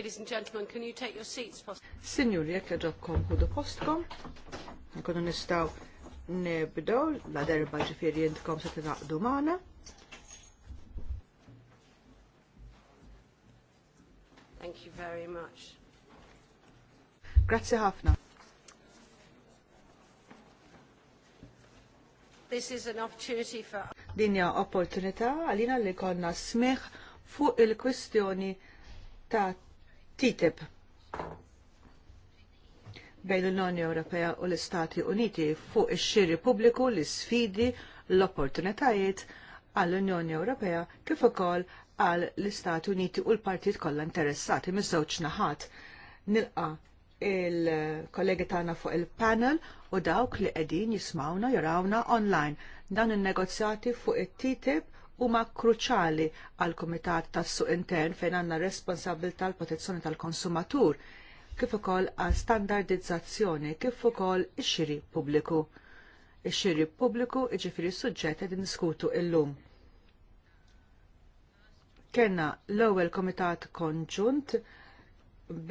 Ladies and gentlemen, can you take your seats, possibly? Signori, jekk ġobkom kudu postkom, nkunu nistaw nibdow la derba ġifiri jintkom se tinaqdu maħna. Thank you very much. Grazie ħafna. This is an opportunity for... Dinja opportunita għalina li konna smiħ fuq il-kwistjoni ta' TTIP bejn l-Unjoni Ewropea u l-Istati Uniti fuq ix-xiri pubbliku l-isfidi l-opportunitajiet għall-Unjoni Ewropea kif ukoll għal l-Istati Uniti u l-partit kollha interessati miż-żewġ naħat. Nilqa il-kollegi tagħna fuq il-panel u dawk li qegħdin jismawna jarawna online dan in-negozjati fuq it-TTIP huma kruċali għal kumitat tas-suq intern fejn għandna responsabilità tal protezzjoni tal-konsumatur kif ukoll għal standardizzazzjoni kif ukoll ix-xiri pubbliku. Ix-xiri pubbliku jiġifieri suġġett qed niskutu llum. Kenna l-ewwel komitat konġunt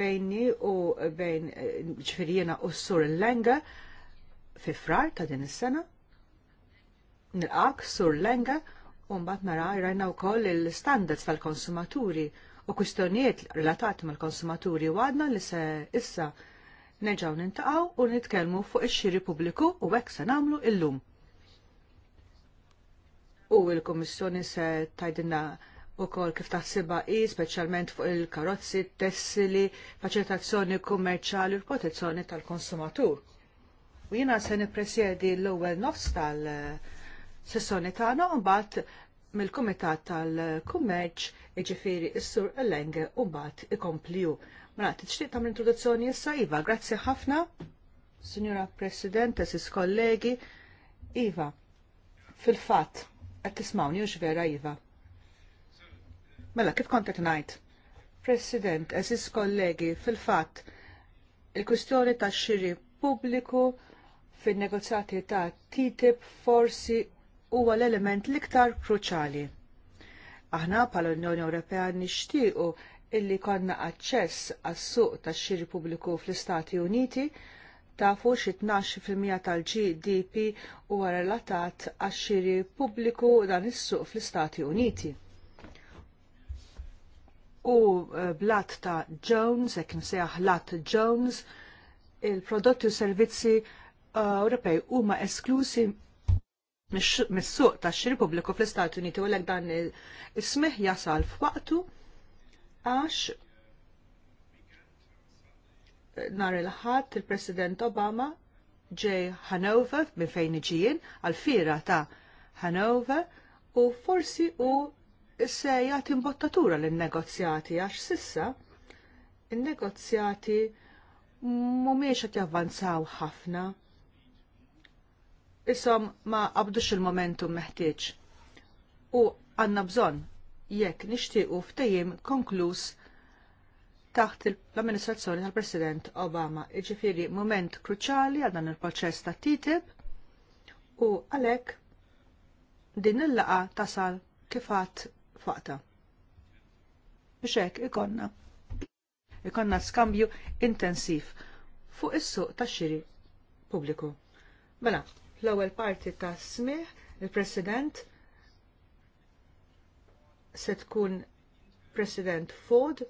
bejni u bejn ġifieri jiena u sur Lenga fi frar ta' din is-sena. Nilqak sur Lenga u mbagħad nara rajna wkoll il-standards tal-konsumaturi u kwistjonijiet relatati mal-konsumaturi u għadna li se issa neġaw nintaqaw u nitkellmu fuq ix-xiri pubbliku u hekk se nagħmlu illum. U l-Kummissjoni se tajdinna wkoll kif taħsibha i speċjalment fuq il-karozzi, tessili, faċilitazzjoni kummerċjali u protezzjoni tal-konsumatur. U jiena se nippresjedi l-ewwel nofs tal- S'essoni tagħna u mill-Kumitat tal-Kummerċ iġifiri s-Sur Elenge u mbagħad ikompliju. Mela tixtieq l introduzzjoni issa iva, grazzi ħafna, Signora President, sis kollegi, Iva, fil-fatt qed tismawni hux vera Iva. Mela kif kont qed ngħid? President, eżis kollegi, fil-fatt il-kwistjoni tax-xiri pubbliku fin negozjati ta' TTIP forsi huwa l-element l-iktar kruċali. Aħna bħala Unjoni Ewropea nixtiequ illi konna aċċess għas-suq tax-xiri pubbliku fl-Istati Uniti tafu xi 12% tal-GDP huwa relatat għax-xiri pubbliku dan is-suq fl-Istati Uniti. U eh, blat ta' Jones, jekk nsejħ lat Jones, il-prodotti u servizzi eh, Ewropej huma esklusi mis-suq tax-xiri pubbliku fl-Istati Uniti u l dan il-smih jasal f'waqtu għax nar il-ħadd il-President Obama ġej Hanover minn fejn iġien għal-fira ta' Hanover u forsi u sejja timbottatura l-negozjati għax sissa il-negozjati mumiex qed javvanzaw ħafna isom ma qabdux il-momentum meħtieġ. U għanna bżon jekk nixtiequ ftejim konkluż taħt l-amministrazzjoni tal-President Obama. Iġifieri moment kruċali għal dan il-proċess ta' TTIP u għalhekk din il-laqa tasal kifat faqta. Biex hekk ikonna. Ikonna skambju intensiv fuq is-suq tax-xiri pubbliku. Mela, L-ewwel parti ta' smih il-President se tkun President Ford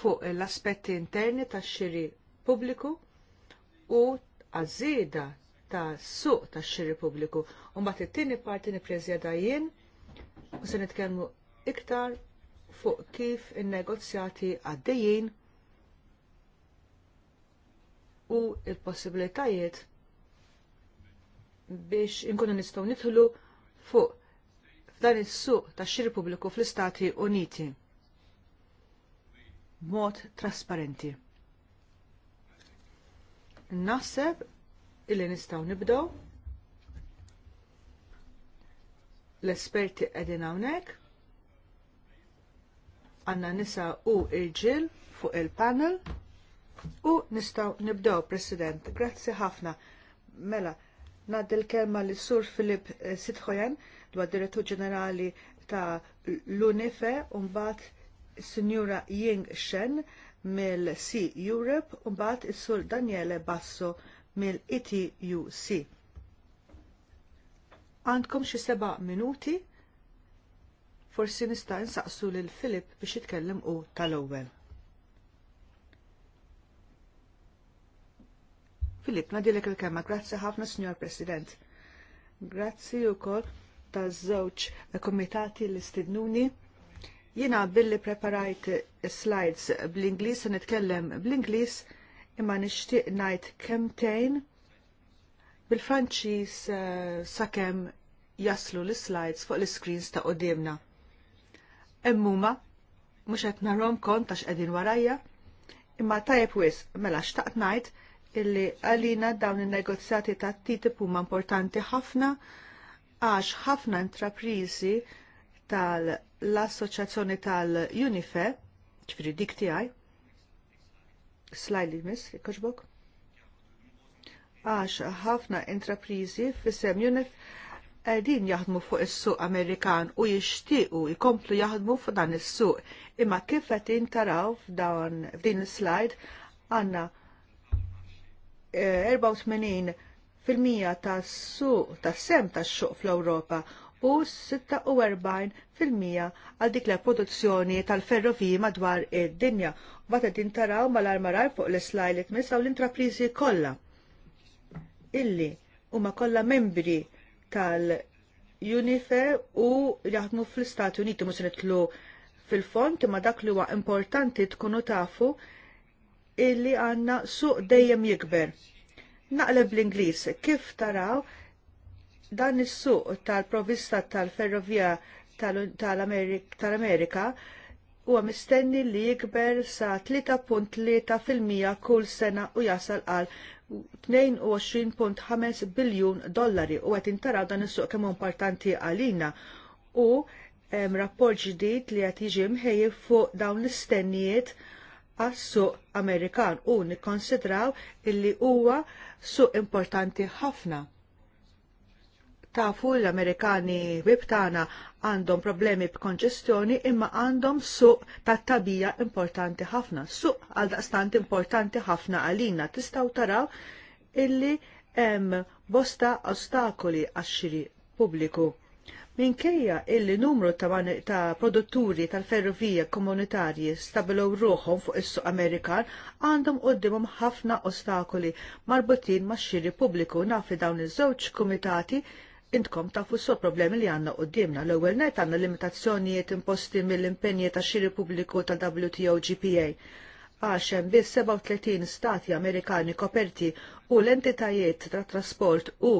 fuq l-aspetti interni tax xiri pubbliku u għażieda ta' suq tax xiri pubbliku. U mbagħad it-tieni parti nippreżjeda jien u se nitkellmu iktar fuq kif in-negozjati għaddejjin u l possibilitajiet biex inkunu nistgħu nidħlu fuq f'dan is-suq tax-xiri pubbliku fl-Istati Uniti b'mod trasparenti. Naħseb illi nistgħu nibdew l-esperti qegħdin hawnhekk għandna nisa u irġiel fuq il-panel u nistgħu nibdew President. Grazzi ħafna. Mela, Nad il-kelma li sur Filip eh, Sitħojen, dwar direttur ġenerali ta' l-UNIFE, unbat Signora Ying Shen mill-C Europe, unbat il-sur Daniele Basso mill-ITUC. Għandkom xi seba' minuti, forsi nista' nsaqsu lil Filip biex jitkellem u tal-ewwel. Filip, nadilek il-kemma, grazzi ħafna, Signor President. Grazzi u kol ta' żewġ komitati li stidnuni. Jina billi preparajt slides bl-Inglis, nitkellem bl-Inglis, imma nishtiq najt kemtejn bil-Franċis uh, eh, sakem jaslu l-slides fuq l-screens ta' qodimna. Emmuma, mux għet narom kont għax edin warajja, imma tajep wis, mela xtaqt najt, illi għalina dawn il-negozjati ta' TTIP huma importanti ħafna għax ħafna intraprizi tal-Assoċjazzjoni tal-UNIFE, ċifri dik tiegħi, slajli miss, ikkoġbok, għax ħafna intraprizi fissem sem UNIFE din jaħdmu fuq is-suq Amerikan u jixtiequ jkomplu jaħdmu fuq dan is-suq. Imma kif qed intaraw f'dan f'din is-slide għandna 84 fil-mija tas-suq tas-sem tax-xuq fl-Ewropa u 46 fil-mija għal dik l-produzzjoni tal-ferroviji madwar id-dinja. bata din taraw mal armaraj fuq l-slaj li tmissaw l-intraprizi kollha illi huma kollha membri tal-UNIFE u jaħdmu fl-Istati Uniti mhux nitlu fil-fond imma dak li huwa importanti tkunu tafu illi għanna suq dejjem jikber. Naqleb l-Inglis, kif taraw dan is-suq tal-provista tal-ferrovija tal-Amerika huwa mistenni li jikber sa 3.3% kull sena u jasal għal 22.5 biljun dollari u għet intaraw dan is-suq kemm importanti għalina u rapport ġdid li qed jiġi mħejjib fuq dawn l-istennijiet għassu Amerikan u nikkonsidraw illi huwa suq importanti ħafna. Tafu l-Amerikani bibtana għandhom problemi b'konġestjoni imma għandhom suq tat tabija importanti ħafna. Suq għal daqstant importanti ħafna għalina tistaw taraw illi hemm bosta ostakoli għax-xiri pubbliku Minkejja illi numru ta' produtturi tal-ferrovija komunitarji stabilow ruħom fuq is-suq Amerikan għandhom qoddimhom ħafna ostakoli marbutin ma' xiri pubbliku nafi dawn iż-żewġ kumitati intkom tafu so problemi li għanna dimna. L-ewwel net għandna limitazzjonijiet imposti mill-impenji ta' xiri pubbliku ta' wto GPA għax hemm biss 37 stati Amerikani koperti u l-entitajiet ta' trasport u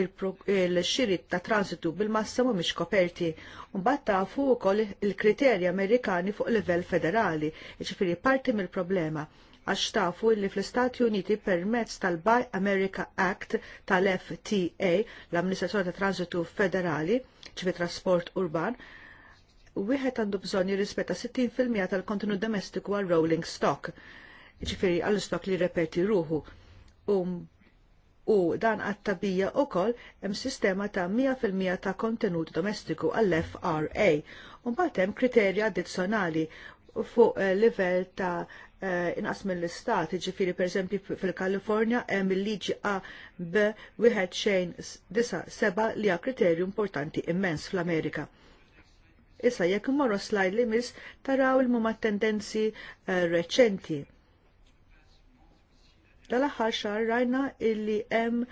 il-xirit ta' transitu bil massamu mhumiex koperti. Mbagħad tafu wkoll il-kriterji Amerikani fuq livell federali, jiġifieri parti mill-problema għax tafu li fl-Istati Uniti permezz tal-Buy America Act tal-FTA, l-Amministrazzjoni ta' Transitu Federali, ċivi trasport urban, wieħed għandu bżonn jirrispetta 60% tal-kontenut domestiku għal rolling stock, ġifieri għall stock li reperti ruħu. Um, u dan għat-tabija u koll hemm sistema ta' 100% ta' kontenut domestiku għall-FRA. Mbagħad hemm kriterji addizzjonali fuq eh, livell ta' eh, inqas mill-istat, ġifiri per esempio fil-Kalifornja hemm il-liġi A B wieħed xejn disa seba li ha kriterju importanti immens fl-Amerika. Issa jekk morru slajd li mis taraw il-mumma tendenzi eh, reċenti. Dal-aħħar xahar rajna illi hemm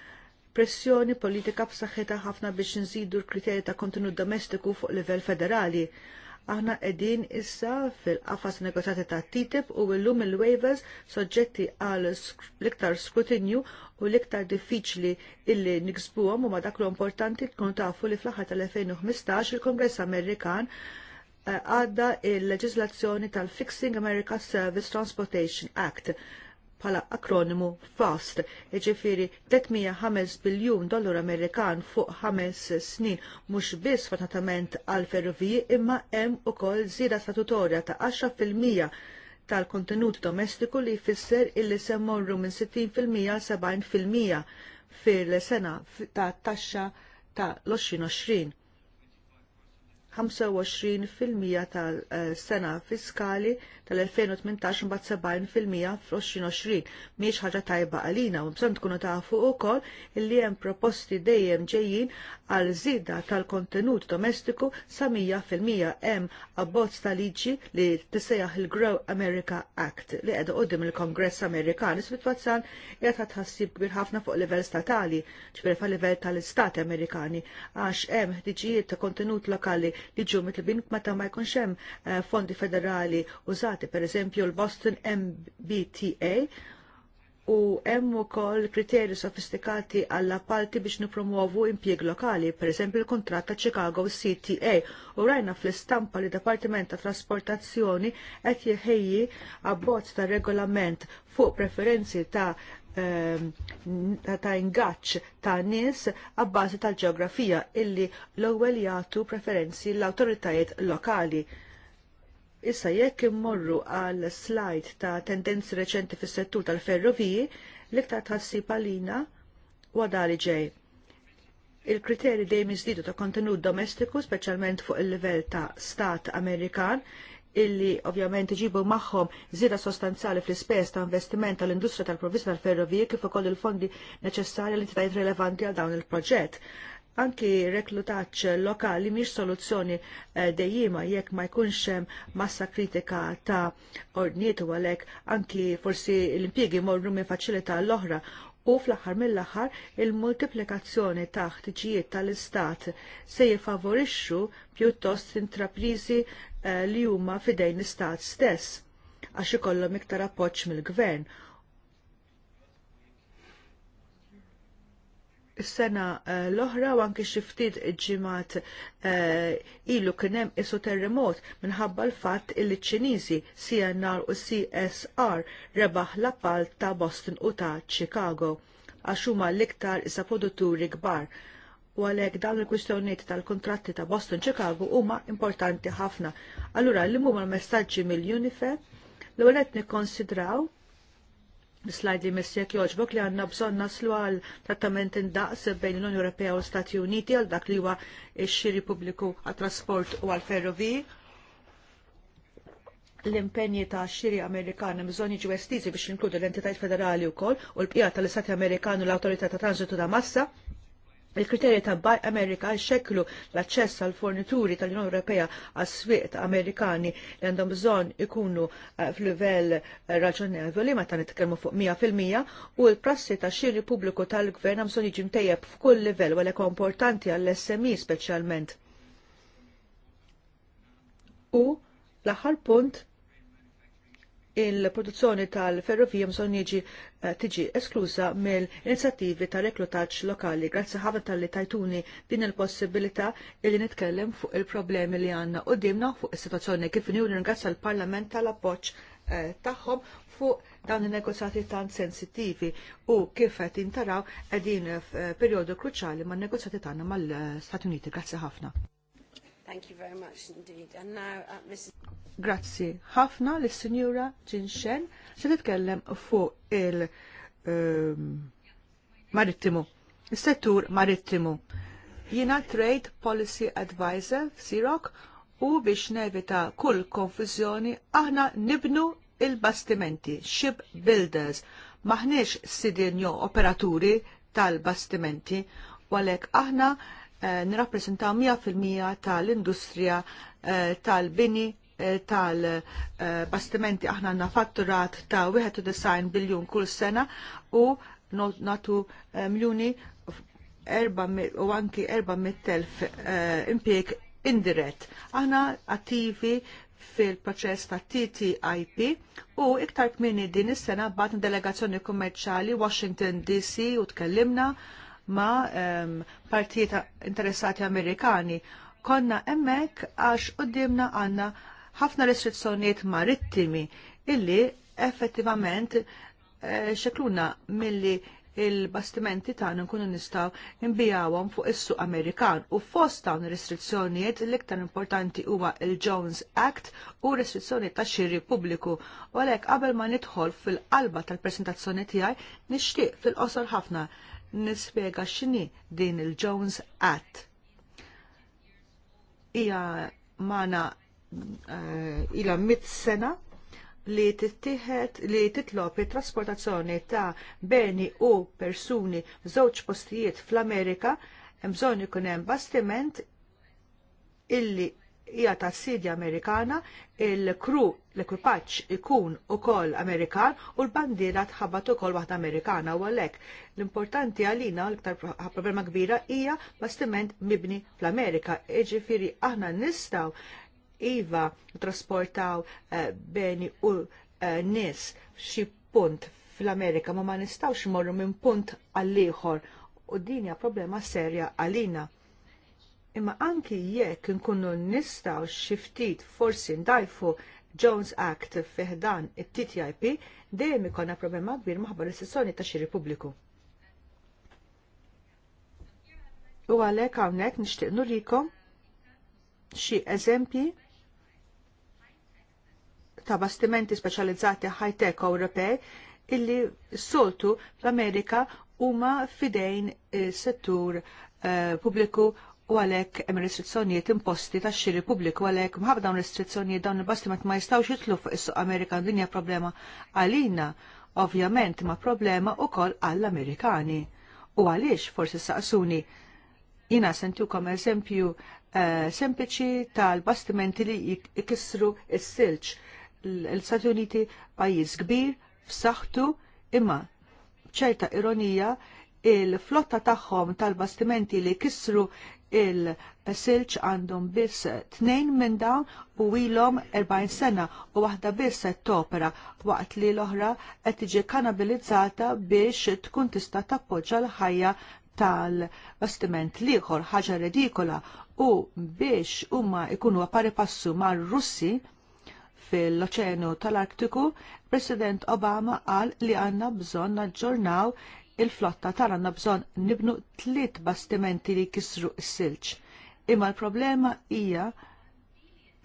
pressjoni politika b'saħħitha ħafna biex nżidu l-kriterji ta' kontenut domestiku fuq livell federali Aħna qegħdin issa fil-qafas negozjati ta' TTIP u llum il-waivers soġġetti għal l-iktar skrutinju u l-iktar diffiċli illi niksbuhom huma dak l importanti tkun tafu li fl-aħħar tal-2015 il-Kongress Amerikan eh, għadda il-leġislazzjoni tal-Fixing America Service Transportation Act bħala akronimu FAST, ġifiri 305 biljun dollar Amerikan fuq 5 snin, mhux biss fatatament għal ferroviji imma hemm ukoll żieda statutorja ta' 10% tal-kontenut domestiku li jfisser illi semmorru minn 60% 70% fil-sena ta' taxxa ta' l-2020. 25% tal-sena fiskali tal-2018 mbagħad 70 fil-mija fl-2020. Miex ħaġa tajba għalina u bżonn tkunu tafu wkoll illi hemm proposti dejjem ġejjin għal żieda tal-kontenut domestiku sa mija fil-mija hemm abbozz ta' liġi li tissejjaħ il-Grow America Act li qiegħda qudiem il-Kongress Amerikan. Is-sitwazzjon qiegħed tħassib kbir ħafna fuq livell statali, ġifier fa' livell tal-Istati Amerikani għax hemm ħtiġijiet ta' kontenut lokali li ġew mitlbin meta ma jkunx hemm eh, fondi federali użati regolati, per esempio l-Boston MBTA, u hemm ukoll kriterji sofistikati għall appalti biex nipromuovu impjieg lokali, per esempio il kontratt ta' Chicago CTA, u rajna fl-istampa li Departiment ta' Trasportazzjoni qed jeħejji abbozz ta' regolament fuq preferenzi ta' ehm, ta' ingaċ ta' nis għabbażi tal-ġeografija illi l-ewwel jagħtu preferenzi l-awtoritajiet lokali. Issa jekk immorru għal slide ta' tendenzi reċenti fis settur tal-ferroviji, l-iktar tħassib għalina wadali ġej. Il-kriteri dejjem iżdiedu ta' kontenut domestiku, speċjalment fuq il-livell ta' stat Amerikan, illi ovvjament iġibu magħhom żieda sostanzjali fl-ispess ta' investiment tal-industrija tal-provvista tal ferroviji kif ukoll il-fondi neċessarji l entitajiet rilevanti għal dawn il-proġett anki reklutaċ lokali miex soluzzjoni eh, dejjima jekk ma jkunx hemm massa kritika ta' ordniet u għalhekk anki forsi l-impjiegi morru minn faċilita l-oħra u fl-aħħar mill-aħħar il-multiplikazzjoni ta' ħtiġijiet tal-istat se jifavorixxu pjuttost intraprizi eh, li huma fidejn l-istat stess għax ikollhom iktar appoġġ mill-gvern Is-sena eh, l-oħra u anki xi ftit ġimgħat eh, ilu kien hemm isu terremot minħabba l-fatt illi ċ-Ċiniżi CNR u CSR rebaħ l-appalt ta' Boston u ta' Chicago għax huma l-iktar isa produtturi kbar u għalhekk dawn il-kwistjonijiet tal-kontratti ta' Boston Chicago huma importanti ħafna. Allura li huma messaġġi mill-UNIFE l qed nikkonsidraw Slajd li missek joġbok li għanna bżon naslu għal trattament indaqs bejn l-Unjoni Ewropea u l-Stati Uniti għal dak li huwa x-xiri pubbliku għal trasport u għal ferroviji. L-impenji ta' xiri Amerikan bżon jiġu estiżi biex inkludu l-entitajt federali wkoll u l-bqija tal-Istati Amerikan u l-Awtorità ta' Transitu ta' Massa Il-kriterji ta' Buy America xeklu l-aċċess għal fornituri tal-Unjoni Ewropea għas swieq Amerikani li għandhom bżonn ikunu eh, f'livell eh, raġonevoli meta nitkellmu fuq 100% u l-prassi ta' xiri pubbliku tal-gvern għam bżonn ġimtejjeb f'kull livell u importanti għall-SMI speċjalment. U l-aħħar punt il-produzzjoni tal-ferrovija mson jiġi eh, tiġi esklusa mill-inizjattivi ta' reklutaġġ lokali. Grazzi ħafna tal-li tajtuni din il-possibilità li nitkellem fuq il-problemi li għanna u dimna fuq is-situazzjoni kif u ringrazza l-Parlament tal-appoġġ eh, tagħhom fuq dawn il-negozjati tant sensittivi u kif qed intaraw qegħdin f'perjodu eh, kruċjali man-negozjati tagħna mal-Stati Uniti. Grazzi ħafna. Thank you very much indeed. And now, uh, Mrs. Grazzi ħafna l Jin Shen. se tkellem fuq il ehm, marittimu, il settur marittimu. Jiena Trade Policy Advisor SIROK, u biex nevita kull konfuzjoni, aħna nibnu il-bastimenti, ship builders, maħniex sidin operaturi tal-bastimenti, għalhekk aħna Eh, nirrappreżentaw 100% tal-industrija eh, tal-bini eh, tal-bastimenti aħna għanna fatturat ta' 1.9 biljun kull sena u natu miljoni u anki 400.000 impieg indirett. Aħna attivi fil-proċess ta' TTIP u iktar kmini din is-sena bat delegazzjoni kummerċali Washington DC u tkellimna ma' um, partijiet interessati Amerikani. Konna emmek għax uddimna għanna ħafna restrizzjonijiet marittimi illi effettivament eh, xekluna milli il-bastimenti tagħna nkunu nistgħu nbijawhom fuq is-suq Amerikan u fost dawn restrizzjonijiet l-iktar importanti huwa il-Jones Act u restrizzjonijiet ta' xiri pubbliku. U għalhekk qabel ma nidħol fil-qalba tal-presentazzjoni tiegħi nixtieq fil-qosor ħafna Nispega xini din il-Jones Act. Hija mana uh, eh, ila mit sena li tittieħed li titlob it-trasportazzjoni ta' beni u persuni żewġ postijiet fl-Amerika hemm bżonn ikun hemm bastiment illi hija ta' sidja Amerikana, il-kru l-ekwipaġġ ikun ukoll Amerikan u l-bandiera tħabbat ukoll waħda Amerikana u għalhekk l-importanti għalina l-iktar problema kbira hija bastiment mibni fl-Amerika. Iġifieri aħna nistgħu iva trasportaw eh, beni u eh, nis xi punt fl-Amerika ma ma nistgħux morru minn punt għall ieħor u dinja problema serja għalina Imma anki jekk nkunu nistaw xiftit forsi ndajfu Jones Act fiħdan it-TTIP, dejjem ikonna problema kbir maħbar is-sessjoni ta' xiri pubbliku. U għalhekk hawnhekk nixtieq nurikom xi eżempji ta' bastimenti speċjalizzati high-tech Ewropej illi soltu fl-Amerika huma fidejn settur eh, pubbliku u għalhekk hemm restrizzjonijiet imposti tax-xiri pubbliku għalhekk mħabba dawn restrizzjonijiet dawn il basti ma jistgħux jitlu fuq is-suq Amerikan din hija problema għalina ovvjament ma problema wkoll għall-Amerikani. U għaliex forsi saqsuni jina sentiwkom eżempju uh, sempliċi tal-bastimenti li jkissru s-silċ. L-Stati Uniti pajjiż kbir, f'saħħtu, imma ċerta ironija il-flotta tagħhom tal-bastimenti li kissru il-silċ għandhom biss tnejn minn dawn u ilhom 40 sena u waħda biss qed topera waqt li l-oħra qed tiġi kanabilizzata biex tkun tista' tappoġġa l-ħajja tal-bastiment liħor ħaġa redikola u biex huma jkunu pari passu mar-Russi fil-Oċeanu tal-Artiku, President Obama qal li għandna bżonn naġġornaw il-flotta tagħna bżonn nibnu tliet bastimenti li kisru s-silġ. Imma l-problema hija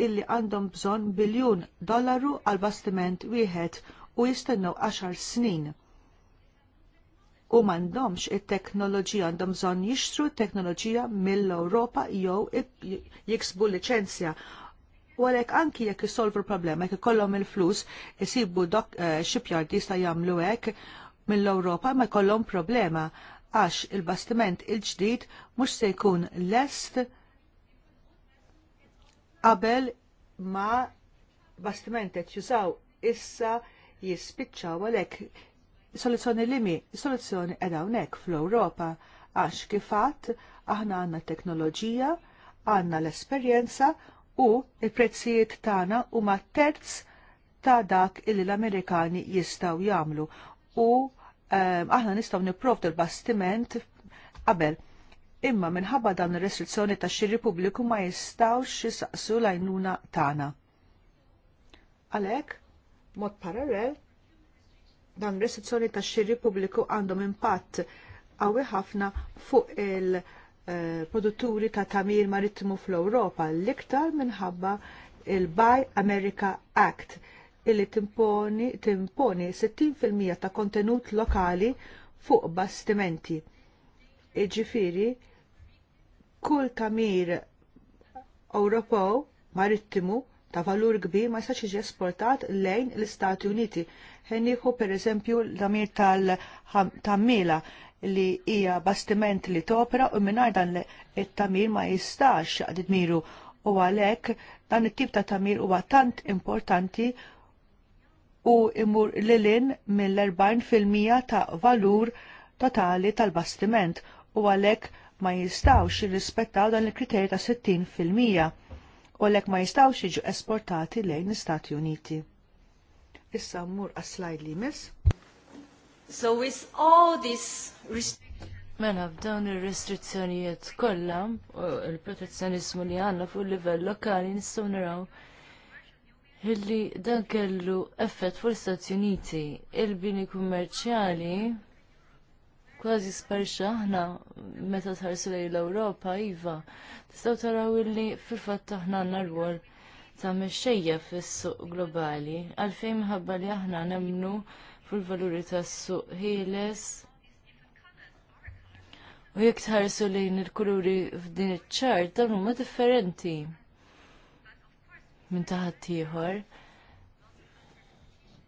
illi għandhom bżonn biljun dollaru għal bastiment wieħed u jistennew 10 snin. U m'għandhomx it-teknoloġija għandhom bżonn jixtru t-teknoloġija mill-Ewropa jew jiksbu liċenzja u għalek anki jekk isolvu l-problema, jekk ikollhom il-flus, jisibu dok uh, shipyard jista' jagħmlu hekk mill-Ewropa ma jkollhom problema għax il-bastiment il-ġdid mhux se jkun lest qabel ma bastiment qed jużaw issa jispiċċaw għalhekk soluzzjoni limi, soluzzjoni qed hawnhekk fl-Ewropa għax kifat aħna għandna teknoloġija, għandna l-esperjenza u il-prezzijiet tagħna huma terz ta' dak li l-Amerikani jistgħu jagħmlu u Ehm, aħna nistgħu nipprovdu l-bastiment qabel. Imma minħabba dan ir-restrizzjoni ta' Xi pubbliku ma jistgħux jisaqsu l-għajnuna tagħna. Għalhekk, mod parallel, dan restrizzjoni ta' Xi pubbliku għandhom impatt qawwi ħafna fuq il- eh, produtturi ta' tamir marittimu fl ewropa l-iktar minħabba il-Buy America Act illi timponi, timponi 60% ta' kontenut lokali fuq bastimenti. Iġifiri, kull tamir Ewropew marittimu ta' valur kbir ma jistax jiġi esportat lejn l-Istati Uniti. Ħenniħu per eżempju l-tamir tal-tammila li hija bastiment li topra u mingħajr dan it-tamir ma jistax għadid u għalhekk dan it-tip ta' tamir huwa tant importanti u imur lilin mill-40% ta' valur totali tal-bastiment u għalhekk ma jistawx jirrispettaw dan il-kriterju ta' 60% u għalhekk ma jistawx jiġu esportati lejn l-Istati Uniti. Issa mmur għas li miss. So with all this Mela, f'dawn ir-restrizzjonijiet kollha, il-protezzjonizmu li għandna fuq il livell lokali nistgħu naraw illi dan kellu effett fuq l-Istati Uniti. Il-bini kummerċjali kważi sparxa aħna meta tħarsu lejn l-Ewropa, iva, tistgħu taraw illi fil-fatt aħna għandna rwol ta' mexxejja fis-suq globali għalfejn minħabba li aħna nemmnu fil-valuri tas-suq ħieles. U jekk tħarsu lejn il-kuluri f'din iċ-ċart dan huma differenti minn taħat ieħor.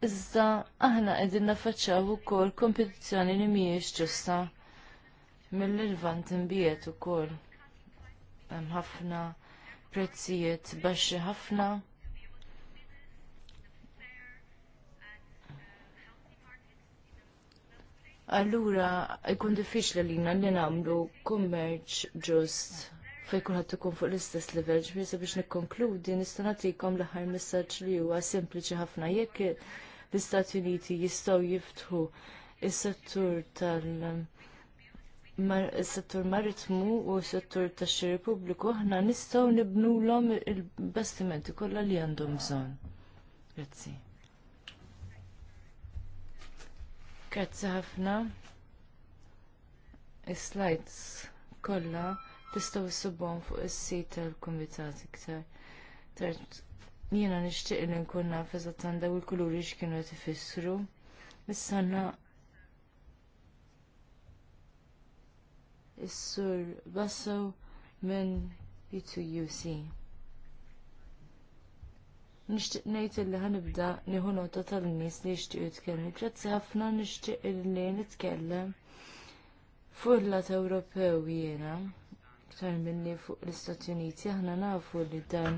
Iżda aħna qegħdin naffaċċaw ukoll kompetizzjoni li mhijiex ġusta mill-irvant imbiet ukoll. Hemm ħafna prezzijiet baxxi ħafna. Allura, jkun diffiċli lina li nagħmlu kummerċ ġust fej kulħadd ikun fuq l-istess level. Ġifieri biex nikkonkludi nista' nagħtikom l-aħħar messaġġ li huwa sempliċi ħafna jekk l-Istati Uniti jistgħu jiftħu is-settur tal- settur maritmu u settur tax xiri pubbliku aħna nistgħu nibnulhom il-bastimenti kollha li għandhom bżonn. Grazzi. Grazzi ħafna. Is-slides kollha tistgħu issibhom fuq is-sit tal-kumitat iktar. Jiena nixtieq li nkun naf eżattament daw il-kuluri x'kienu qed ifissru. Issa is-sur Basso minn U2UC. Nixtieq ngħid illi ħanibda nieħu nota tal-nies li jixtiequ jitkellmu. Grazzi ħafna nixtieq illi nitkellem fuq il-lat Ewropew jiena aktar minni fuq l-Istati Uniti, aħna nafu li dan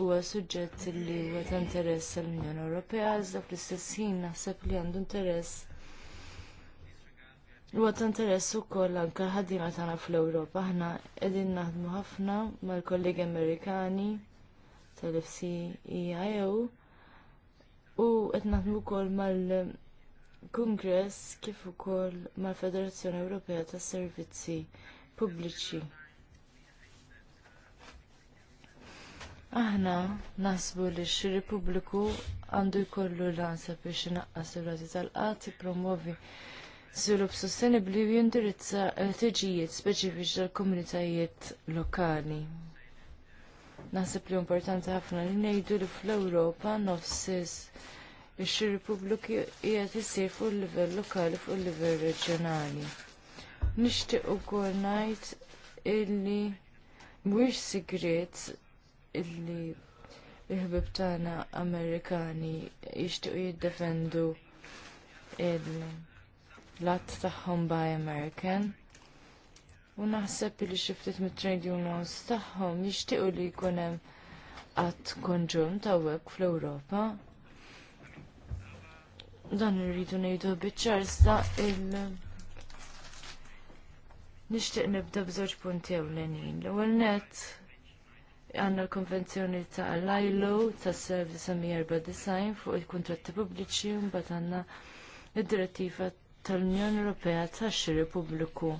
huwa suġġett li huwa ta' interess għall unjoni Ewropea, iżda fl-istess ħin naħseb li għandu interess Huwa ta' interess ukoll anke ħaddiema tagħna fl-Ewropa. Aħna qegħdin naħdmu ħafna mal-kollegi Amerikani tal-FCEIO u qed naħdmu wkoll mal-Kungress kif ukoll mal-Federazzjoni Ewropea tas-Servizzi pubbliċi. Aħna nasbu li x-Repubbliku għandu jkollu l-ansa biex naqqas ir-rati tal qat promuovi żvilupp sostenibbli u jindirizza l-teġijiet speċifiċi tal-komunitajiet lokali. Naħseb li importanti ħafna li ngħidu li fl-Ewropa nofsis ix pubbliku qiegħed isir fuq il-livell lokali fuq il-livell reġjonali nishtiq u kornajt illi mhuwiex sigrit illi l-ħbib tagħna Amerikani jixtiequ jiddefendu il-lat tagħhom by American. U naħseb li xiftit mit-trade unions tagħhom jixtiequ li jkun hemm konġun konġunt hawnhekk fl-Ewropa. Dan irridu ngħidu biċ-ċarsa il- Nixtieq nibda bżewġ punti ewlenin. L-ewwel nett għandna l-konvenzjoni ta' l-ILO ta' Service Mierba Design fuq il-kontratti pubbliċi u mbagħad għandna id-direttiva tal-Unjoni Ewropea tax-xiri pubbliku.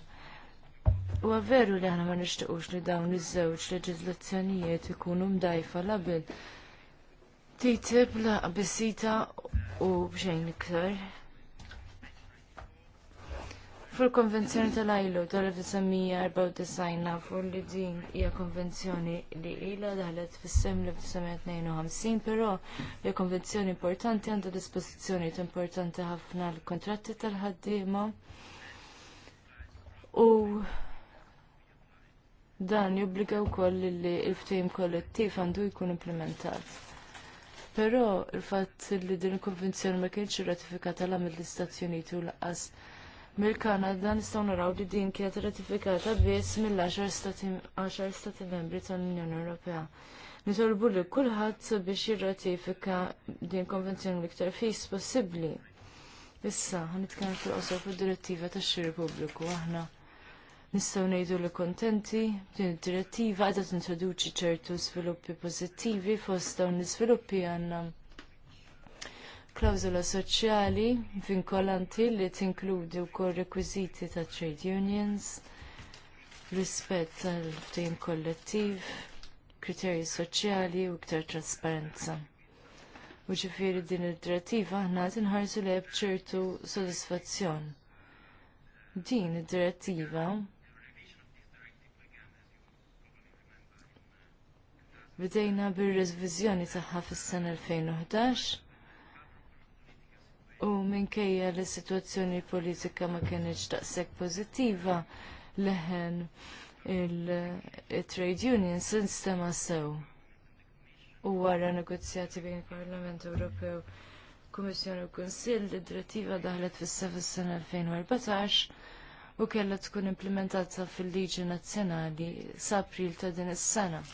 U għavveru li għanna ma nishtiqux li dawn iż-żewġ leġizlazzjonijiet ikunu mdajfa label. Titib la bisita u bxejn iktar. Fur konvenzjoni tal-ajlu tal-1994 li din hija konvenzjoni li ilha daħlet fis-sem li 1952 però hija konvenzjoni importanti għandha dispożizzjoni importanti ħafna l-kontratti tal-ħaddiema. U dan jobbliga wkoll li l-ftehim kollettiv għandu jkun implementat. Però il-fatt li din il-konvenzjoni ma kienx irratifikata l-għamil l-Istati Uniti u l-qas mill-Kanada nistgħu naraw li din kienet ratifikata biss mill-10 stati membri tal-Unjoni Ewropea. Nitolbu li kulħadd biex jirratifika din konvenzjoni l-iktar fis possibbli. Issa, nitkellem fil-qosor fid-direttiva tax-xiri pubbliku aħna nistgħu ngħidu li kontenti din id-direttiva qiegħda tintroduċi ċertu sviluppi pożittivi fost dawn l-iżviluppi għandna klawżola soċjali vinkolanti li tinkludi wkoll rekwiżiti ta' trade unions, rispett tal ftehim kollettiv, kriterji soċjali u iktar trasparenza. U ġifieri din id-direttiva aħna tinħarsu li bċertu sodisfazzjon. Din id-direttiva Bidejna bir-reviżjoni tagħha fis-sena 2011 U minkejja li situazzjoni politika ma kienx daqshekk pożittiva leħen il-trade union sistema sew. U wara negozjati bejn il-Parlament Ewropew, Kummissjoni u Kunsill, id-direttiva daħlet fis-sa sena 2014 u kellha tkun implementata fil-Liġi Nazzjonali sa' April ta' din is-sena.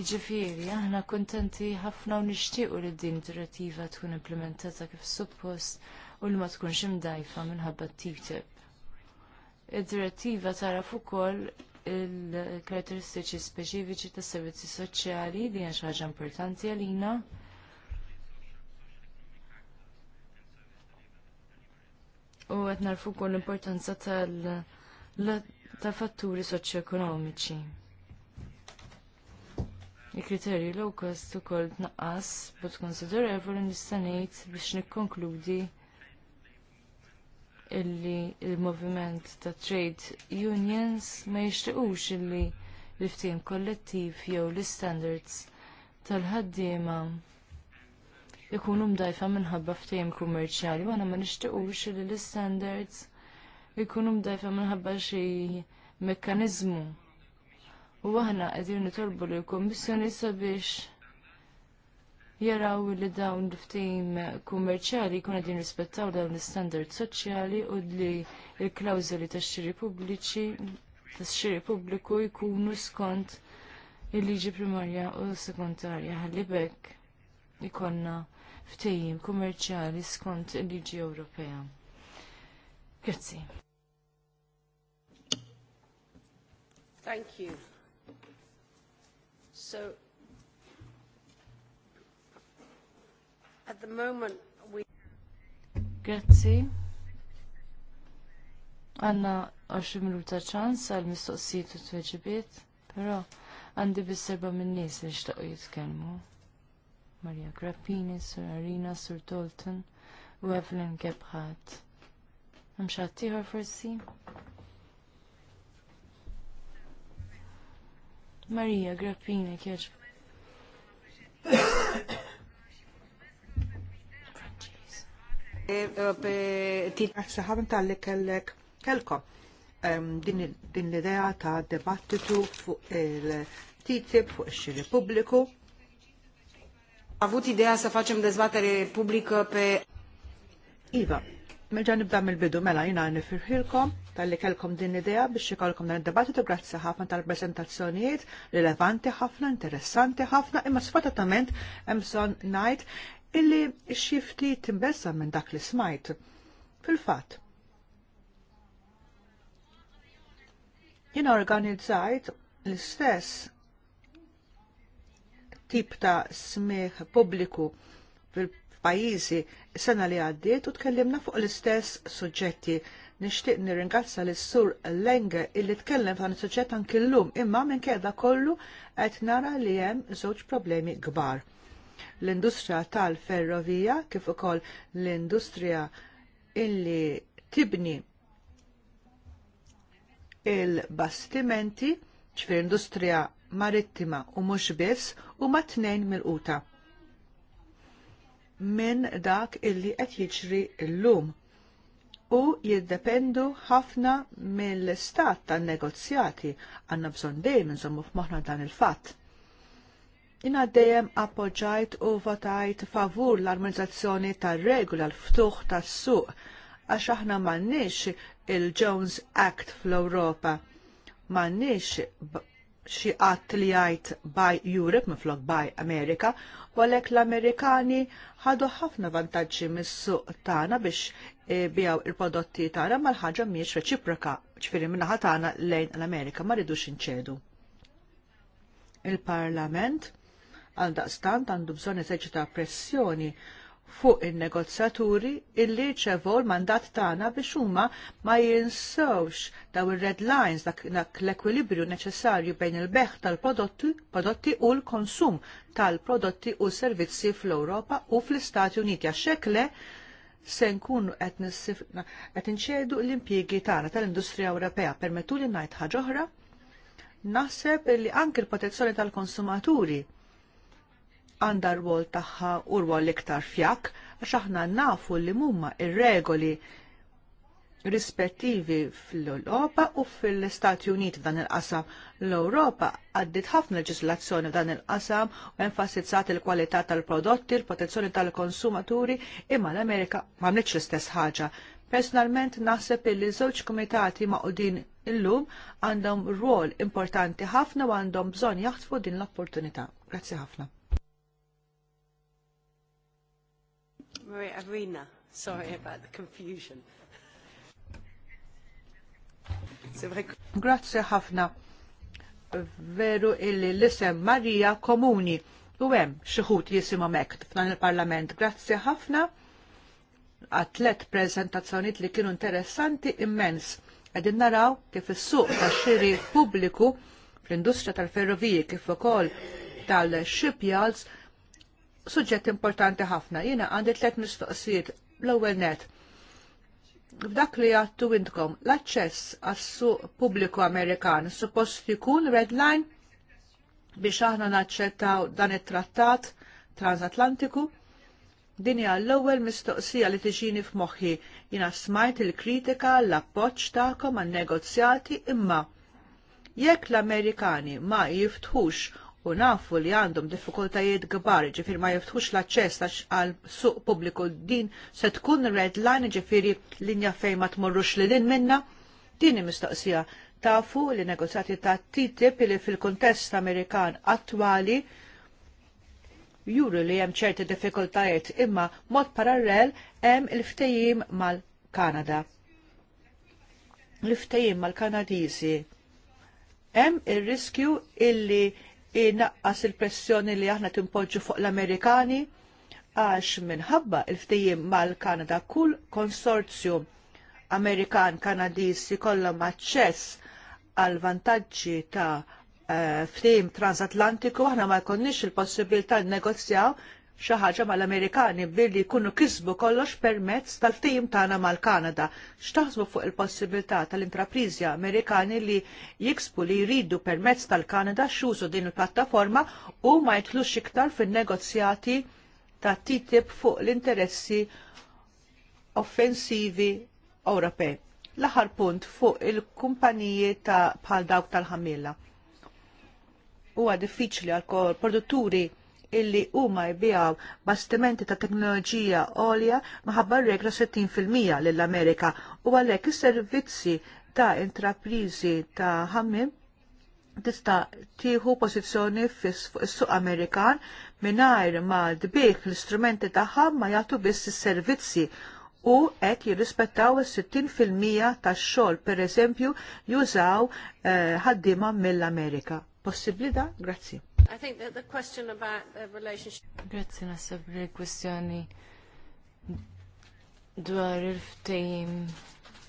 Jiġifieri, aħna kuntenti ħafna u nixtiequ li din direttiva tkun implementata kif suppost u li ma tkunx imdajfa minħabba TTIP. Id-direttiva taraf ukoll il-karatteristiċi speċifiċi tas servizzi soċjali li hija xi ħaġa importanti għalina. U qed narfu ukoll l-importanza tal-fatturi soċjoekonomiċi il-kriterji low cost ukoll tnaqqas b'mod konsiderevoli nista' ngħid biex nikkonkludi illi il-moviment ta' trade unions ma jixtiequx illi l-ftehim kollettiv jew l-standards tal-ħaddiema jkunu mdajfa minħabba ftehim kummerċjali u ma nixtiequx illi l-standards jkunu mdajfa minħabba xi mekkaniżmu u aħna qegħdin nitolbu lill komissjoni sabiex jaraw li dawn l-ftim kummerċjali jkun għedin rispettaw dawn l-istandard soċjali u li l klawzoli tax-xiri pubbliċi tax-xiri pubbliku jkunu skont il-liġi primarja u sekundarja għalli bekk ikonna ftehim kummerċjali skont il-liġi Ewropea. Grazzi. Thank you. So at the moment we Grazzi. Għanna 20 minuta ċans għal mistoqsijiet u tweġibiet, pero għandi bis serba minn nies li xtaqgħu jitkellmu. Maria Grappini, Sur Arina, Sir Dalton u Evelyn Gebhardt. Hemm xi forsi? Maria, Grappini kiex. Eh, eh, eh, Għaxa tal-li kellek kelko, ehm, din l-idea ta' debattitu fuq il-TTIP, fuq il-xiri publiku. Avut idea sa' faċem dezbattere publiku pe. Iva, meġan nibda mill-bidu mela jina nifirħilkom tal-li kelkom din idea biex ikolkom dan id-dibattitu grazzi ħafna tal-prezentazzjonijiet rilevanti ħafna, interessanti ħafna, imma sfortunatament hemm bżonn ngħid illi xifti timbessa minn dak li smajt. Fil-fatt, jina organizzajt l-istess tip ta' smieħ pubbliku fil-pajizi sena li għaddiet u tkellimna fuq l-istess suġġetti nixtieq nirringazza lis sur Lenge illi tkellem ta' suġġett anki llum imma minn keda kollu qed nara li hemm żewġ problemi kbar. L-industrija tal-ferrovija kif ukoll l-industrija illi tibni il-bastimenti ċfir industrija marittima u mhux biss huma tnejn mill-quta minn dak illi qed jiġri llum u jiddependu ħafna mill-istat tan-negozjati għandna bżonn dejjem insommu f'moħħna dan il-fatt. Ina dejjem appoġġajt u votajt favur l-armonizzazzjoni tar-regola l-ftuħ tas-suq għax aħna m'għandniex il-Jones Act fl-Ewropa. M'għandniex xi qatt li jgħid by Europe miflok by America, għalhekk l-Amerikani ħadu ħafna vantaġġi mis-suq tagħna biex bijaw il-prodotti tagħna ma l-ħaġa mhijiex reċiproka, ċifieri naħa tagħna lejn l-Amerika ma rridux inċedu. Il-Parlament għal daqstant għandu bżonn eżeġita pressjoni fuq in-negozjaturi illi ċevu l-mandat tagħna biex huma ma jinsewx daw ir-red lines dak, l-ekwilibrju neċessarju bejn il-beħ tal-prodotti u l-konsum tal-prodotti u servizzi fl-Ewropa u fl-Istati Uniti għax le se nkunu qed nissifna qed inċedu l-impjiegi tagħna tal-Industrija Ewropea permettu li ngħid ħaġa oħra. Naħseb li anke l-protezzjoni tal-konsumaturi għandha rwol tagħha u rwol iktar fjak għax aħna nafu li huma ir-regoli rispettivi fl-Europa u fl istati Uniti f'dan il-qasam L-Ewropa għaddit ħafna leġislazzjoni dan il-qasam u enfasizzat il-kwalità tal-prodotti, il-protezzjoni tal-konsumaturi, imma l-Amerika m'għamlitx l-istess ħaġa. Personalment naħseb li żewġ kumitati maqudin illum għandhom rwol importanti ħafna u għandhom bżonn jaħtfu din l-opportunità. Grazzi ħafna. Maria Arena, sorry about the confusion. Grazie ħafna veru illi l-isem Marija komuni u hemm xi jisimu jisimhom hekk f'dan il-Parlament. Grazzi ħafna għat-tlet prezentazzjoniet li kienu interessanti immens. Għedin naraw kif is-suq tax-xiri pubbliku fl-industrija tal-ferroviji kif ukoll tal-shipyards suġġett importanti ħafna. Jiena għandi tliet mistoqsijiet l-ewwel net f'dak li għattu intkom l-aċċess għas-suq pubbliku Amerikan suppost jkun red line biex aħna naċċettaw dan it-trattat transatlantiku. Din hija l-ewwel mistoqsija li tiġini f'moħħi jina smajt il-kritika l-appoġġ tagħkom għan-negozjati imma jekk l-Amerikani ma jiftħux u nafu li għandhom diffikultajiet kbar, ġifir ma jiftħux l-aċċess għal suq pubbliku din se tkun red line ġifiri linja fejn ma tmorrux li din minna, din mistoqsija tafu li negozjati ta' TTIP li fil-kontest Amerikan attwali juru li hemm ċerti diffikultajiet imma mod parallel hemm il-ftejim mal-Kanada. L-ftejim mal-Kanadiżi hemm ir-riskju illi naqqas il-pressjoni li aħna timpoġġu fuq l-Amerikani għax minħabba il-ftijim mal-Kanada kull konsorzju Amerikan Kanadis jikollhom aċċess għal vantaġġi ta' eh, ftehim transatlantiku aħna ma jkunniex il-possibilità negozjaw xi ħaġa mal-Amerikani billi jkunu kisbu kollox permezz tal-ftehim tagħna mal-Kanada. X'taħsbu fuq il-possibilità tal-intrapriżi Amerikani li jiksbu li jridu permezz tal-Kanada xużu din il-plattaforma u ma jidħlux iktar fin-negozjati ta' TTIP fuq l-interessi offensivi Ewropej. L-aħħar punt fuq il-kumpaniji ta' bħal dawk tal-ħamilla. Huwa diffiċli għal produtturi illi huma jbijaw bastimenti ta' teknoloġija għolja maħabba regla 60% lill-Amerika u għalhekk is-servizzi ta' intraprizi ta' ħammim tista' tieħu pożizzjoni fis-suq Amerikan mingħajr ma dbieħ l-istrumenti tagħha ma jagħtu biss is-servizzi u qed jirrispettaw is-60 tax-xogħol pereżempju jużaw eh, ħaddiema mill-Amerika. Possibbli da? Grazzi. Grazie, think per le questioni dwar il-ftejim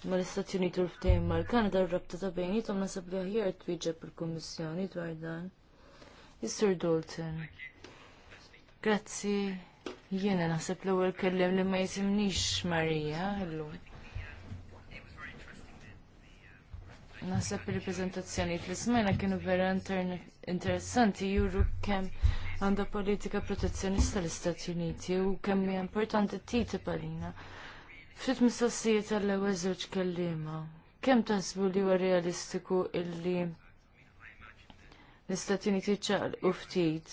ma l-Istati Uniti u l-ftejim ma l-Kanada r-rabta ta' bejnietom nasab li t twieġeb per kommissjoni dwar dan. Is-Sir Dalton. Grazzi. Jiena naħseb l-ewwel kellem li ma jisimnix Marija llum. Naħseb il-reprezentazzjoni li smajna kienu vera interessanti juru kemm għandha politika protezzjonista l-Istati Uniti u kemm hija importanti t-titib Ftit Fit mistoqsijiet tal-ewwel żewġ kelliema, kemm taħsbu li huwa realistiku illi l-Istati Uniti ċaqlqu ftit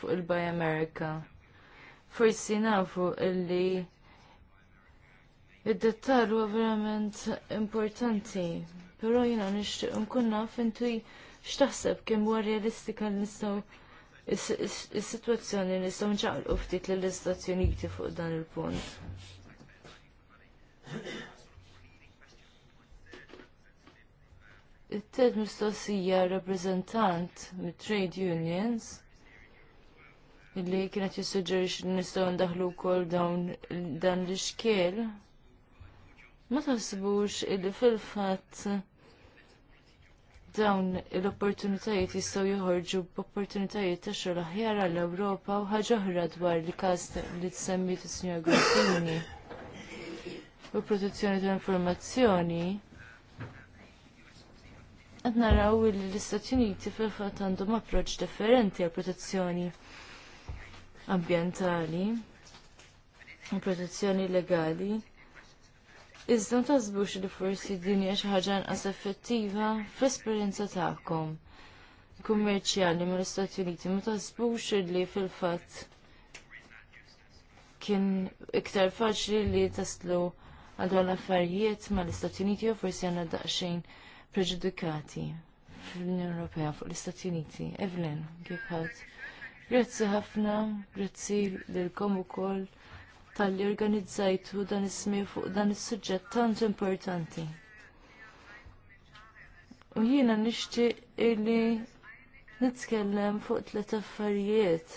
fuq il-Buy America. Forsi nafu illi id-dettal huwa verament importanti, però jiena nixtieq nkun naf intuj X'taħseb kemm huwa realistika li nistgħu is-sitwazzjoni li nistgħu nċaqlqu ftit lill-Istati Uniti fuq dan il-punt. it-ted mistoqsija rappreżentant mit-trade unions illi kienet jissuġġerix li nistgħu ndaħlu wkoll dawn dan l-ixkiel. Ma taħsibux illi fil-fatt dawn l-opportunitajiet jistgħu joħorġu b'opportunitajiet ta' xogħol aħjar għall ewropa u ħaġa oħra dwar li każ li tsemmi fis-Sinjor Grappini. U protezzjoni tal informazzjoni qed naraw li l-Istati Uniti fil-fatt għandhom approċċ differenti għal protezzjoni ambjentali u protezzjoni legali. Iżda tasbux li forsi din hija xi ħaġa inqas effettiva fl-esperjenza tagħkom kummerċjali mill-Istati Uniti ma tasbux li fil-fatt kien iktar faċli li taslu għal dawn l-affarijiet mal-Istati Uniti u forsi għanna daqsxejn preġudikati fl-Unjoni Ewropea fuq l-Istati Uniti. Evelyn, kif Grazzi ħafna, grazzi lilkom ukoll tal-li organizzajtu dan ismi fuq dan is-suġġett tant importanti. U jiena nixtieq illi nitkellem fuq tliet affarijiet.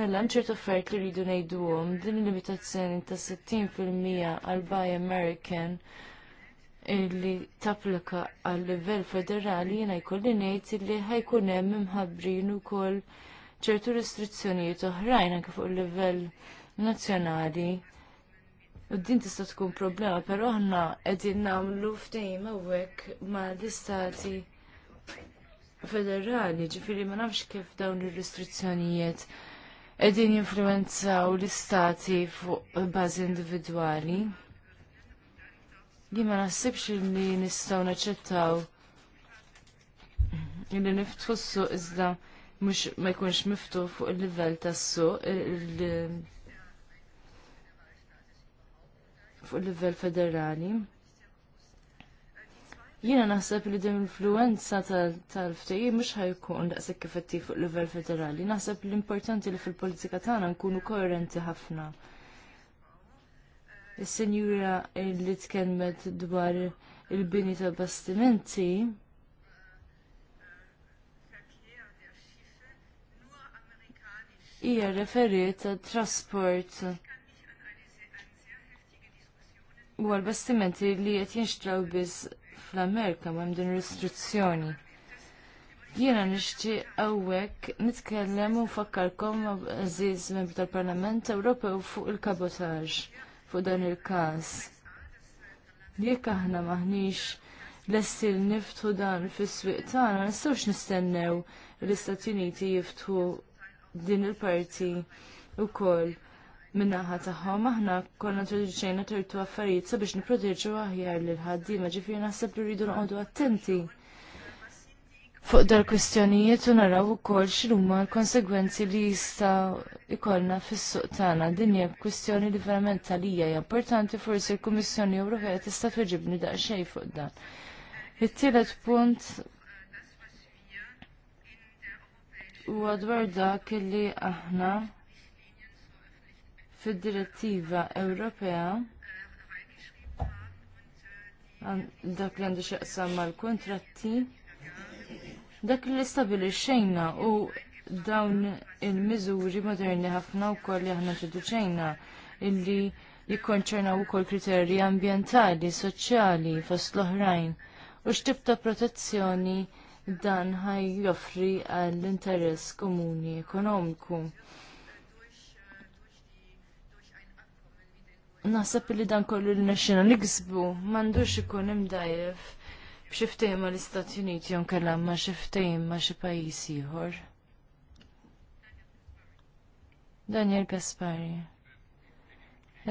Mela, nċert affarijiet li rridu ngħiduhom din il-limitazzjoni ta' 60% għal Buy American li tapplika għal livell federali jena jkolli ngħid li ħajkun hemm imħabbrin ukoll ċertu restrizzjonijiet oħrajn anke fuq il-livell nazzjonali. U din tista' tkun problema, però aħna qegħdin nagħmlu ftehim hawnhekk mal-istati federali, ġifieri ma nafx kif dawn ir-restrizzjonijiet qegħdin jinfluwenzaw l-istati fuq bażi individwali. Jien ma naħsibx li nistgħu naċċettaw illi niftħu s-suq iżda mhux ma jkunx miftu fuq il-livell tas-suq fuq il-livell federali. Jiena naħseb li din influenza tal-ftejji mhux ħajkun daqshekk effettiv fuq il-level federali. Naħseb li importanti li fil-politika tagħna nkunu koerenti ħafna. Is-senjura li tkellmet dwar il-bini ta' bastimenti hija referiet trasport u għal-bastimenti li qed jinxtraw biss fl-Amerika ma' din restrizzjoni. Jiena nixtieq hawnhekk nitkellem u fakkarkom għaziz membri tal-Parlament Ewropew fuq il-kabotaġġ fuq dan il-każ. Jekk aħna maħniex lessi niftu dan fis-swieq tagħna nistgħux nistennew l-Istati Uniti jiftħu din il-parti wkoll minnaħa tagħhom aħna konna introduċejna ċertu affarijiet sabiex nipproteġġu aħjar lil ħaddiema ġifieri naħseb li rridu noqogħdu attenti fuq dal kwistjonijiet u naraw ukoll x'huma l-konsegwenzi li jista' jkollna fis tana tagħna. Din hija kwistjoni li verament talija hija importanti forsi l-Kummissjoni Ewropea tista' tweġibni daqsxejn fuq dan. It-tielet punt huwa dwar dak li aħna fid-direttiva Ewropea dak li għandu x'jaqsam mal-kontratti Dak li xejna u dawn il-miżuri moderni ħafna wkoll li aħna introduċejna illi jikkonċernaw ukoll kriterji ambjentali, soċjali fost l-oħrajn u x'tib ta' protezzjoni dan ħaj joffri għall-interess komuni ekonomiku. Naħseb li dan kollu l-naxxina niksbu m'għandux ikun imdajef b'xiftejn ma l-Istati Uniti jon kellam ma xiftej ma xi pajjiż ieħor. Daniel Gaspari.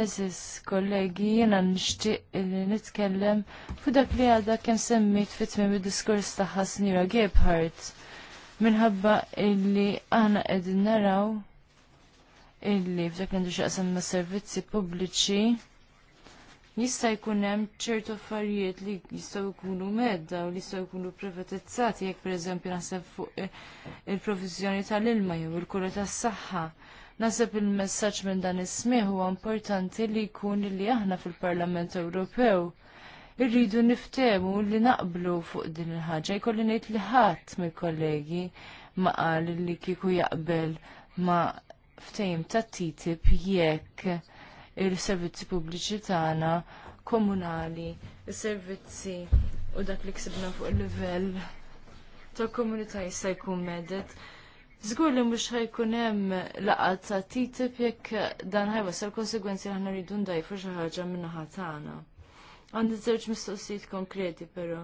Eżis, kollegi, jena nishtiq li nitkellem fu dak li għadha kemm semmit fitmi bid-diskors taħħa Snira Gebhardt minħabba illi aħna qegħdin naraw illi f'dak li għandu ma' servizzi pubbliċi jista' jkun hemm ċertu affarijiet li jistgħu jkunu medda u li jistgħu jkunu privatizzati jekk pereżempju naħseb fuq eh, il-provizjoni tal-ilma jew il-kura tas-saħħa. Naseb il-messaġġ minn dan is-smieħ huwa importanti li jkun li aħna fil-Parlament Ewropew irridu niftemu li naqblu fuq din il-ħaġa. Jkolli ngħid li ħadd mill-kollegi ma qal li kieku jaqbel ma ftehim tat TTIP jekk il-servizzi pubbliċi tagħna komunali, il-servizzi u dak li ksibna fuq il-livell tal komunità jista' jkun medet. Żgur li mhux ħajkun hemm laqgħat ta' TTIP jekk dan ħajwasal konsegwenzi li aħna rridu ndajfu xi ħaġa min-naħa tagħna. Għandi żewġ mistoqsijiet konkreti però.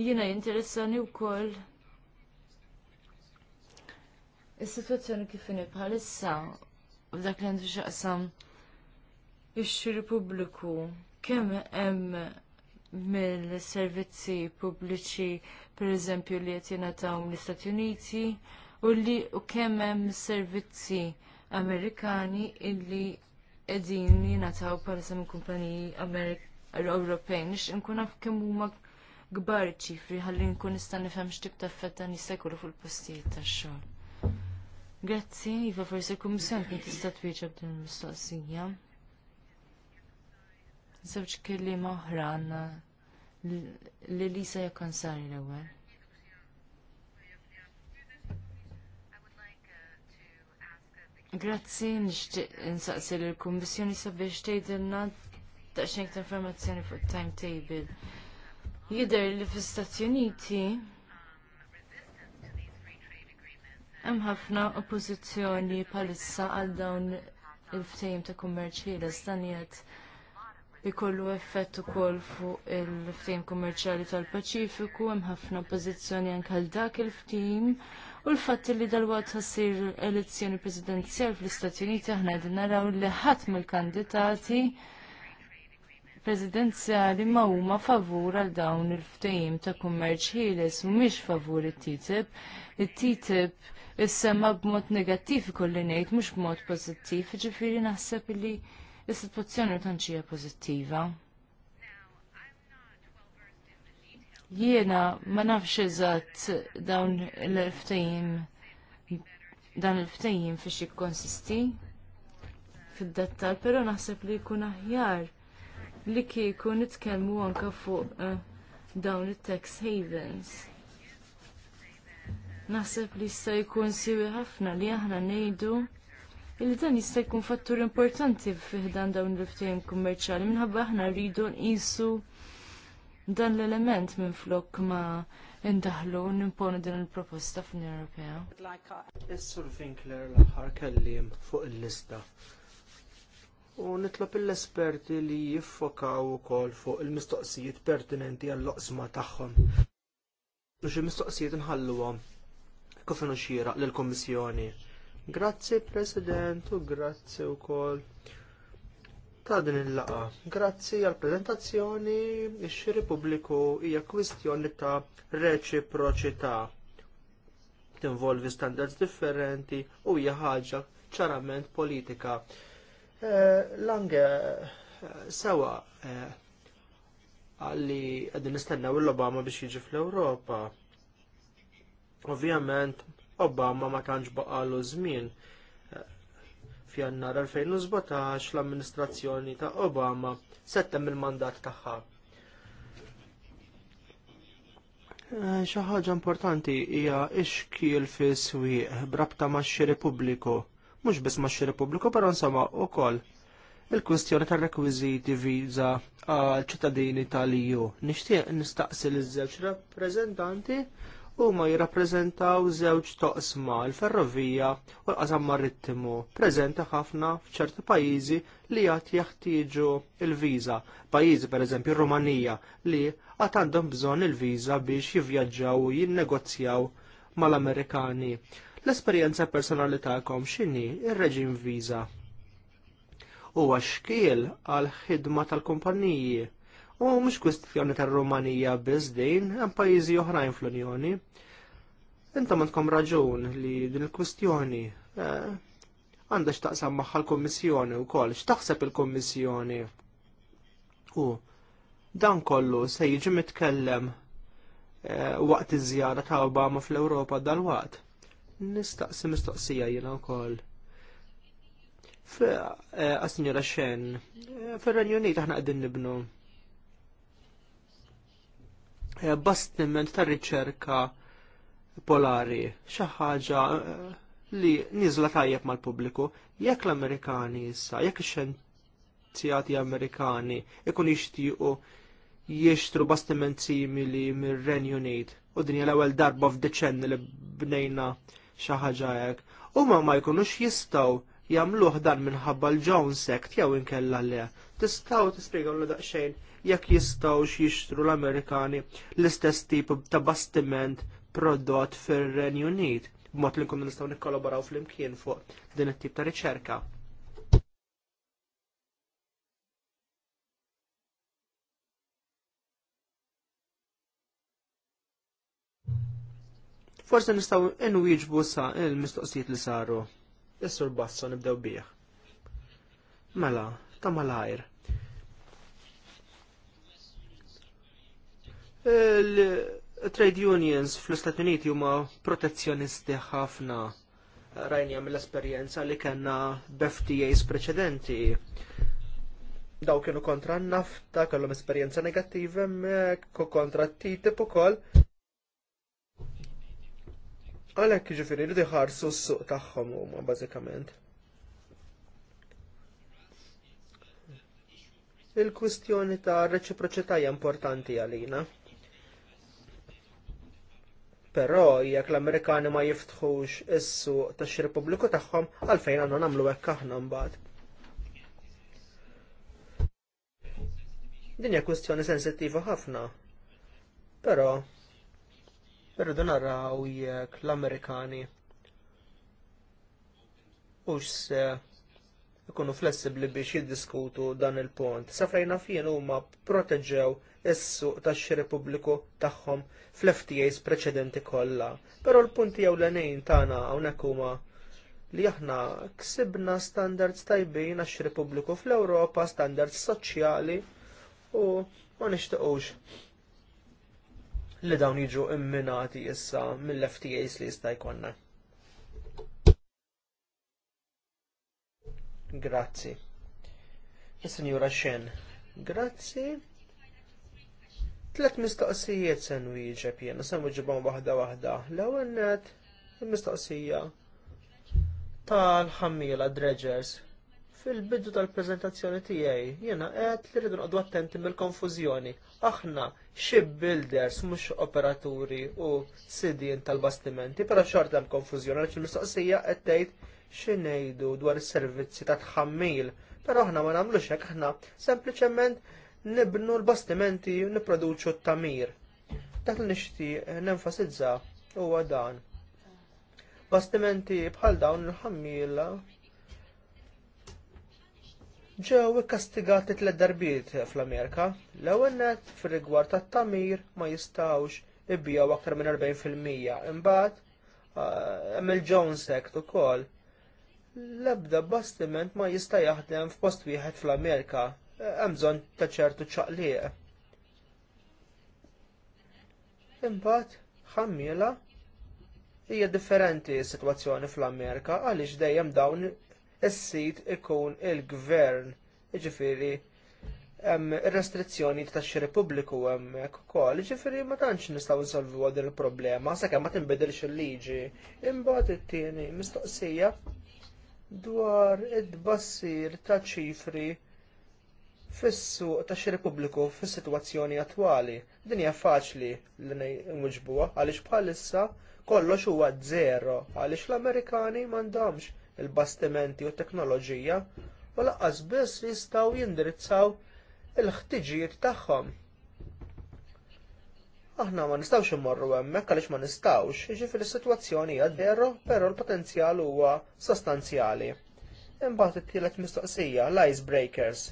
Jiena jinteressani wkoll is-sitwazzjoni kif inhi bħalissa u dak li għandu x'aqsam ix-xiri pubbliku kemm hemm mill-servizzi pubbliċi pereżempju li qed jingħataw mill-Istati Uniti u li u kemm hemm servizzi Amerikani illi qegħdin jingħataw pereżempju minn kumpaniji Ewropej. Nix nkun naf kemm huma kbar ċifri ħalli nkun nista' nifhem x'tib ta' fetta jkollu fuq il-postijiet tax-xogħol. Grazzi, Iva, forsi kum semp tista' twieġeb din il-mistoqsija żewġ kelliema oħra li Lisa Jakonsari l-ewwel. Grazzi, nixtieq insaqsi l-Kummissjoni sabiex tgħidilna daqsxejn ta' informazzjoni fuq timetable. Jidher li fl-Istati Uniti hemm ħafna oppożizzjoni bħalissa għal dawn il-ftehim ta' kummerċ ħieles dan ikollu effett ukoll fuq il-ftim kummerċjali tal-Paċifiku, hemm ħafna oppożizzjoni anke għal dak il-ftim. U l-fatt li dal-wad ħassir elezzjoni presidenzjal fl-Istati Uniti aħna qegħdin naraw li ħadd mill-kandidati presidenzjali ma huma favur għal dawn il-ftehim ta' kummerċ ħieles u mhix favur it-TTIP. It-TTIP issemma b'mod negattiv ikolli ngħid mhux b'mod pożittiv, ġifieri naħseb li Is-sitwazzjoni tanċija pożittiva. Jiena ma nafx eżatt dawn l ftajim dan il-ftehim fiex jikkonsisti fid-dettal, però naħseb li jkun aħjar li kieku nitkellmu anke fuq uh, dawn it-tax havens. Naħseb li jista' jkun siwi ħafna li aħna ngħidu Illi dan jista' jkun fattur importanti fiħdan dawn l-ftehim kummerċjali minħabba aħna rridu nqisu dan l-element minn flok ma indaħlu nimponu din il-proposta fl-Unjoni Ewropea. Is-Sur Winkler l-aħħar kellim fuq il-lista. U nitlob l-esperti li jiffokaw ukoll fuq il-mistoqsijiet pertinenti għall-oqsma tagħhom. U xi mistoqsijiet nħalluhom kif inhu xieraq lill-Kummissjoni Grazzi President u grazzi wkoll ta' din il laqgħa Grazzi għall prezentazzjoni ix-xiri pubbliku hija kwistjoni ta' reċiproċità. Tinvolvi standards differenti u hija ħaġa ċarament politika. Eh, Lange eh, sewa eh, għalli għedin istennaw l-Obama biex jiġi fl-Europa. Ovvijament, Obama ma tantx baqalu żmien. F'jannar 2017 l-amministrazzjoni ta' Obama settem il-mandat tagħha. Eh, xi ħaġa importanti hija x-xkiel fi swieq brabta maċċi Repubbliku, Mhux biss max repubbliku, però insomma wkoll il kwistjoni tar-rekwiżiti viża għal ċittadini tal-EU. Nixtieq nistaqsi l żewġ rappreżentanti huma jirrappreżentaw żewġ toqsma l-ferrovija u l-qasam marittimu preżenti ħafna f'ċerti pajjiżi li għad jaħtieġu il-viża. Pajjiżi pereżempju Rumanija li għad għandhom bżonn il-viża biex jivvjaġġaw u jinnegozjaw mal-Amerikani. L-esperjenza personali ta'kom x'inhi il reġim viża? Huwa xkiel għal ħidma tal-kumpaniji U mhux kwistjoni tar-Rumanija biss għan hemm pajjiżi oħrajn fl-Unjoni. ma għandkom raġun li din il-kwistjoni eh, għandha eh, x'taqsam magħha l-Kummissjoni wkoll, x'taħseb il-Kummissjoni. U dan kollu se jiġi mitkellem eh, waqt iż-żjara ta' Obama fl-Ewropa dal-waqt. Nistaqsi mistoqsija jiena wkoll. Eh, A' sinjora Xen, eh, fil-Renju Unit aħna nibnu Eh, bastiment ta' riċerka polari, xi ħaġa eh, li niżla tajjeb mal-pubbliku, jekk l-Amerikani issa, jekk ix-xjenzjati Amerikani ikun jixtiequ jixtru bastiment simili mir-Renju Unit u din l-ewwel darba f'deċenni li bnejna xi ħaġa hekk. Huma ma jkunux jistgħu jagħmluh dan minħabba l-Jones Act jew inkella le. Tistgħu tispjegaw l daqsxejn jekk jistawx jixtru l-Amerikani l-istess tip ta' bastiment prodott fir-Renju Unit b'mod li nkunu nistgħu nikkolaboraw flimkien fuq din it-tip ta' riċerka. Forse nistaw nwieġbu sa il-mistoqsijiet li saru. Is-sur Bassa nibdew bih. Mela, ta' malajr. Trade unions fl-Istati Uniti huma protezzjonisti ħafna rajnija mill-esperjenza li kellna b'FTAs preċedenti. Daw kienu kontra n-nafta, kellhom esperjenza negattiva hemmhekk kontra t-TTIP ukoll. Għalhekk ġifieri li diħarsu s-suq tagħhom huma bażikament. Il-kwistjoni ta' reċiproċità hija importanti għalina. Però jekk l-Amerikani ma jiftħux is-suq tax-xiri pubbliku tagħhom għalfejn għandna nagħmlu hekk aħna mbagħad. Din hija kwistjoni sensittiva ħafna. Però irridu naraw jekk l-Amerikani hux se ikunu flessibbli biex jiddiskutu dan il-pont. Sa fejna fien huma proteġew is-suq tax-xiri tagħhom fl-FTAs preċedenti kollha. Però l-punti ewlenin tagħna hawnhekk huma li aħna ksibna standards tajbin għax-xiri fl-Ewropa, standards soċjali u ma nixtiequx li dawn jiġu imminati issa mill-FTAs li jista' jkollna. Grazzi. Signora Shen, grazzi. Tlet mistoqsijiet se nwieġeb jiena se nwiġibhom waħda waħda. L-ewwel net il-mistoqsija tal ħammila dredgers. Fil-bidu tal-preżentazzjoni tiegħi jiena għed li rridu għadu attenti mill-konfużjoni. Aħna xib builders mhux operaturi u sidin tal-bastimenti, però xorta hemm konfużjoni għaliex il-mistoqsija qed tgħid xinejdu dwar is-servizzi ta' tħammil. Però aħna ma nagħmlux hekk aħna sempliċement nibnu l-bastimenti u nipproduċu t-tamir. Dak li nixtieq eh, nenfasizza huwa dan. Bastimenti bħal dawn il-ħammila ġew ikkastigati tliet darbiet fl-Amerika. L-ewwel nett fir-rigward tat-tamir ma jistgħux ibbijaw aktar minn 40%. Imbagħad hemm eh, il-Jones Act ukoll. L-ebda bastiment ma jista' jaħdem f'post wieħed fl-Amerika hemm bżonn ta' ċertu ċaqliq. Imbagħad ħammiela hija differenti s-sitwazzjoni fl-Amerika għaliex dejjem dawn is-sit ikun il-gvern, ġifiri, hemm restrizzjoni ta' xi repubbliku hemmhekk ukoll, ġifieri ma tantx nistgħu nsolvu din il-problema sakemm ma tinbidilx il-liġi. Imbagħad it-tieni mistoqsija dwar id bassir ta' ċifri fissu ta' xi Repubbliku fis-sitwazzjoni attwali. Din hija faċli li nwiġbuha għaliex bħalissa kollox huwa żero għaliex l-Amerikani m'għandhomx il-bastimenti u t teknoloġija u laqqas biss jistgħu jindirizzaw il-ħtiġijiet tagħhom. Aħna ma nistgħux immorru hemmhekk għaliex ma nistgħux, jiġifier is-sitwazzjoni hija żero, però l-potenzjal huwa sostanzjali. Imbagħad it-tielet mistoqsija, l-icebreakers.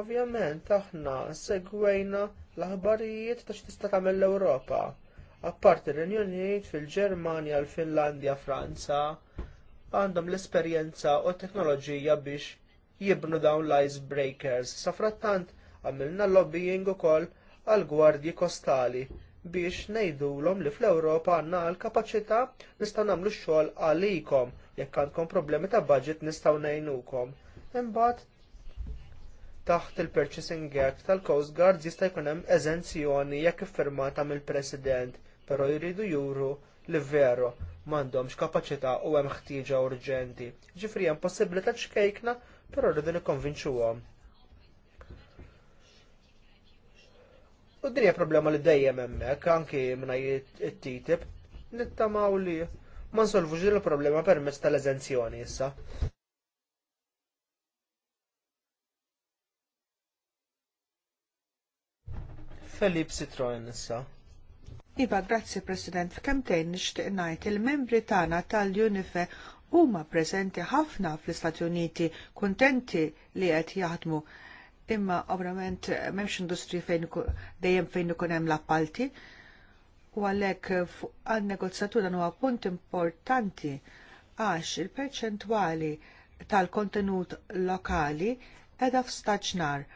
Ovvjament aħna segwejna l-aħbarijiet ta' x'tista' tagħmel l-Ewropa. Apparti r-Renju Unit fil-Ġermanja, l-Finlandja, Franza, għandhom l-esperjenza u t-teknoloġija biex jibnu dawn l-icebreakers. Safrattant, għamilna lobbying ukoll għall gwardji kostali biex ngħidulhom li fl ewropa għandna l-kapaċità nistgħu nagħmlu x-xogħol għalikom jekk għandkom problemi ta' budget nistgħu ngħinukom. Imbagħad taħt il-Purchasing Act tal-Coast Guard jista' jkun hemm eżenzjoni jekk iffirmata mill-President, però jridu juru li veru m'għandhomx kapaċità u hemm ħtieġa urġenti. Ġifri hemm possibilità xkejkna, però rridu nikkonvinċuhom. U din hija problema li dejjem hemmhekk anki mingħajr it-TTIP nittamaw li ma nsolvux il problema permezz tal-eżenzjoni issa. Felip Citroen issa. Iva, grazzi President, f'kemtejn nixtieq ngħid il-membri tagħna tal-UNIFE huma preżenti ħafna fl-Istati Uniti, kuntenti li qed jaħdmu. Imma ovvjament m'hemmx industri fejn dejjem fejn ikun hemm l-appalti. U għalhekk għan negozjatura dan huwa punt importanti għax il-perċentwali tal-kontenut lokali edha f'staġnar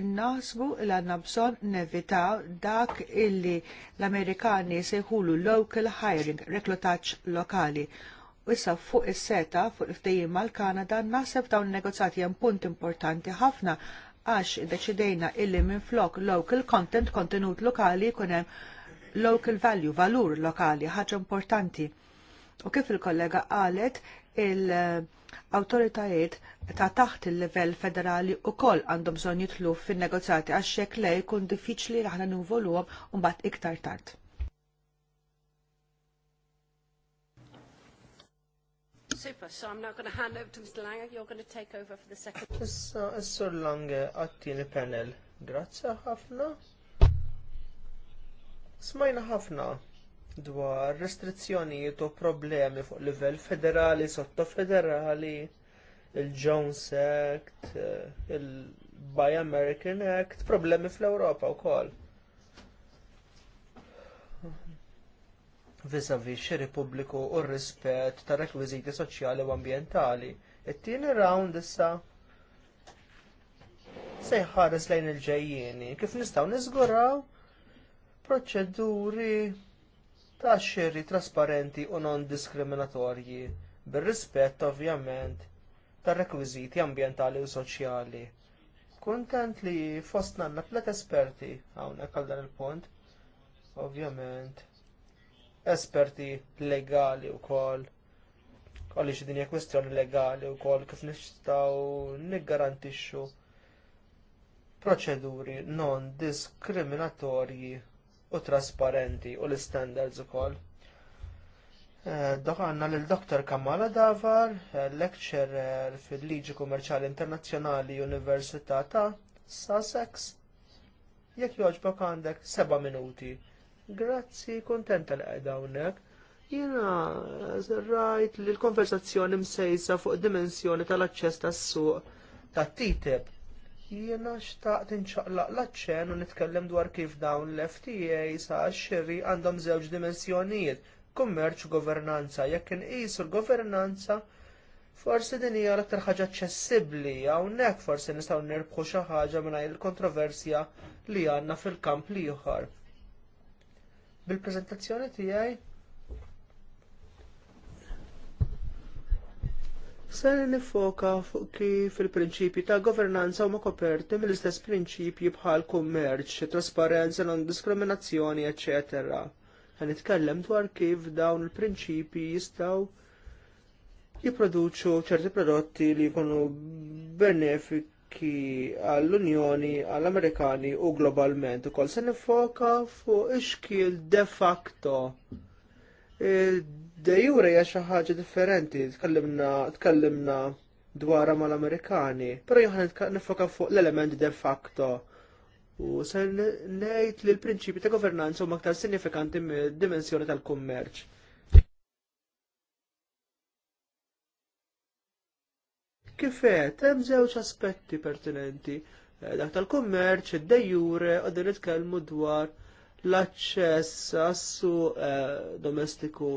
nasbu il għanna bżon nevitaw dak illi l-Amerikani seħulu local hiring, reklutaċ lokali. Issa fuq is-seta fuq il-ftejjim mal-Kanada naħseb dawn negozjati hemm punt importanti ħafna għax deċidejna illi minn flok local content, kontenut lokali jkun hemm local value, valur lokali, ħaġa importanti. U kif il-kollega qalet, il-autoritajiet ta' taħt il-level federali u koll għandhom bżon jitlu fin negozjati għax hekk le jkun diffiċli li aħna ninvoluhom u mbagħad iktar tard. Super, so I'm now going to hand over to Mr. Lange. You're going to take over for the second. Issa, issa Lange, għattini panel. Grazie ħafna. Smajna ħafna dwar restrizzjonijiet u problemi fuq livell federali, sottofederali, il-Jones Act, eh, il-Buy American Act, problemi fl-Europa u koll. Vizavi xi Repubbliku u r-rispett ta' rekwiżiti soċjali u ambjentali. It-tieni round issa se jħares lejn il-ġejjieni kif nistgħu niżguraw proċeduri ta' xerri trasparenti u non diskriminatorji, bir-rispett ovvjament tar rekwiżiti ambjentali u soċjali. Kuntent li fost nanna tlet esperti hawnhekk għal dan il-punt, ovvjament esperti legali wkoll għalli din hija kwestjoni legali wkoll kif nistgħu niggarantixxu proċeduri non diskriminatorji u trasparenti u l-standards ukoll. Eh, għanna l-Dr. Kamala Davar, eh, lecturer fil-Liġi Kummerċali Internazzjonali Università ta' Sussex. Jekk joġbok għandek seba' minuti. Grazzi, kontent li qiegħda hawnhekk. Jiena rajt li l-konversazzjoni msejsa fuq dimensjoni tal-aċċess tas-suq ta' ttip Jiena xtaqt inċaqlaq laċċen u nitkellem dwar kif dawn l-FTA sa xiri għandhom żewġ dimensjonijiet, kummerċ u governanza, jekk inqisu l-governanza Forsi din hija l-aktar ħaġa ċessibbli hawnhekk forsi nistgħu nirbħu xi ħaġa mingħajr il-kontroversja li għandna fil-kamp l ieħor. Bil-preżentazzjoni tiegħi Se nifoka fuq kif il-prinċipji ta' governanza huma koperti mill-istess prinċipji bħal kummerċ, trasparenza, non-diskriminazzjoni, eċetera. Għan nitkellem dwar kif dawn il-prinċipji jistgħu jipproduċu ċerti prodotti li jkunu benefik għall-Unjoni, għall-Amerikani u globalment ukoll se nifoka fuq ix-xkiel de facto jure hija xi ħaġa differenti, tkellimna tkellimna dwar mal-Amerikani, però aħna nifoka fuq l-element de facto. U se ngħid li l-prinċipji ta' governanza huma aktar sinifikanti mid-dimensjoni tal-kummerċ. Kifet, hemm żewġ aspetti pertinenti. Eh, dak tal-kummerċ, id-dejjure, għadin nitkellmu dwar l-aċċess għas-suq eh, domestiku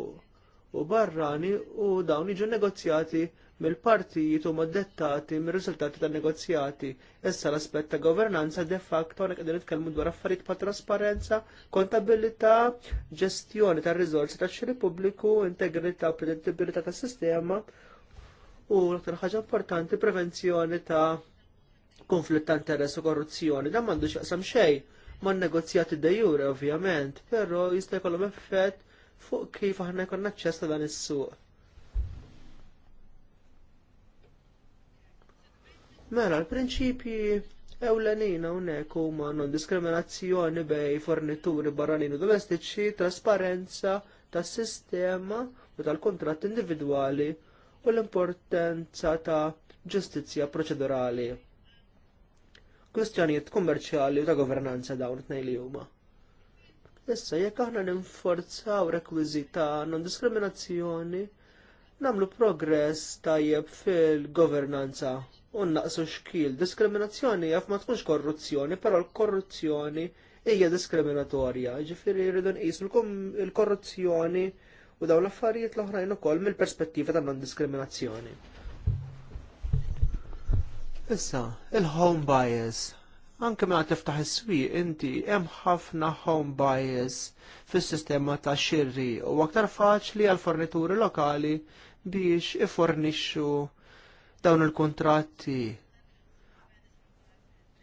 u barrani u dawn jiġu negozjati mill-partijiet u dettati mir-riżultati tan negozjati. Issa l-aspett ta' governanza de facto għalek qegħdin nitkellmu dwar affarijiet pa' trasparenza, kontabilità, ġestjoni tar rizorsi tax-xiri pubbliku, integrità u predittibilità tas sistema u l-aktar ħaġa importanti prevenzjoni ta' konflitt ta' interess u korruzzjoni. Dan m'għandux jaqsam xejn man negozjati de jure ovvjament, però jista' jkollhom effett fuq kif aħna jkollna aċċess ta' dan is-suq. Mela, l-prinċipji ewlenin hawnhekk huma non-diskriminazzjoni bej fornituri barranin u domestiċi, trasparenza tas-sistema u tal-kontratt individwali u l-importanza ta' ġustizzja proċedurali kwistjonijiet kummerċjali u ta' governanza dawn it-tnejn li huma. Issa jekk aħna ninforzaw rekwiżit ta' non-diskriminazzjoni, nagħmlu progress tajjeb fil-governanza u naqsu xkil. Diskriminazzjoni jaf ma tkunx korruzzjoni, però l-korruzzjoni hija diskriminatorja. Ġifieri jridu nqisu l-korruzzjoni u dawn l-affarijiet l-oħrajn ukoll mill-perspettiva ta' non-diskriminazzjoni. Issa, il-home bias Anke meta tiftaħ is-swieq inti hemm ħafna home buyers fis-sistema ta' xirri u aktar faċli għal fornituri lokali biex ifornixxu dawn il-kontratti.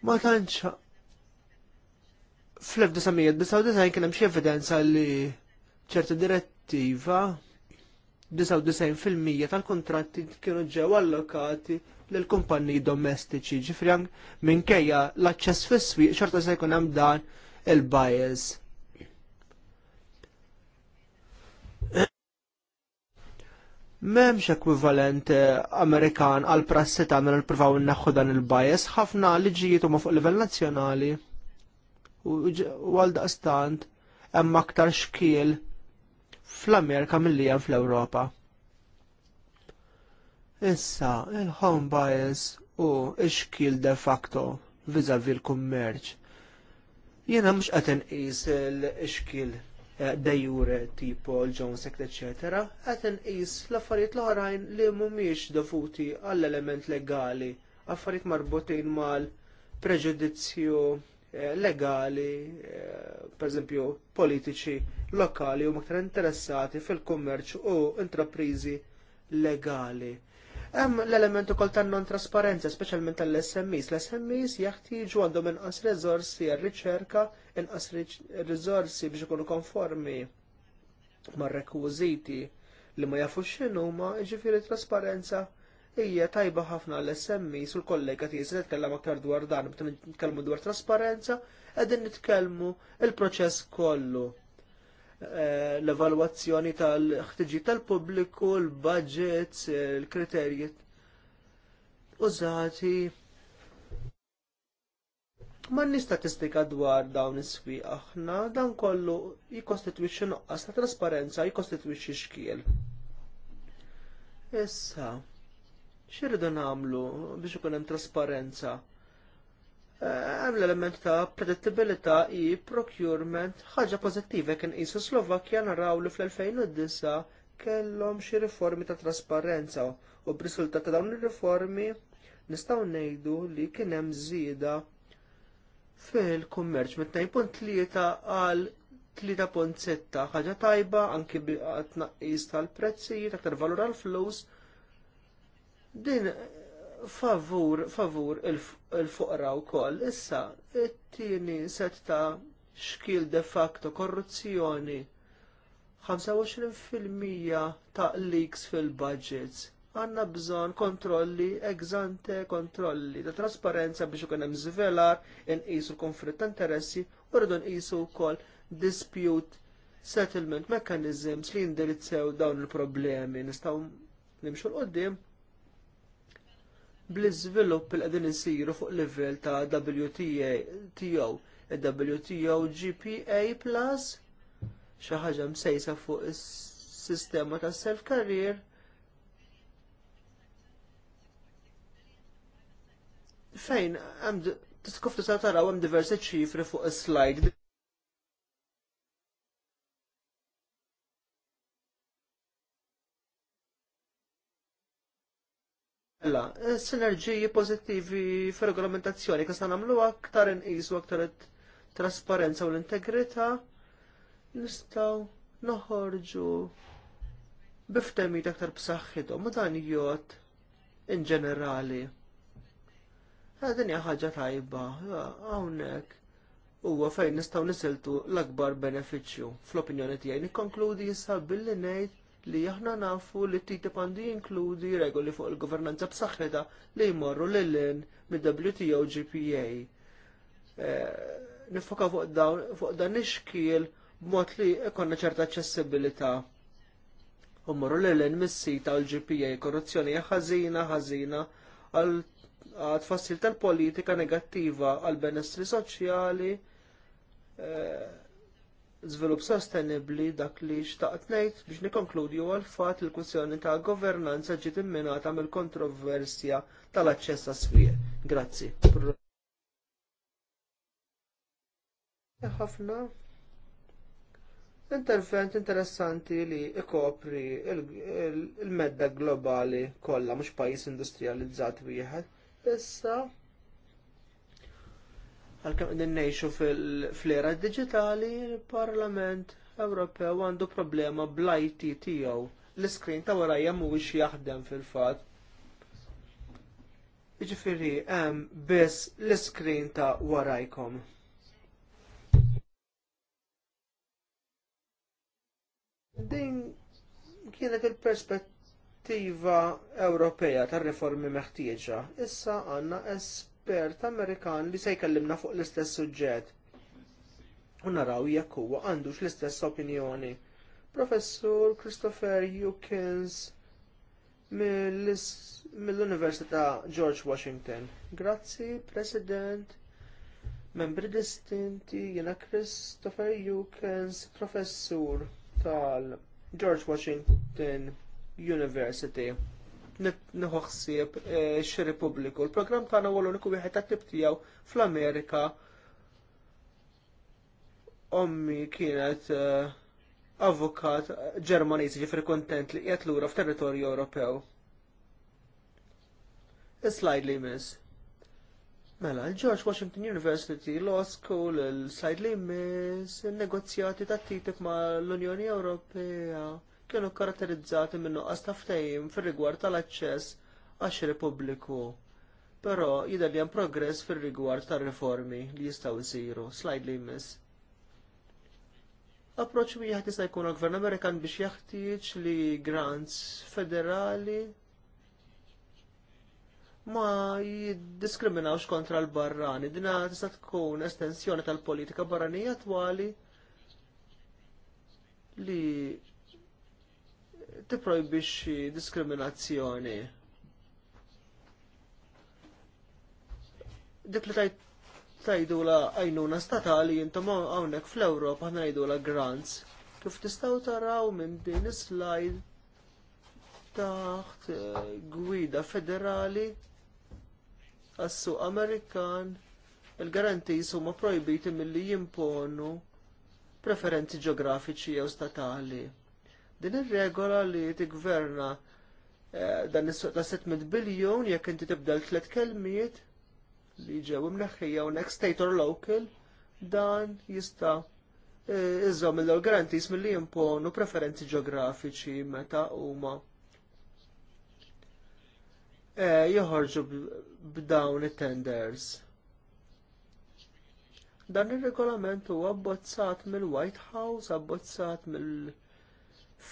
Ma tantx fl-1999 kien hemm xi evidenza li ċerti direttiva 99% tal-kontratti kienu ġew allokati lill kumpanni domestiċi, ġifri minkejja l-aċċess fis-swieq xorta se jkun hemm dan il-bias. M'hemmx ekwivalent eh, Amerikan għal prassi tagħna li ppruvaw inneħħu dan il-bias, ħafna liġijiet huma fuq livell nazzjonali u għal daqstant hemm aktar xkiel fl-Amerika mill hemm fl-Ewropa. Issa, il-home bias u ix de facto vizavi l-kummerċ. Jena mux għaten is l-xkil eh, dejjure tipo l-Jonesek, etc. għaten is l-affarijiet l-oħrajn li mumiex dovuti għall-element legali, affarijiet marbutin mal-preġudizzju Eh, legali, eh, per esempio politiċi lokali u maktar interessati fil-kummerċ u intraprizi legali. Hemm l-element ukoll tan non trasparenza, speċjalment tal-SMEs. L-SMEs jaħtieġu għandhom inqas riżorsi għar-riċerka, inqas riżorsi biex ikunu konformi mar-rekwiżiti li ma jafux x'inhuma, jiġifieri trasparenza hija tajba ħafna l-SMI sul kollega ti se nitkellem aktar dwar dan, meta nitkellmu dwar trasparenza, qegħdin nitkellmu il-proċess kollu. Eh, l-evalwazzjoni tal-ħtiġi tal-pubbliku, l-budgets, il-kriterji użati. Manni statistika dwar dawn is-swieq aħna, dan kollu jikostitwixxi nuqqas ta' trasparenza, jikostitwixxi xkiel. Issa, Xirridu nagħmlu biex ikun hemm trasparenza? Eh, hemm l-element ta' predittibilità i procurement ħaġa pożittiva kien qisu Slovakkja naraw li fl-2009 kellhom xi riformi ta' trasparenza u b'risultat ta' dawn ir-riformi nistgħu ngħidu li kien hemm żieda fil-kummerċ punt 2.3 għal 3.6 ħaġa tajba anki għat-tnaqqis tal-prezzijiet, aktar valur għall flus Din eh, favur, favur il-fuqra u koll. Issa, it-tini set ta' xkil de facto korruzzjoni 25% ta' leaks fil-budgets għanna bżon kontrolli, egzante kontrolli, ta' trasparenza biex ukun hemm żvelar, inqisu konflitt ta' interessi u rridu nqisu wkoll dispute settlement mechanisms li jindirizzew dawn il-problemi nistgħu nimxu l qoddim bl-iżvilupp il qegħdin insiru fuq livell ta' WTA TO wto GPA Plus xi ħaġa msejsa fuq is-sistema ta' self career fejn hemm tiskuf tista' taraw hemm diversi ċifri fuq is-slide Eh, sinerġiji pożittivi fir-regolamentazzjoni kif nagħmlu aktar isu aktar trasparenza u l-integrità nistgħu noħorġu biftemi aktar b'saħħithom u dan jgħod in ġenerali. Għadin eh, hija ħaġa tajba, eh, hawnhekk huwa fejn nistgħu nisiltu l-akbar benefiċċju. Fl-opinjoni tiegħi nikkonkludi issa billi ngħid li aħna nafu li TTIP għandi jinkludi regoli fuq il-governanza b'saħħitha li jmorru lil lin mid wto GPA. Eh, nifoka fuq dan iċkiel b b'mod li ikonna ċerta aċċessibilità. U morru lin mis-sita u l-GPA korruzzjoni hija ħażina ħażina għal tfassil tal-politika negattiva għal benessri soċjali eh, żvilupp sostenibbli dak li xtaqt ngħid biex nikkonkludi huwa l-fatt li kwistjoni ta' governanza ġiet imminata mill-kontroversja tal-aċċess għas-swieq. Grazzi. Ħafna intervent interessanti li ikopri il-medda globali kollha mhux pajjiż industrializzat wieħed. Issa Għalkemm qegħdin ngħixu fl digitali, il-Parlament Ewropew għandu problema bl-IT tiegħu. L-iskrin ta' warajja mhuwiex jaħdem fil-fatt. Jiġifieri hemm biss l-iskrin ta' warajkom. Din kienet il-perspettiva Ewropea tar-riformi meħtieġa. Issa għandna es espert Amerikan li se jkellimna fuq l-istess suġġett. U naraw jekk huwa għandux l-istess opinjoni. Professur Christopher Hukins mill-Università George Washington. Grazzi, President membri distinti jiena Christopher Hukins, professur tal George Washington University nħoħsib e, xiri pubbliku. Il-programm tagħna huwa l-uniku wieħed tat tiegħu fl-Amerika. Ommi kienet e, avukat Ġermaniż ġifri kontent li qiegħed lura f'territorju Ewropew. Is-slide li miss. Mela, l-George Washington University Law School, il-slide li miss, il-negozjati tat TTIP ma' l-Unjoni Ewropea kienu karatterizzati minn nuqqas ta' ftehim fir-rigward tal-aċċess għax pubbliku. Però jidher li hemm progress fir-rigward tar-riformi li jistgħu jsiru. Slide li jmiss. Approċċ wieħed jista' jkun għal-Gvern Amerikan biex jeħtieġ li grants federali ma jiddiskriminawx kontra l-barrani. Dina tista' tkun estensjoni tal-politika barranija twali li tipprojbixxi diskriminazzjoni. Dik li tajdu la għajnuna statali jintom hawnhekk fl-Ewropa għajdu la grants. Kif tistgħu taraw minn din slide taħt eh, gwida federali għassu Amerikan il-garantis huma mill milli jimponu preferenzi ġeografiċi jew statali. Din ir-regola li tigverna eh, dan is-suq 700 biljon biljun jekk inti tibdel tliet kelmiet li ġew imneħħija next state or local dan jista' eh, iżżomm il garantis milli jimponu preferenzi ġeografiċi meta huma eh, joħorġu b'dawn it-tenders. Dan ir regolament huwa abbozzat mill-White House, abbozzat mill-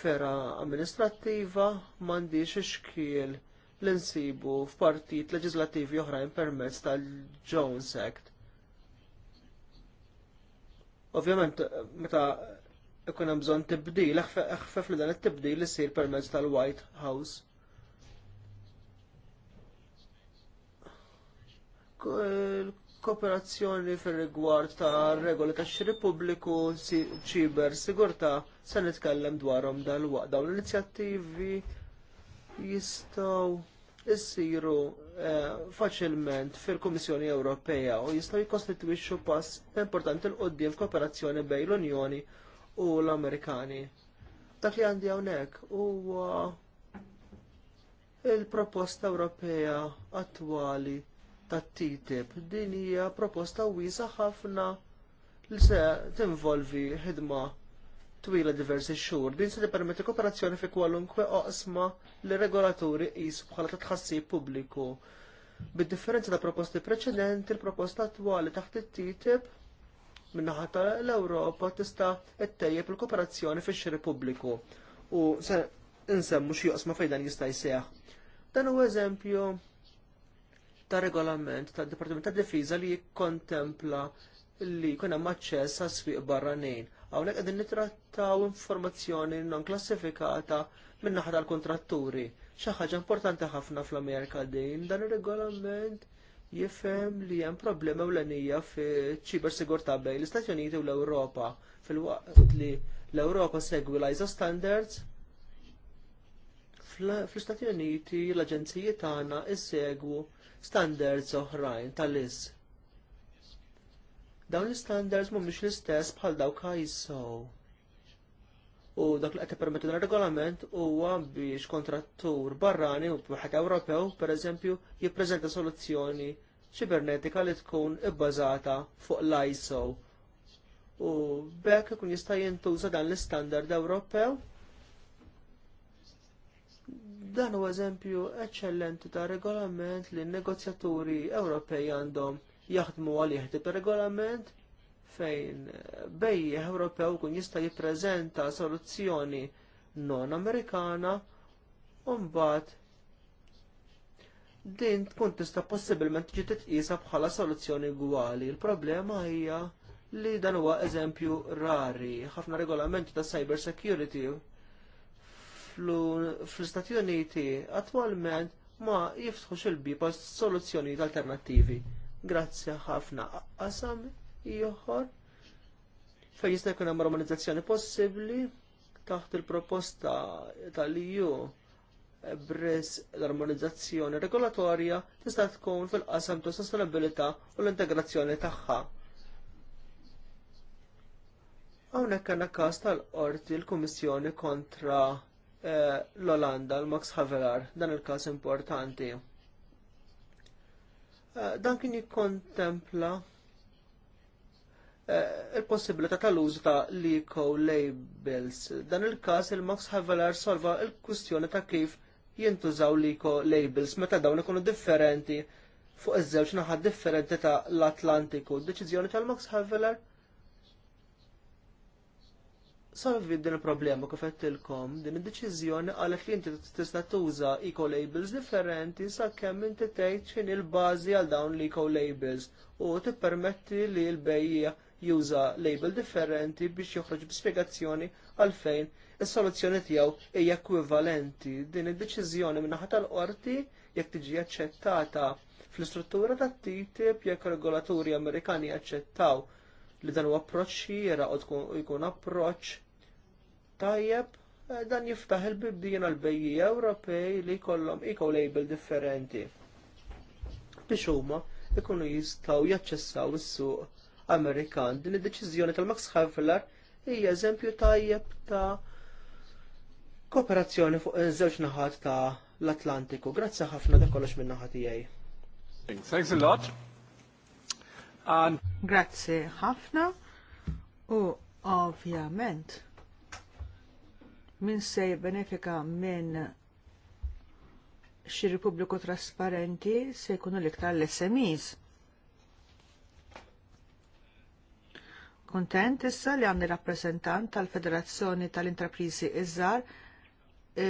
fera amministrattiva m'għandix x'kiel li nsibu f'partit leġislattivi oħrajn permezz tal-Jones Act. Ovvjament, meta ikun hemm bżonn tibdil, ħfef li dan it-tibdil sir permezz tal-White House kooperazzjoni fil-rigward ta' regoli ta' xiri pubbliku, ċiber, sigurtà se nitkellem dwarhom dal-waqt. Dawn l-inizjattivi jistgħu jsiru eh, faċilment fil-Kummissjoni Ewropea u jistgħu jikkostitwixxu pass importanti l qoddim f'kooperazzjoni bejn l-Unjoni u l-Amerikani. Dak li għandi hawnhekk huwa il-proposta Ewropea attwali tat TTIP. Din hija proposta wiesa ħafna li se tinvolvi ħidma twila diversi xhur. Din se tippermetti kooperazzjoni fi kwalunkwe oqsma li regolaturi qisu bħala ta' tħassib pubbliku. Bid-differenza ta' proposti preċedenti, il-proposta attwali taħt it-TTIP minnaħa tal-Ewropa tista' ttejjeb il-kooperazzjoni fix-xiri pubbliku u se insemmu xi joqsma fejn dan jista' jseħħ. Dan huwa eżempju ta' regolament tad Dipartiment tad Difiża li jikkontempla li jkun hemm aċċess għas swieq barranin. Hawnhekk qegħdin nittrattaw informazzjoni non klassifikata minn naħa tal-kontratturi. Xi ħaġa importanti ħafna fl-Amerika din dan ir-regolament jifhem li hemm problema ewlenija fiċ-ċiber sigurtà bejn l-Istati Uniti u l-Ewropa fil-waqt li l-Ewropa segwi l-ISO standards fl-Istati Uniti l-aġenziji tagħna issegwu standards oħrajn tal-IS. Dawn l-standards mhumiex l-istess bħal dawk ISO. U dak li qed permettu regolament huwa biex kontrattur barrani u wieħed Ewropew pereżempju jippreżenta soluzzjoni ċibernetika li tkun ibbażata fuq l-ISO. U bekk ikun jista' jintuża dan l-istandard Ewropew Dan huwa eżempju eċċellenti ta' regolament li n-negozjaturi Ewropej għandhom jaħdmu għalih ir regolament fejn bejjeħ Ewropew kun jista' jippreżenta soluzzjoni non Amerikana u mbagħad din tkun tista' possibilment tiġi titqisha bħala soluzzjoni gwali. Il-problema hija li dan huwa eżempju rari. Ħafna regolamenti ta' cyber security fl-Istati Uniti attwalment ma jiftħux il-biba soluzzjonijiet alternattivi. Grazzi ħafna. Qasam ieħor fejn jista' jkun hemm armonizzazzjoni possibbli taħt il-proposta tal-EU bris l-armonizzazzjoni regolatorja tista' tkun fil-qasam ta' sostenibilità u l-integrazzjoni tagħha. Hawnhekk għandna każ tal-qorti l-Kummissjoni kontra Eh, l-Olanda, l-Max Havelar, dan il każ importanti. Eh, dan kien jikkontempla eh, il-possibilità tal-użu ta' l-eco labels. Dan il każ il-Max Havelar solva l kwistjoni ta' kif jintużaw l-eco labels meta dawn ikunu differenti fuq iż-żewġ naħat differenti ta' l-Atlantiku. Deċiżjoni tal-Max Havelar solvi din il-problema kif qedtilkom din id-deċiżjoni għalhekk li inti tista' tuża eco labels differenti sakemm inti tgħid x'in il-bażi għal dawn l-eco labels u tippermetti li l-bejja juża label differenti biex joħroġ b'spjegazzjoni għalfejn is-soluzzjoni tiegħu hija ekwivalenti. Din id-deċiżjoni min-naħa tal-qorti jekk tiġi aċċettata fl-istruttura tat-TTIP jekk regolaturi Amerikani jaċċettaw li dan huwa approċċi jera u jkun approċċ tajjeb eh, dan jiftaħ il-bibdien l bejji Ewropej li jkollhom eco-label differenti biex huma ikunu jistgħu jaċċessaw is-suq Amerikan. Din id-deċiżjoni tal-Max Havler hija eżempju tajjeb ta' kooperazzjoni fuq iż-żewġ naħat ta' l-Atlantiku. Grazzi ħafna da kollox minn naħa tiegħi. Thanks a lot. And Grazzi ħafna u ovvjament min se benefika minn xi Repubbliku Trasparenti se jkunu l-iktar l-SMEs. Kontent issa li għandi rappresentant tal-Federazzjoni tal-Intraprisi Iżżar,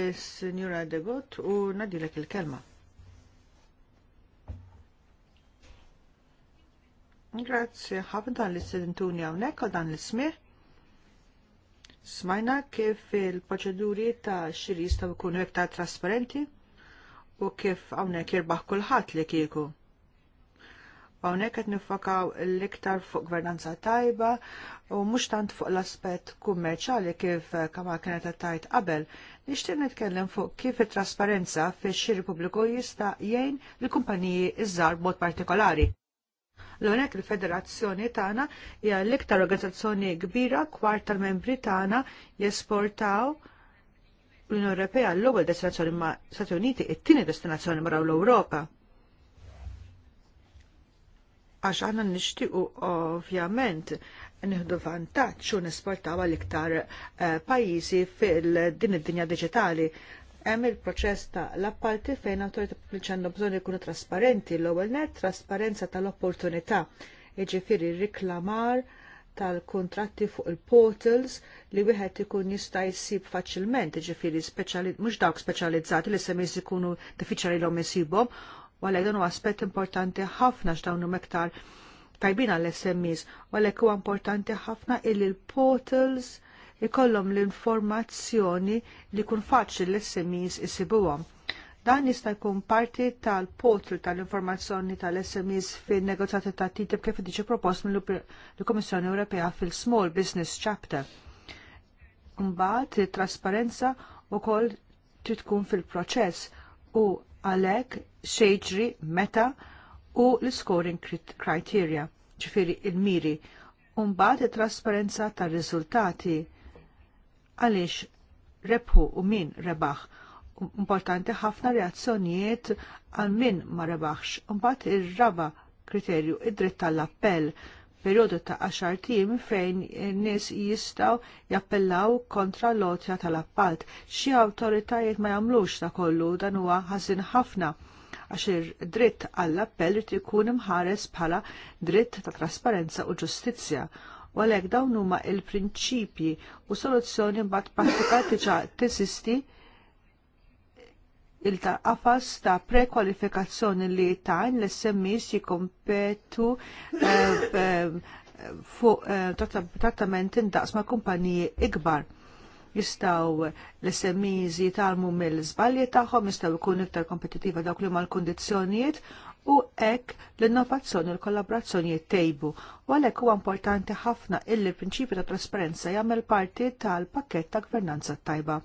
is Signora Degot, u nadilek il-kelma. Grazzi, ħafna dan l-istudentuni għawnek għal dan l smih. Smajna kif il-proċeduri ta' xiri jistaw ikunu iktar trasparenti u kif għawnek jirbaħ kulħadd li kieku. Għawnek qed nifakaw l-iktar fuq gvernanza tajba u mhux tant fuq l-aspett kummerċali kif kama kienet tajt qabel. Nixtieq nitkellem fuq kif it-trasparenza fix-xiri pubbliku jista' jgħin l-kumpaniji iż-żgħar b'mod partikolari l għonek il-federazzjoni tagħna hija l-iktar organizzazzjoni kbira kwart tal-membri tagħna jesportaw l-Unjoni Ewropea l-ewwel destinazzjoni ma' Stati Uniti t tieni destinazzjoni mara l-Ewropa. Għax aħna nixtiequ ovvjament nieħdu vantaġġ u nesportaw għal iktar eh, pajjiżi fil-din id-dinja diġitali hemm il-proċess ta' l-appalti fejn autorità pubbliċi għandhom bżonn ikunu trasparenti l-ewwel net trasparenza tal-opportunità. Jiġifieri riklamar tal-kontratti fuq il-portals li wieħed ikun jista' jsib faċilment, jiġifieri mhux dawk speċjalizzati li semmis ikunu diffiċli l isibhom, u għalhekk dan huwa aspett importanti ħafna x'dawn huma iktar tajbin għall-SMEs, u għalhekk huwa importanti ħafna illi l-portals il portals ikollhom l-informazzjoni li kun faċli l-SMEs isibuhom. Dan jista' jkun parti tal-potri tal-informazzjoni tal-SMEs fin negozjati ta' TTIP kif diċi propost mill-Kummissjoni Ewropea fil-Small Business Chapter. Mbagħad it-trasparenza wkoll trid tkun fil-proċess u għalhekk xejġri meta u l-scoring criteria, ġifieri il-miri. Umbagħad it-trasparenza tar-riżultati għaliex rebħu u min rebaħ importanti ħafna reazzjonijiet għal min ma rebaħx. Umbat il raba kriterju id-dritt tal-appell periodu ta' 10 tim fejn n-nies jistgħu jappellaw kontra l otja tal-appalt. Xi awtoritajiet ma jagħmlux ta' kollu dan huwa ħażin ħafna għax dritt għall-appell irid ikun imħares bħala dritt ta' trasparenza u ġustizzja u għalhekk dawn huma il-prinċipji u soluzzjoni mbagħad pratika diġà il taqqafas ta' prekwalifikazzjoni li tajn l smis jikompetu eh, eh, fuq eh, trattamenti indaqs ma' kumpaniji ikbar jistaw l-SMEs jitalmu mill-zbalji tagħhom, jistaw ikun iktar kompetitiva dawk li mal-kundizzjonijiet u hekk l-innovazzjoni u l-kollaborazzjoni jittejbu. U għalhekk huwa importanti ħafna illi l-prinċipju ta' trasparenza jagħmel parti tal-pakkett ta' gvernanza tajba.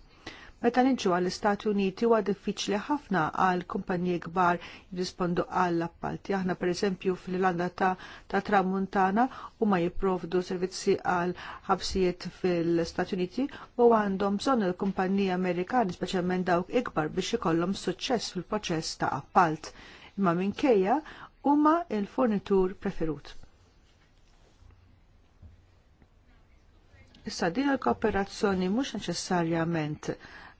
Meta niġu għall-Istati Uniti huwa diffiċli ħafna għal kumpanji kbar jirrispondu għall appalti. Aħna pereżempju fil irlanda ta', ta Tramuntana huma jipprovdu servizzi għal ħabsijiet fil-Stati Uniti u għandhom bżonn il-kumpaniji Amerikani speċjalment dawk ikbar biex ikollhom suċċess fil-proċess ta' appalt ma minkejja huma il-fornitur preferut. Issa din il-kooperazzjoni mhux neċessarjament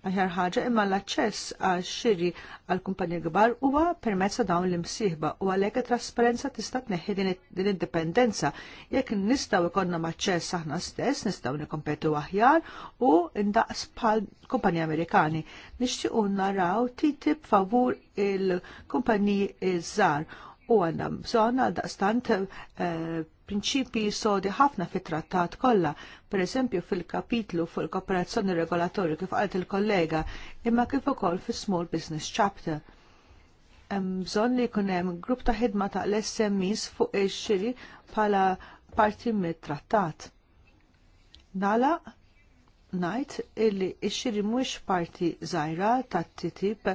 aħjar ħaġa imma l-aċċess għal xiri għal kumpanija kbar huwa permezz dawn l-imsieħba u għalhekk it-trasparenza tista' tneħħi din id-dipendenza jekk nistgħu jkollna aċċess aħna stess nistgħu nikkompetu aħjar u ndaqs bħal kumpanija Amerikani. Nixtiequ naraw titib favur il-kumpaniji iż-żgħar u għanna bżonn għal daqstant eh, prinċipi sodi ħafna fit-trattat kollha, pereżempju fil-kapitlu fuq il-kooperazzjoni regolatorju kif qalt il-kollega, imma kif ukoll fil small Business Chapter. Hemm bżonn li jkun hemm grupp ta' ħidma ta' l smis fuq ix-xiri bħala parti mit-trattat. Nala ngħid illi ix xiri mhuwiex parti żgħira tat-TTIP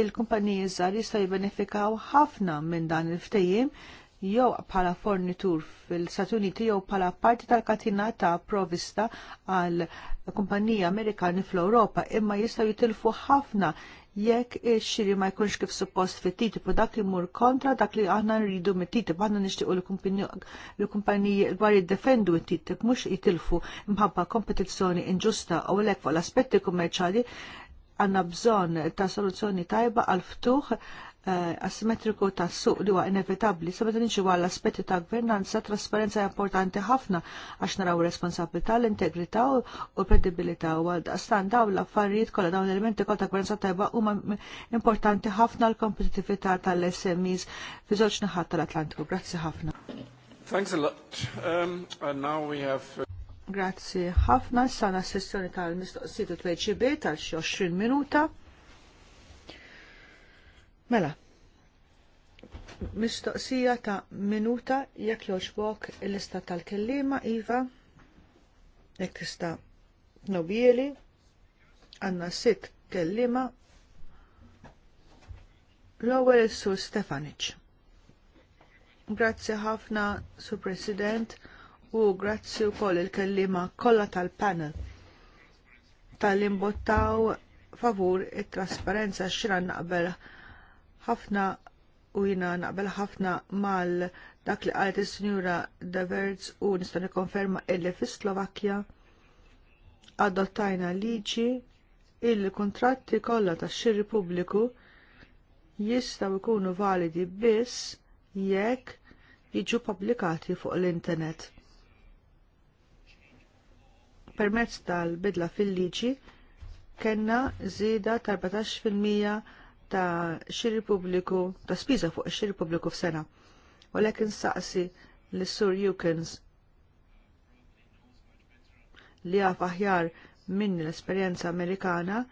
il-kumpaniji żgħar jistgħu jibbenefikaw ħafna minn dan il-ftehim jew bħala fornitur fil-Stati Uniti jew bħala parti tal-katina ta' provista għal kumpaniji Amerikani fl-Ewropa imma jistgħu jitilfu ħafna jekk ix-xiri ma jkunx kif suppost fit-TTIP u dak li mur kontra dak li aħna nridu mit-TTIP aħna nixtiequ l-kumpaniji dwar jiddefendu t-TTIP mhux jitilfu mħabba kompetizzjoni inġusta u l fuq l-aspetti kummerċali għanna bżon ta' soluzzjoni tajba għal-ftuħ eh, asimetriku ta' suq li huwa inevitabbli, sa meta ninġu għall aspetti ta' gvernanza, trasparenza importanti ħafna għax naraw responsabilità, l-integrità u l predibilità u għal daqstan daw l-affarijiet kollha dawn elementi kollha ta' gvernanza tajba huma importanti ħafna l kompetitività tal-SMEs fi zoċ naħat tal-Atlantiku. Grazzi ħafna. Thanks a lot. Um, and now we have uh, Grazzi ħafna, sana sessjoni tal-mistoqsijiet u tweġibiet għal xi 20 minuta. Mela, mistoqsija ta' minuta jekk bok il-lista tal-kellima, Iva, jekk tista' nobieli, għanna sitt kellima, l-ewwel sur Stefanic. Grazzi ħafna, Sur President u grazzi wkoll il-kellima kollha tal-panel tal-imbottaw favur it-trasparenza xira naqbel ħafna u jina naqbel ħafna mal dak li qalet is-Sinjura Deverts u nista' nikkonferma illi fis-Slovakkja adottajna liġi il-kontratti kollha tax-xiri pubbliku jistgħu jkunu validi biss jekk jiġu pubblikati fuq l-internet permezz tal-bidla fil-liġi kellna żieda ta' 14% ta' xiri pubbliku, ta' spiża fuq ix-xiri pubbliku f'sena. lekin saqsi lis sur Jukens li għaf aħjar minn l-esperjenza Amerikana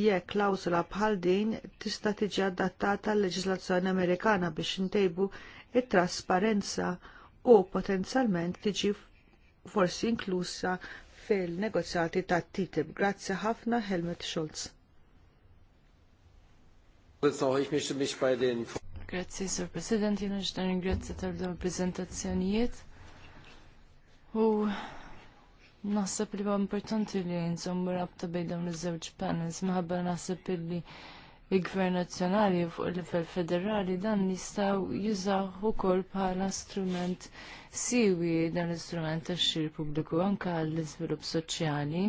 jekk klawsula bħal din tista' tiġi adattata l-leġislazzjoni Amerikana biex intejbu it-trasparenza u potenzjalment tiġi forsi inklusa fil-negozjati ta' TTIP. Grazie ħafna, Helmut Schulz. Grazie, Sir President, jena ġdan ringrazzi tal prezentazzjonijiet. U nasab li huwa importanti li nżommu rabta bejn dawn panels, minħabba naħseb li il-Gvern Nazzjonali fuq il-livell federali dan jistgħu jużaw ukoll bħala strument siwi dan l-istrument tax-xir pubbliku anke għall-iżvilupp soċjali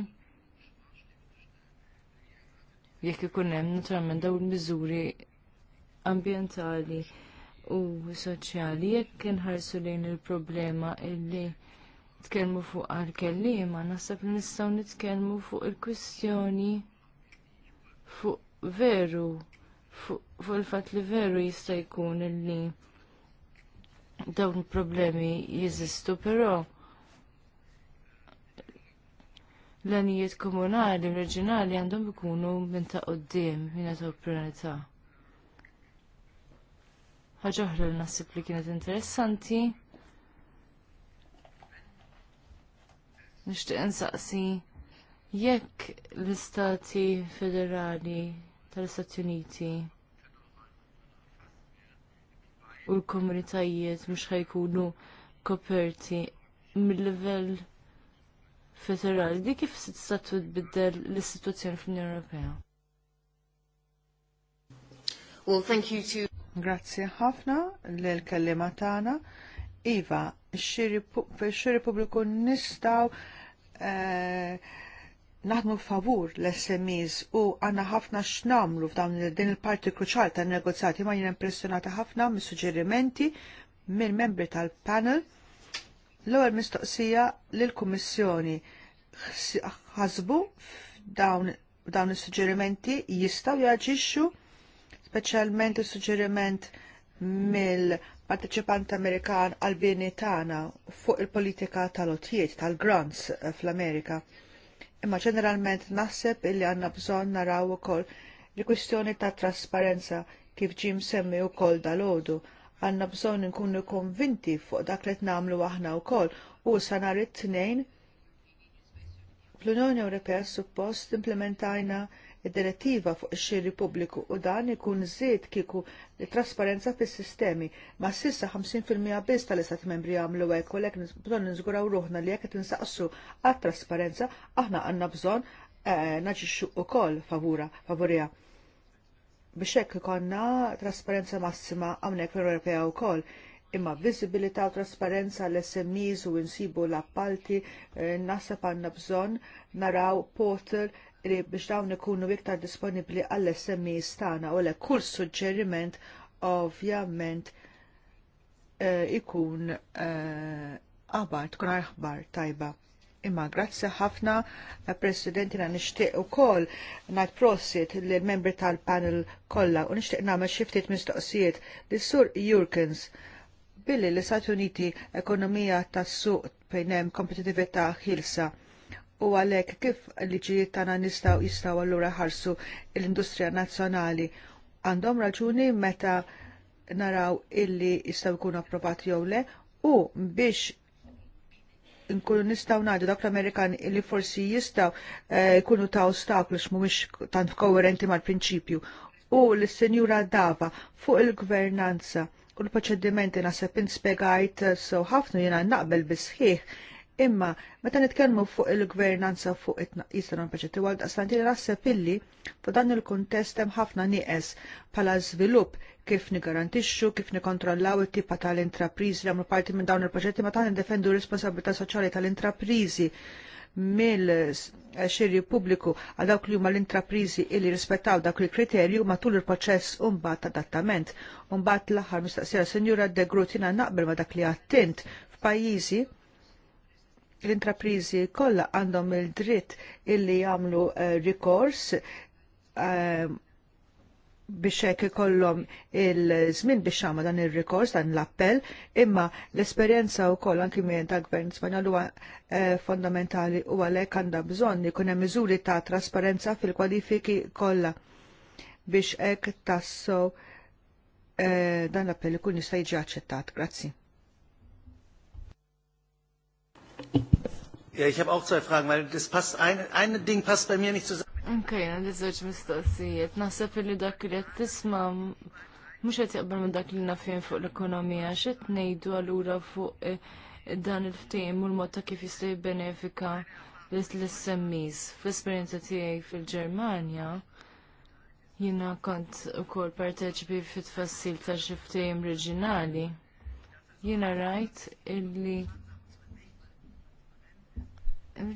jekk ikun hemm naturalment dawn miżuri ambjentali u soċjali jekk inħarsu lejn il-problema illi tkellmu fuq għal-kellima naħseb li nistgħu nitkellmu fuq il-kwistjoni fuq veru fuq il-fat li veru jista' jkun illi dawn il-problemi jeżistu, però l-anijiet komunali, reġinali għandhom ikunu minn ta' qoddim minn ta' priorità. Ħaġa oħra li naħseb li kienet interessanti. Nixtieq insaqsi jekk l-istati federali tal-Istati Uniti u l-komunitajiet mhux ħajkunu koperti mill-livell federali, di kif tista' tbiddel l-istituzzjoni fl-Unjoni Ewropea? Well, thank you to Grazie ħafna l-kellima tagħna. Iva, xi Repubbliku nistaw eh, naħdmu favur l-SMEs u għanna ħafna x'namlu f'dawn din il-parti kruċjal tan negozjati ma jien impressjonata ħafna mis suġġerimenti minn membri tal-panel l-ewwel mistoqsija lil kummissjoni ħasbu f'dawn dawn is-suġġerimenti jistgħu jaġixxu speċjalment is-suġġeriment mill-parteċipant Amerikan għal-bini tagħna fuq il-politika tal-otjiet tal-grants eh, fl-Amerika imma ġeneralment naħseb illi għandna bżonn naraw ukoll l kwistjoni ta' trasparenza kif ġim semmi wkoll dal-għodu Għanna bżonn nkunu konvinti fuq dak li nagħmlu aħna wkoll u sa nhar it-tnejn fl-Unjoni Ewropea suppost implementajna id-direttiva fuq ix-xiri pubbliku u dan ikun żied kieku trasparenza fis-sistemi ma sissa 50% biss tal-istat membri għamlu hekk u lek bżonn niżguraw ruħna li jekk qed insaqsu għat-trasparenza aħna għandna bżonn eh, naġixxu wkoll favura favurija biex hekk ikonna trasparenza massima hawnhekk fl-Ewropea wkoll imma viżibilità u trasparenza l smis u insibu l-appalti nasa eh, nasab għandna bżonn naraw portal li biex dawn ikunu iktar disponibbli għall smi stana u l kull suġġeriment ovvjament eh, ikun eh, aħbar, tkun aħbar tajba. Imma grazzi ħafna, eh, Presidentina jina nishtiq u kol najt prosit l-membri tal-panel kolla u nishtiq namel xiftit mistoqsijiet li sur Jurkins billi l-Stati Uniti ekonomija tas-suq bejn hemm kompetitività ħilsa u għalhekk kif liġijiet tana nistaw jistgħu allura ħarsu l-industrija nazzjonali għandhom raġuni meta naraw illi jistgħu jkunu approvati jew le u biex nkunu nistaw ngħidu dak l-Amerikan li forsi jistaw eh, jkunu ta' ostaklu x'mhumiex tant koerenti mal-prinċipju. U l-Senjura Dava fuq il-gvernanza u l-proċedimenti naħseb inspegajt eh, so ħafna jiena naqbel sħiħ. Imma, meta nitkellmu fuq il-gvernanza fuq it-naqis tal-unpaċetti għal daqslanti naħseb illi fuq dan il-kuntest hemm ħafna nieqes bħala żvilupp kif nigarantixxu, kif nikontrollaw it-tipa tal-intrapriżi li għamlu parti minn dawn il-proġetti ma ndefendu r responsabilità soċjali tal-intrapriżi mill-xirri pubbliku għal dawk li huma l-intrapriżi illi rispettaw dak il-kriterju matul il-proċess umbat ta' adattament. Umbat l-aħħar mistaqsija Sinjura De Grutina naqbel ma dak li għattint f'pajjiżi l-intraprizi kollha għandhom il-dritt illi jagħmlu eh, rikors eh, biex hekk ikollhom il-żmien biex jagħmlu dan ir-rikors dan l-appell, imma l-esperjenza wkoll anki minn ta' gvern Spanjol huwa eh, fondamentali u għalhekk għandha bżonn ikun hemm miżuri ta' trasparenza fil-kwalifiki kollha biex hekk tassew dan l-appell ikun jista' jiġi aċċettat. Grazzi. Ja, ich habe auch zwei Fragen, weil das passt, ein, ein Ding passt bei mir nicht zusammen. Okay, na, das soll mistoqsijiet. Naħseb li dak li qed tisma' mhux qed jaqbel ma' dak li nafjen fuq l-ekonomija, x'qed ngħidu allura fuq eh, dan il-ftehim u l-mod ta' kif jista' jibbenefika l-SMEs. Fl-esperjenza tiegħi fil-Ġermanja, jiena kont ukoll parteċipi fit-tfassil ta' xi ftehim reġinali. Jiena rajt illi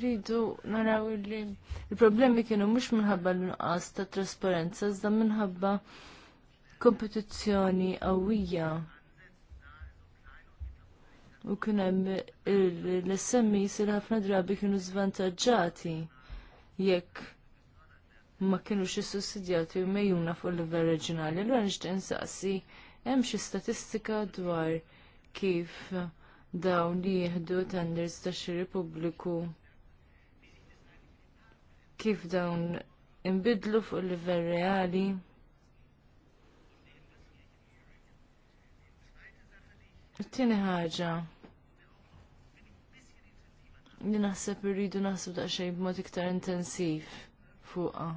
rridu naraw li il-problemi kienu mhux minħabba l-nuqqas ta' trasparenza, iżda minħabba kompetizzjoni qawwija. U kien hemm l smi sir ħafna drabi kienu żvantaġġati jekk ma kienux issussidjati u mejjuna fuq il-livell reġjonali. Allura nixtieq insaqsi hemm xi statistika dwar kif dawn li jieħdu tenders ta' xi Repubbliku kif dawn inbidlu fuq il-livell reali. Tieni ħaġa li naħseb irridu naħseb daqsxejn b'mod iktar intensiv fuqha.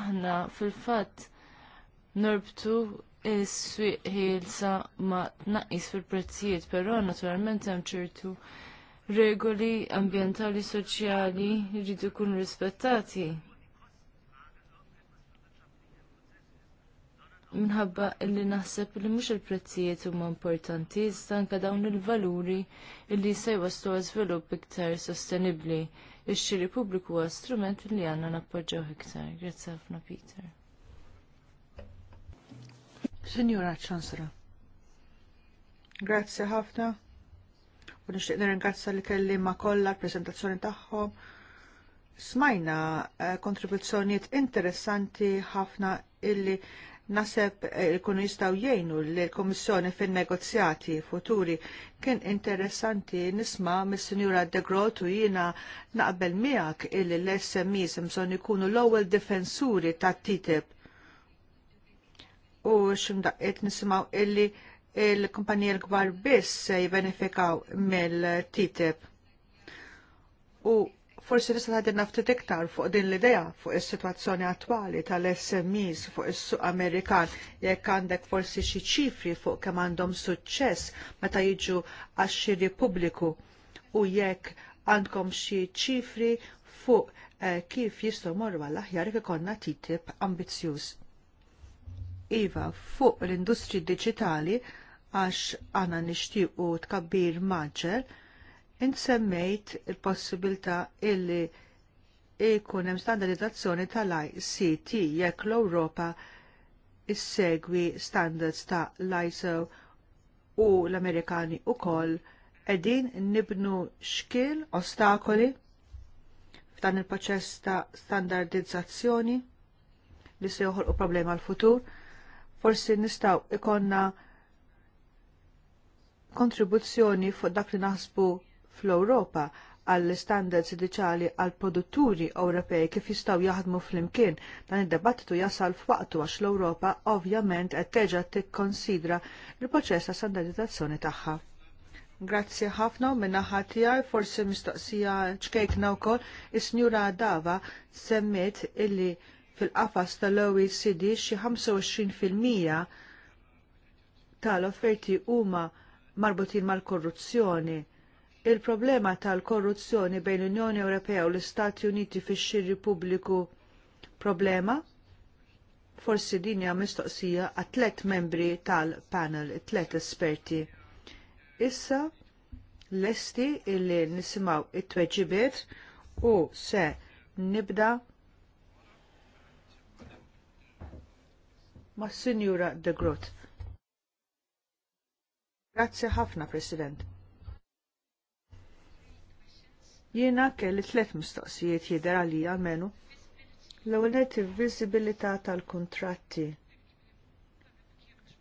Aħna fil-fatt norbtu is-swieq ħielsa ma tnaqqis fil-prezzijiet, però naturalment hemm ċertu regoli ambientali soċjali jridu jkunu rispettati. Minħabba illi naħseb li mhux il-prezzijiet huma importanti, iżda anke dawn il-valuri li se jwaslu żvilupp iktar sostenibbli. Ix-xiri pubbliku huwa strument li għandna nappoġġaw iktar. Grazzi ħafna Peter. Signora Ċansra. Grazzi ħafna u nixtieq nirringrazza li kelli ma kollha l-preżentazzjoni tagħhom. Smajna eh, kontribuzzjonijiet interessanti ħafna illi naseb eh, ikunu jistgħu jgħinu l kummissjoni fin-negozjati futuri kien interessanti nisma' mis-Sinjura De Grot u jiena naqbel miegħek illi l-SMEs imson ikunu l-ewwel difensuri tat-TTIP. U x'imdaqqiet nisimgħu illi il-kumpanija l-kbar biss jibbenefikaw mill-TTIP. U forsi nista' tgħidilna naftit iktar fuq din l-idea fuq is-sitwazzjoni attwali tal-SMEs fuq is-suq Amerikan jekk għandek forsi xi ċifri fuq kemm għandhom suċċess meta jiġu għax-xiri pubbliku u jekk għandkom xi ċifri fuq eh, kif jistgħu morru għall-aħjar kif ikollna TTIP ambizzjuż. Iva, fuq l-industri diġitali għax għana nishtiqu tkabbir maġġer, insemmejt il-possibilta illi ikun hemm standardizzazzjoni tal-ICT jekk l-Ewropa issegwi standards ta' l-ISO u l-Amerikani koll qegħdin nibnu xkil ostakoli f'dan il-proċess ta' standardizzazzjoni li se joħolqu problema l-futur. Forsi nistgħu ikonna kontribuzzjoni fuq dak li naħsbu fl-Ewropa għall standards diċali għal produtturi Ewropej kif jistgħu jaħdmu flimkien dan id-debattitu jasal f'waqtu għax l-Ewropa ovvjament qed terġa' tikkonsidra l-proċess ta' standardizzazzjoni tagħha. Grazzi ħafna u naħa tiegħi forsi mistoqsija ċkejkna wkoll is-Sinjura Dava semmiet illi fil-qafas tal-OECD xi 25% tal-offerti huma marbutin mal-korruzzjoni. Il-problema tal-korruzzjoni bejn l-Unjoni Ewropea u l-Istati Uniti fix xir pubbliku problema? Forsi din hija mistoqsija għat tliet membri tal-panel, tliet esperti. Issa lesti illi nisimgħu it-tweġibiet u se nibda ma' Sinjura de Grot. Grazzi ħafna, President. Jiena kelli tliet mistoqsijiet jidher għalija għalmenu. L-ewwel net il-viżibilità tal-kuntratti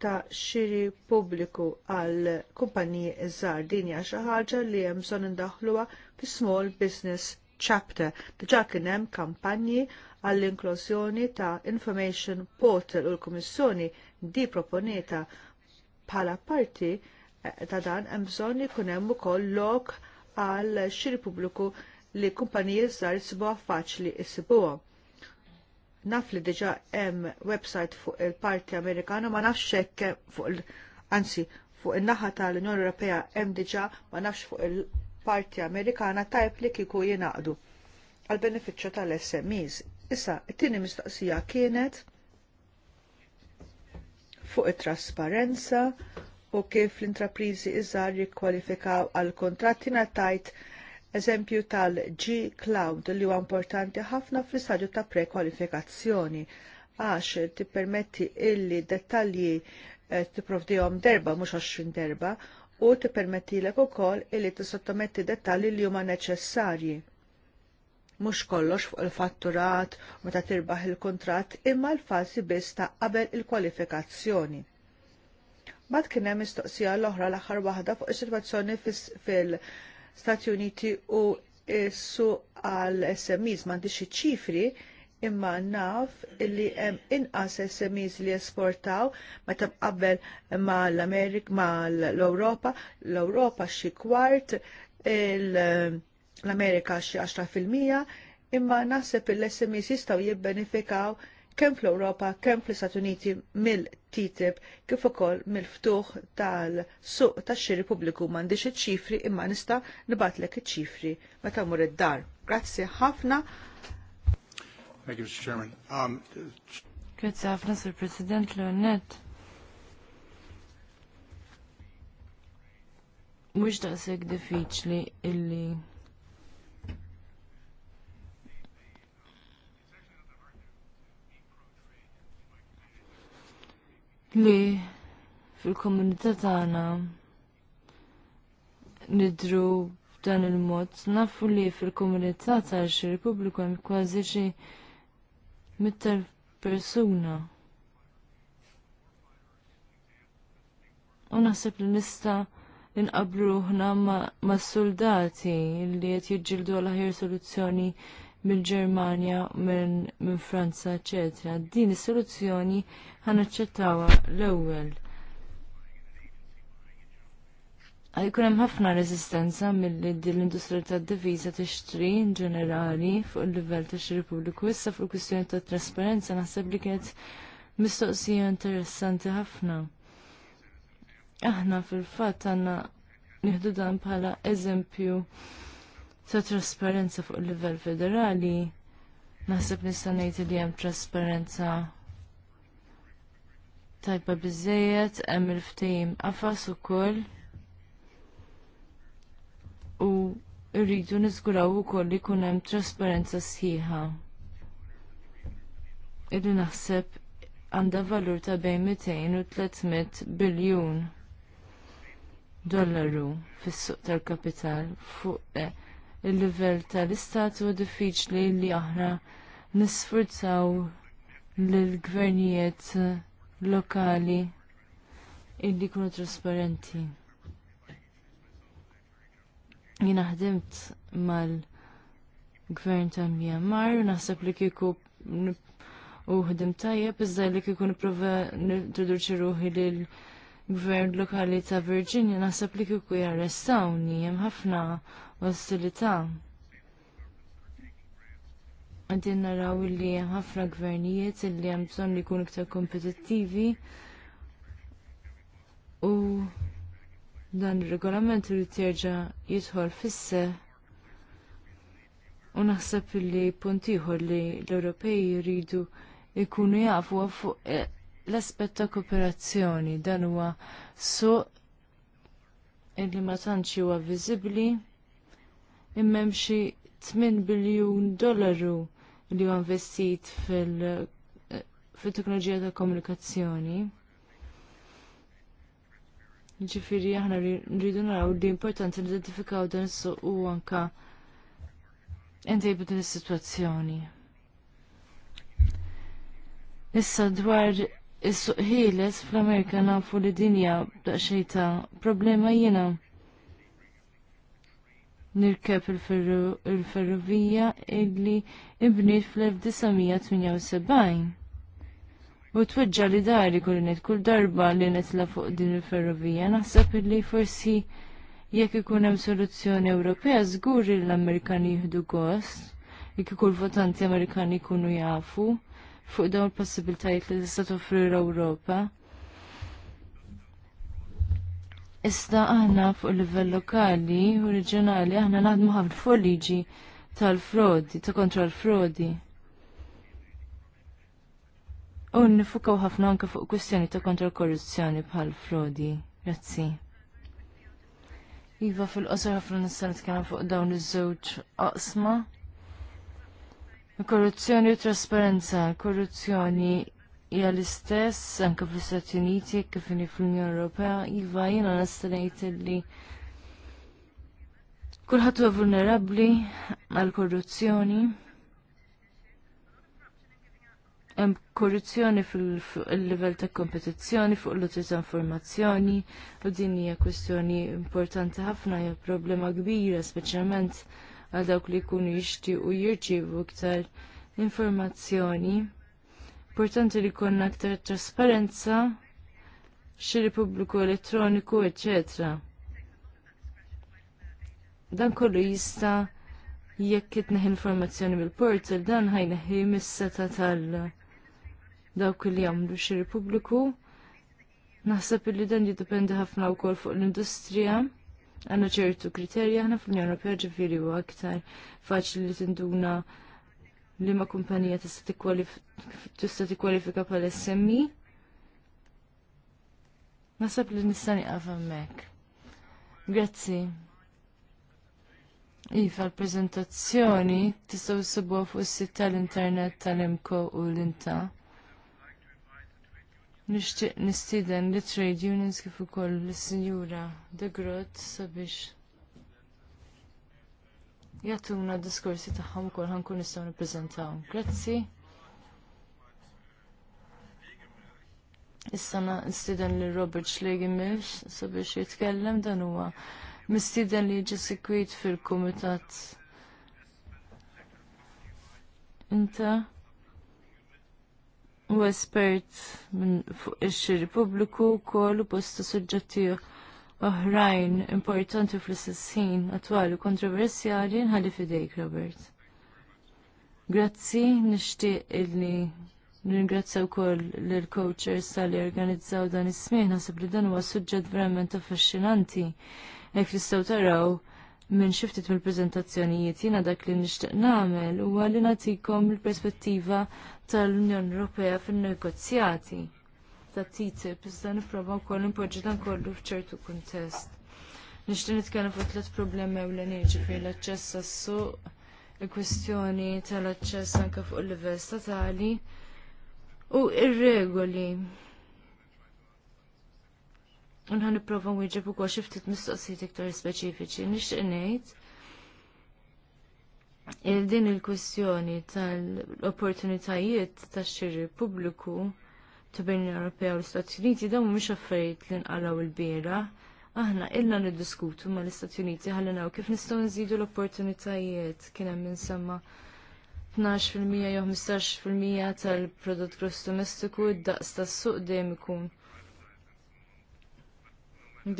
ta' xiri pubbliku għal kumpaniji iż din hija xi ħaġa li hemm bżonn indaħluha fi Small Business Chapter. Diġà kien hemm kampanji għall-inklużjoni ta' Information Portal u l-Kummissjoni di proponita bħala parti ta' dan hemm bżonn ikun hemm ukoll lok għal xiri pubbliku li kumpaniji żgħar jisibuha faċli jisibuha. Naf li diġà hemm website fuq il-Parti Amerikana ma nafx hekk fuq il- anzi fuq in-naħa tal-Unjoni Ewropea hemm diġà ma nafx fuq il-Parti Amerikana tajb li kieku jingħaqdu għal benefiċċju tal-SMEs. Issa, it-tieni mistoqsija kienet fuq it-trasparenza u kif l-intraprizi iżgħar jikkwalifikaw għal kontratti natajt eżempju tal-G Cloud li huwa importanti ħafna fl-istadju ta' prekwalifikazzjoni għax tippermetti illi dettalji eh, tipprovdihom derba mhux 20 derba u tippermettilek ukoll illi tissottometti dettalji li huma neċessarji mhux kollox fuq il-fatturat meta tirbaħ il kuntratt imma l fazi biss ta' qabel il-kwalifikazzjoni. Mbagħad kien hemm mistoqsija l-oħra l-aħħar waħda fuq is-sitwazzjoni fil-Stati Uniti u su għal SMEs m'għandix ċifri imma naf illi hemm inqas SMEs li esportaw meta mqabbel mal amerik mal l-Ewropa, l-Ewropa xi kwart l-Amerika xi 10 fil-mija, imma naħseb il-SMEs jistgħu jibbenefikaw kemm fl-Ewropa, kemm fl istat Uniti mill-TTIP kif ukoll mill-ftuħ tal-suq tax-xiri pubbliku m'għandix iċ-ċifri imma nista' nibatlek iċ-ċifri meta mur id-dar. Grazzi ħafna. Thank you, Mr. Chairman. Um, Grazzi ħafna, Sir President Leonet. Mhux daqshekk diffiċli illi li fil-komunità tagħna nidru b'dan il-mod nafu li fil-komunità tal-xi Repubbliku hemm kważi xi mittel persuna. U naħseb li nista' inqablu ħna ma' soldati li qed jiġġieldu għal ħajr soluzzjoni mill-Ġermanja, minn Franza, eċetera. Din is-soluzzjoni ħanaċċettawha l-ewwel. Għajkun hemm ħafna reżistenza mill din l-industrija tad-diviża tixtri in ġenerali fuq il-livell tax-xiri pubbliku issa fuq kwistjoni tat trasparenza naħseb li kienet mistoqsija interessanti ħafna. Aħna fil-fatt għandna nieħdu dan bħala eżempju ta' trasparenza fuq il-livell federali, naħseb nista' ngħid li hemm trasparenza tajba biżejjed hemm il-ftehim qafas ukoll u rridu niżguraw ukoll li jkun hemm trasparenza sħiħa. Illi naħseb għandha valur ta' bejn 200 u 300 biljun dollaru fis-suq tal-kapital fuq eh, il-livell tal-istat diffiċli li aħna nisfurzaw l-gvernijiet lokali illi kunu trasparenti. Jina ħdimt mal-gvern ta' Myanmar u naħseb li kieku u ħdim tajjeb iżda li kiku niprofa nintroduċi ruħi lill-gvern lokali ta' Virginia naħseb li kieku jarrestawni jem ħafna ostilità. Għaddin naraw li ħafna gvernijiet illi hemm bżonn li jkunu iktar kompetittivi u dan ir-regolament irid jerġa' jidħol fis U naħseb li ieħor li l-Ewropej jiridu jkunu jafu fuq eh, l-aspett ta' kooperazzjoni dan huwa so illi ma tantx huwa viżibbli immem xi 8 biljun dollaru li huwa investit fil- eh, fil-teknoloġija ta' komunikazzjoni. Ġifiri, aħna rridu naraw li importanti identifikaw dan is-suq u anka intejbu din is-sitwazzjoni. Issa dwar is-suq ħieles fl-Amerika nafu li dinja daqsxejn ta' problema jiena nirkeb il-ferrovija illi ibnit fl-1978. U tweġġa li dari kullinet kull darba li netla fuq din il-ferrovija naħseb illi forsi jekk ikun hemm soluzzjoni Ewropea żgur l-Amerikani jieħdu gost, jekk ikun votanti Amerikani jkunu jafu fuq dawn il possibiltajiet li tista' toffri l-Ewropa. Issa aħna fuq il-livell lokali u reġjonali aħna naħdmu ħafna fuq liġi tal-frodi, ta' kontra l-frodi. U nifukaw ħafna anke fuq kwistjoni ta' kontra l-korruzzjoni bħal-frodi. Grazzi. Iva fil-qosor ħafna nissan nitkellem fuq dawn iż-żewġ qasma. Korruzzjoni u trasparenza. Korruzzjoni hija l-istess anke fl-Istati Uniti kif inhi fl-Unjoni Ewropea, iva jiena nista' ngħid li kulħadd huwa vulnerabbli għall korruzzjoni. Hemm korruzzjoni fil-livell ta' kompetizzjoni fuq l ta' informazzjoni u din hija kwestjoni importanti ħafna hija problema kbira speċjalment għal dawk li jkunu jixtiequ jirċievu iktar informazzjoni Importanti li konna aktar trasparenza, xiri pubbliku elettroniku, eccetera. Dan kollu jista' jekk neħ informazzjoni mill-portal dan ħajneħi mis-seta tal dawk li jagħmlu xiri pubbliku. Naħseb li dan jiddependi ħafna wkoll fuq l-industrija. għandna ċertu kriterji aħna fl-Unjoni Ewropea ġifieri huwa aktar faċli li tinduna li ma kumpanija tista' tikkwalifika bħala SMI. E. Nasab li nista' nieqaf hemmhekk. Grazzi. Iva l-preżentazzjoni tista' ssibuha fuq is-sit tal-internet tal-imko u l-inta. Nixtieq nistieden li trade unions kif ukoll lis-Sinjura De Grot sabiex jagħtuna diskorsi tagħhom ukoll ħankun nistgħu nippreżentaw. Grazzi. Issa istiden li Robert Schlegelmilch sabiex jitkellem dan huwa mistiden li jiġi sekwit fil-kumitat inta u espert minn fuq ix-xiri pubbliku wkoll u posta suġġetti oħrajn importanti fl-istess ħin attwali kontroversjali nħalli fidejk, Robert. Grazzi, nixtieq illi Ringrazzja wkoll lill coachers tal-li organizzaw dan is-smieħ naħseb li dan huwa suġġett verament affaxxinanti. jekk tistgħu taraw minn xi ftit mill-preżentazzjonijiet jiena dak li nixtieq nagħmel huwa li nagħtikom il-perspettiva tal-Unjoni Ewropea fin-negozjati ta' TTIP, iżda nipprova wkoll nipoġġi dan kollu f'ċertu kuntest. Nixtieq nitkellem fuq tliet problemi ewlenin ġifieri l-aċċess għas-suq, il-kwistjoni tal-aċċess anke fuq il-livell statali u ir-regoli. Unħan nipprova nwieġeb ukoll xi ftit mistoqsijiet iktar speċifiċi. Nixtieq ngħid il din il-kwestjoni tal-opportunitajiet tax xiri pubbliku ta' bejn l-Ewropea u l-Istati Uniti dawn mhumiex affarijiet li nqalaw il-bira. Aħna illa niddiskutu mal istati Uniti ħalli naw kif nistgħu nżidu l-opportunitajiet kien hemm insemma 12% jew 15% tal-prodott gross domestiku id-daqs tas-suq dejjem ikun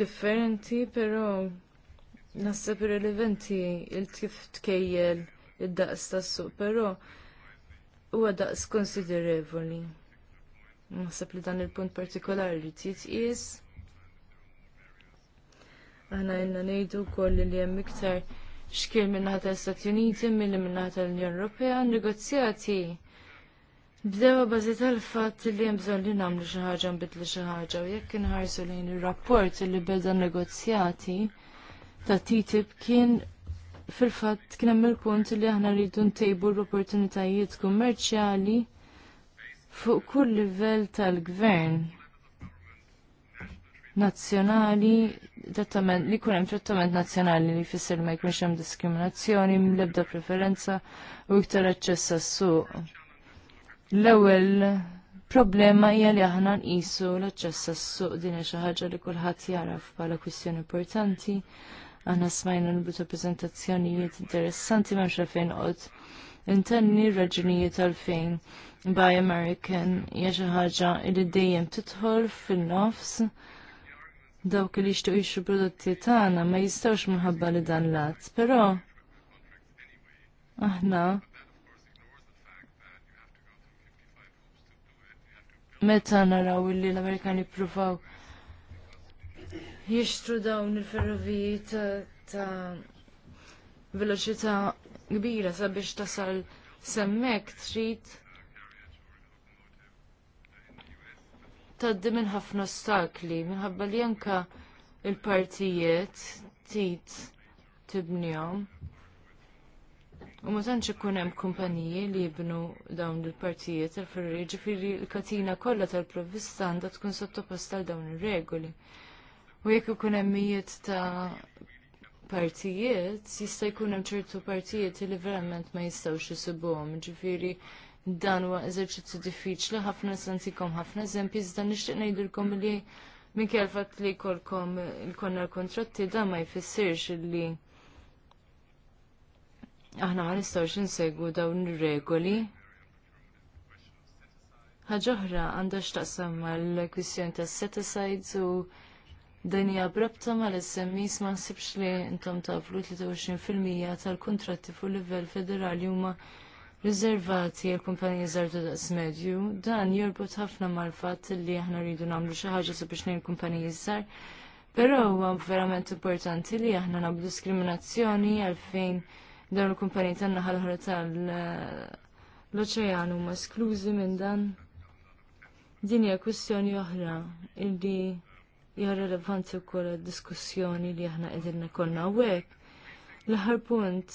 differenti, però naħseb eleventi il-kif tkejjel id-daqs tas-suq, però huwa daqs konsiderevoli. Naħseb li dan il-punt partikolari trid is. Aħna jenna ngħidu wkoll li hemm iktar xkil minna tal-Stati Uniti milli ta' tal-Unjoni Ewropea negozjati Bdewa bażi tal-fatt li hemm bżonn li nagħmlu xi ħaġa nbidlu xi ħaġa u jekk inħarsu lejn ir-rapport li beda negozjati ta' TTIP kien fil-fatt kien hemm il-punt li aħna rridu ntejbu l-opportunitajiet kummerċjali fuq kull livell tal-gvern nazzjonali trattament li kun hemm trattament nazzjonali li jfisser ma jkunx hemm diskriminazzjoni mlebda ebda preferenza u iktar aċċess għas-suq. L-ewwel problema hija li aħna nqisu l-aċċess għas-suq din hija xi ħaġa li kulħadd jaraf bħala kwistjoni importanti. Aħna smajna nibdu ta' preżentazzjonijiet interessanti ma' xafejn qod intenni tal-fejn Buy American hija xi ħaġa li dejjem tidħol fin-nofs dawk li jixtiequ jixtru prodotti tagħna ma jistgħux minħabba li dan lat, però aħna meta naraw li l-Amerikani pruvaw jixtru dawn il-ferroviji ta' veloċità kbira sabiex tasal semmek trid taddi minn ħafna ostakli minħabba li anka il-partijiet tit tibnihom. U ma tantx ikun hemm kumpaniji li jibnu dawn il-partijiet tal-ferri, ġifieri l-katina kollha tal-provvista għandha tkun sottoposta għal dawn ir-regoli. U jekk ikun hemm mijiet ta' partijiet jista' jkun hemm ċertu partijiet li verament ma jistgħux isibuhom. Ġifieri dan huwa eżerċizzju diffiċli ħafna sentikom ħafna eżempji iżda nixtieq ngħidilkom li minkejja fatt li jkollkom konna l-kontratti dan ma jfissirx li aħna ma nistgħux insegwu dawn ir-regoli. Ħaġa oħra għandha x'taqsam mal-kwistjoni tas set asides u Dani abrabta ma l-SMIs ma nsibx li intom taflu 23% tal-kontratti fuq livell federali huma riservati għal kumpanija zardu daqs medju. Dan jorbot ħafna mal-fatt li aħna rridu nagħmlu xi ħaġa sabiex nejn kumpaniji żgħar. Però huwa verament importanti li aħna nabdu diskriminazzjoni għalfejn dawn il-kumpaniji tan naħa l tal-oċean huma sklużi minn dan. Din hija kwistjoni oħra illi hija relevanti wkoll diskussjoni li aħna qegħdin konna hawnhekk. L-aħħar punt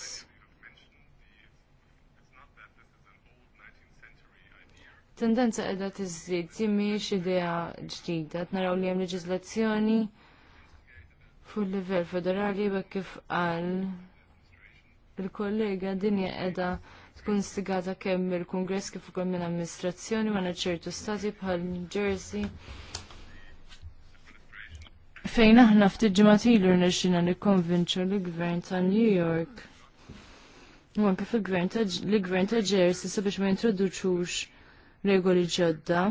tendenza qiegħda tiżdied din mhijiex idea ġdida. Qed naraw li hemm leġiżlazzjoni fuq livell federali bekk kif qal il-kollega din qiegħda tkun stigata kemm il-Kungress kif ukoll minn amministrazzjoni ma' ċertu stati bħal New Jersey fejn aħna ftit ġimatilu nirxina nikkonvinċu l-gvern ta' New York. U anke fil-gvern ta' l-gvern ta' Jersey sabiex ma jintroduċux regoli ġodda.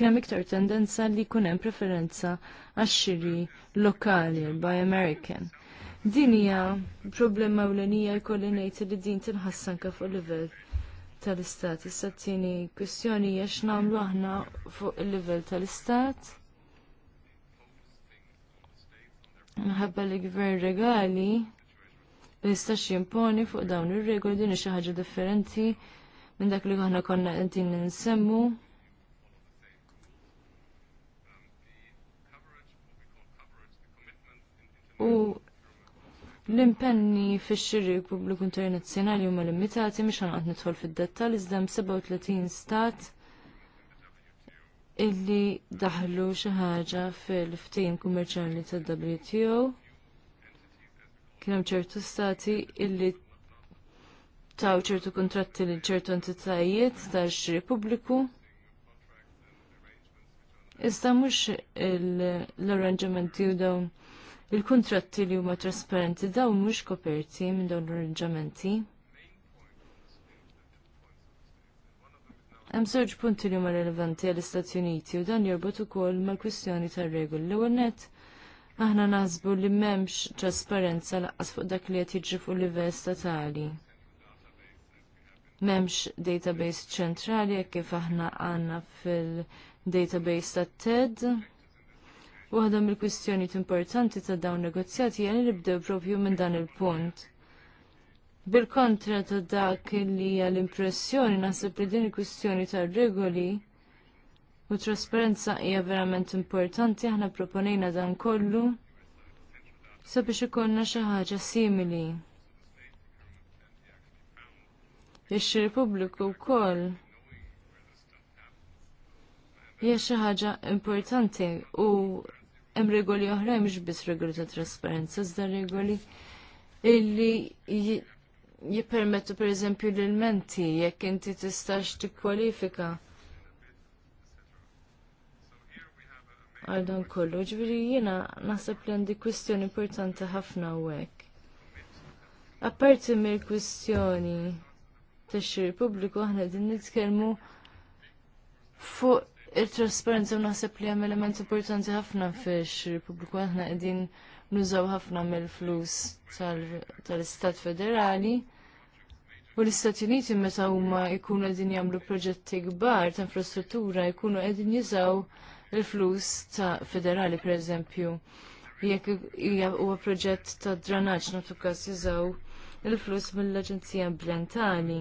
Kemm iktar tendenza li jkun hemm preferenza għax-xiri lokali by American. Din hija problema ewlenija jkolli ngħid li din tinħassan ka fuq livell tal-istat. Issa t-tieni kwistjoni hija nagħmlu aħna fuq il-livell tal-istat Minħabba li gvern regali li jistax jimponi fuq dawn ir-regoli din xi ħaġa differenti minn dak li aħna konna qegħdin nsemmu. U l-impenni fix-xiri pubbliku internazzjonali huma limitati mhix ħanqod nidħol fid-dettall iżda 37 stat illi daħlu xi ħaġa fil-ftim kummerċjali tad-WTO. Kien hemm ċertu stati illi taw ċertu kontratti li ċertu entitajiet tal-xri pubbliku. Iżda mhux l-arranġamenti u dawn il-kontratti li huma trasparenti dawn mhux koperti minn dawn l-arranġamenti. Hemm żewġ punti li huma relevanti għall-Istati Uniti u dan jorbot ukoll mal-kwistjoni tar-regoli. L-ewwel nett aħna naħsbu li m'hemmx trasparenza laqqas fuq dak li qed jiġri fuq livell statali. M'hemmx database ċentrali jekk kif aħna għandna fil-database tat-TED. Waħda mill kwistjonijiet importanti ta' dawn negozjati jgħan li bdew propju minn dan il-punt. Bil-kontra ta' dak li hija l-impressjoni naħseb li din il-kwistjoni tar-regoli u trasparenza hija verament importanti aħna proponejna dan kollu sabiex ikollna xi ħaġa simili. Ix-xir pubbliku wkoll hija xi ħaġa importanti u hemm regoli oħra mhux biss regoli ta' trasparenza, iżda regoli illi jippermettu pereżempju l-menti jekk inti tistax tikkwalifika. Għal dan kollu, ġviri jiena naħseb li għandi kwistjoni importanti ħafna u għek. Apparti mill-kwistjoni tax-xir pubbliku aħna din nitkellmu fuq il-trasparenza u naħseb li hemm element importanti ħafna fi xir pubbliku aħna qegħdin nużaw ħafna mill-flus tal-Istat Federali. U l-Istati Uniti meta huma jkunu qegħdin jagħmlu proġetti kbar ta' infrastruttura jkunu qegħdin jużaw il-flus ta' federali pereżempju. Jekk huwa proġett ta' dranaġġ nagħtu każ jużaw il-flus mill-Aġenzija Ambientali.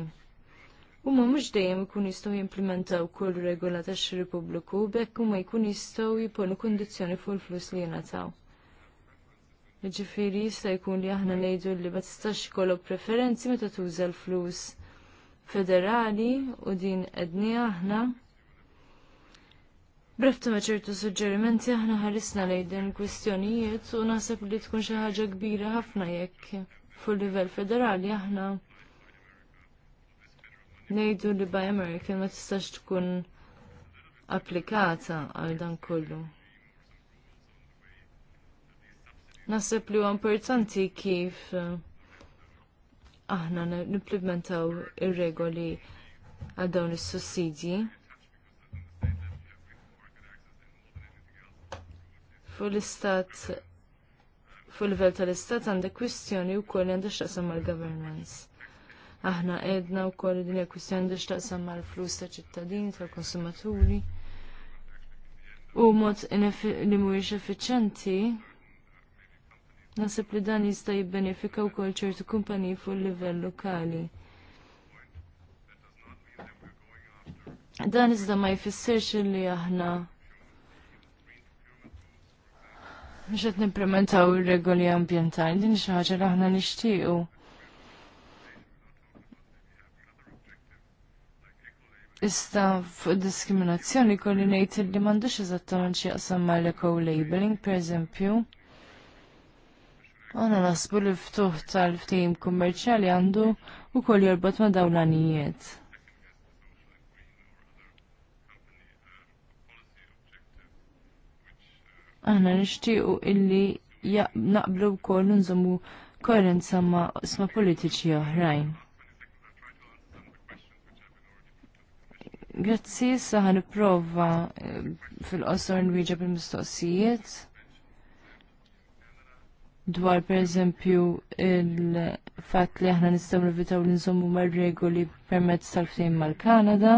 Huma mhux dejjem ikun jistgħu jimplementaw kull regola tax-xiri pubbliku bekk huma jkun jistgħu jipollu kundizzjoni fuq il-flus li jingħataw. Ġifiri jista' jkun li aħna ngħidu li ma tistax kollok preferenzi meta tuża l-flus federali u din qedni aħna. Brefta ma ċertu suġġerimenti aħna ħarisna lejn din kwistjonijiet u naħseb li tkun xi ħaġa kbira ħafna jekk fuq livell federali aħna ngħidu li by American ma tistax tkun applikata għal dan kollu. Naħseb li huwa importanti kif eh, aħna nimplementaw ir-regoli għal dawn is-sussidji. Fu l-istat fu livell tal-istat għandek kwistjoni wkoll għandha x'taqsam mal-governance. Aħna għedna wkoll din dinja kwistjoni għandha x'taqsam mal-flus ta' ċittadini tal-konsumaturi. U mod li mhuwiex efficienti Nasib li dan jista' jibbenefika wkoll ċertu kumpaniji fuq livell lokali. Dan iżda ma jfissirx li aħna mhux qed nimplementaw ir-regoli ambjentali, din xi ħaġa li aħna nixtiequ. Ista fuq diskriminazzjoni kolli nejt li m'għandux eżattament xi jaqsam mal-eco labeling, pereżempju. Għana nasbu li ftuħ tal-ftim kummerċali għandu u kol jorbot ma dawn għanijiet. Għana nishtiqu illi ja, naqblu kol nżommu koerenza ma sma politiċi oħrajn. Grazzi, saħan prova eh, fil-qosor nwieġa bil-mistoqsijiet dwar pereżempju il-fatt li aħna nistgħu nivitaw li nżommu mar-regoli permezz tal ftejm mal-Kanada.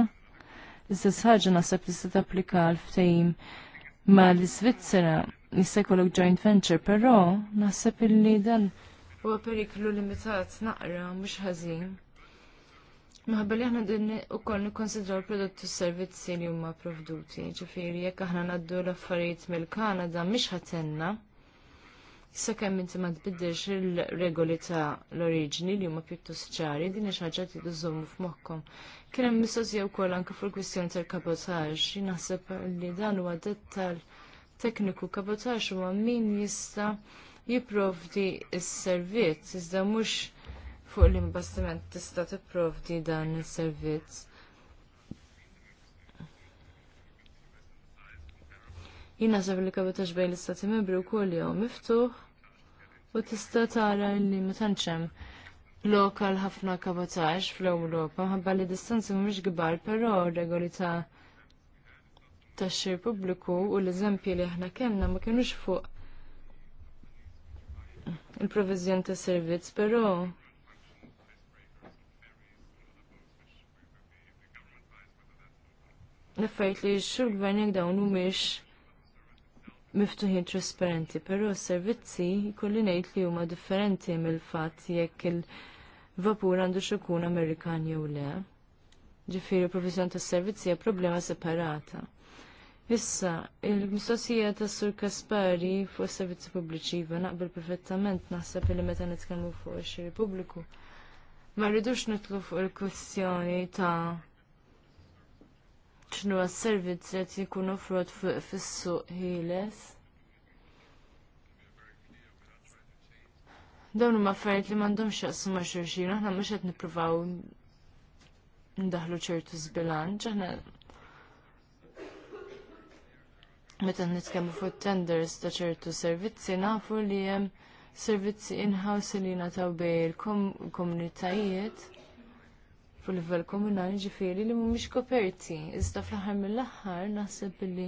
Istess ħaġa naħseb tista' tapplika l-ftehim mal-Iżvizzera jista' jkollok joint venture, però naħseb illi dan huwa periklu limitat naqra mhux ħażin. Maħabba li ħna din u koll l prodotti u servizzi li huma provduti, ġifiri jekk aħna naddu l-affarijiet mill-Kanada mhix ħatenna sakemm inti ma tbiddilx il-regoli ta' l-oriġini li huma pjuttost ċari, din xi ħaġa tidu żommu f'moħħkom. Kien hemm mistoqsija wkoll anke fuq kwistjoni tal-kabotaġġ, naħseb li dan huwa dettal tekniku kabotaġġ huwa min jista' jipprovdi s-servizz iżda mhux fuq l-imbastiment tista' tipprovdi dan is-servizz. sabi li kabitax bejn l-istati membri u kol jom miftuħ u tista tara li ma tantxem lokal ħafna kabotaġġ fl-Ewropa, ħabba li distanzi mhumiex kbar, però regoli ta' xir pubbliku u l-eżempji li aħna kellna ma kienux fuq il-provizjon ta' servizz, però l-affarijiet li x-xulgvern jekk dawn mhumiex miftuħin trasparenti, però s-servizzi kulli ngħid li huma differenti mill-fatt jekk il-vapur għandu xukun Amerikan jew le. Ġifieri provizjon tas servizzi hija problema separata. Issa, il-mistoqsija tas Sur Kaspari fuq servizzi pubbliċi va naqbel perfettament naħseb li meta nitkellmu fuq ix-xiri pubbliku. Ma rridux nitlu fuq il-kwestjoni ta' ċnu għas-servizz li qed jkunu frod fis-suq ħieles. Dawn huma affarijiet li m'għandhomx jaqsmu ma' xulxin, aħna mhux qed nippruvaw ndaħlu ċertu żbilanċ, aħna meta nitkellmu fuq tenders ta' ċertu servizzi nafu li hemm servizzi in-house li nataw bej il-komunitajiet fu livell komunali ġifieri li mhumiex koperti. Iżda fl-aħħar mill-aħħar naħseb li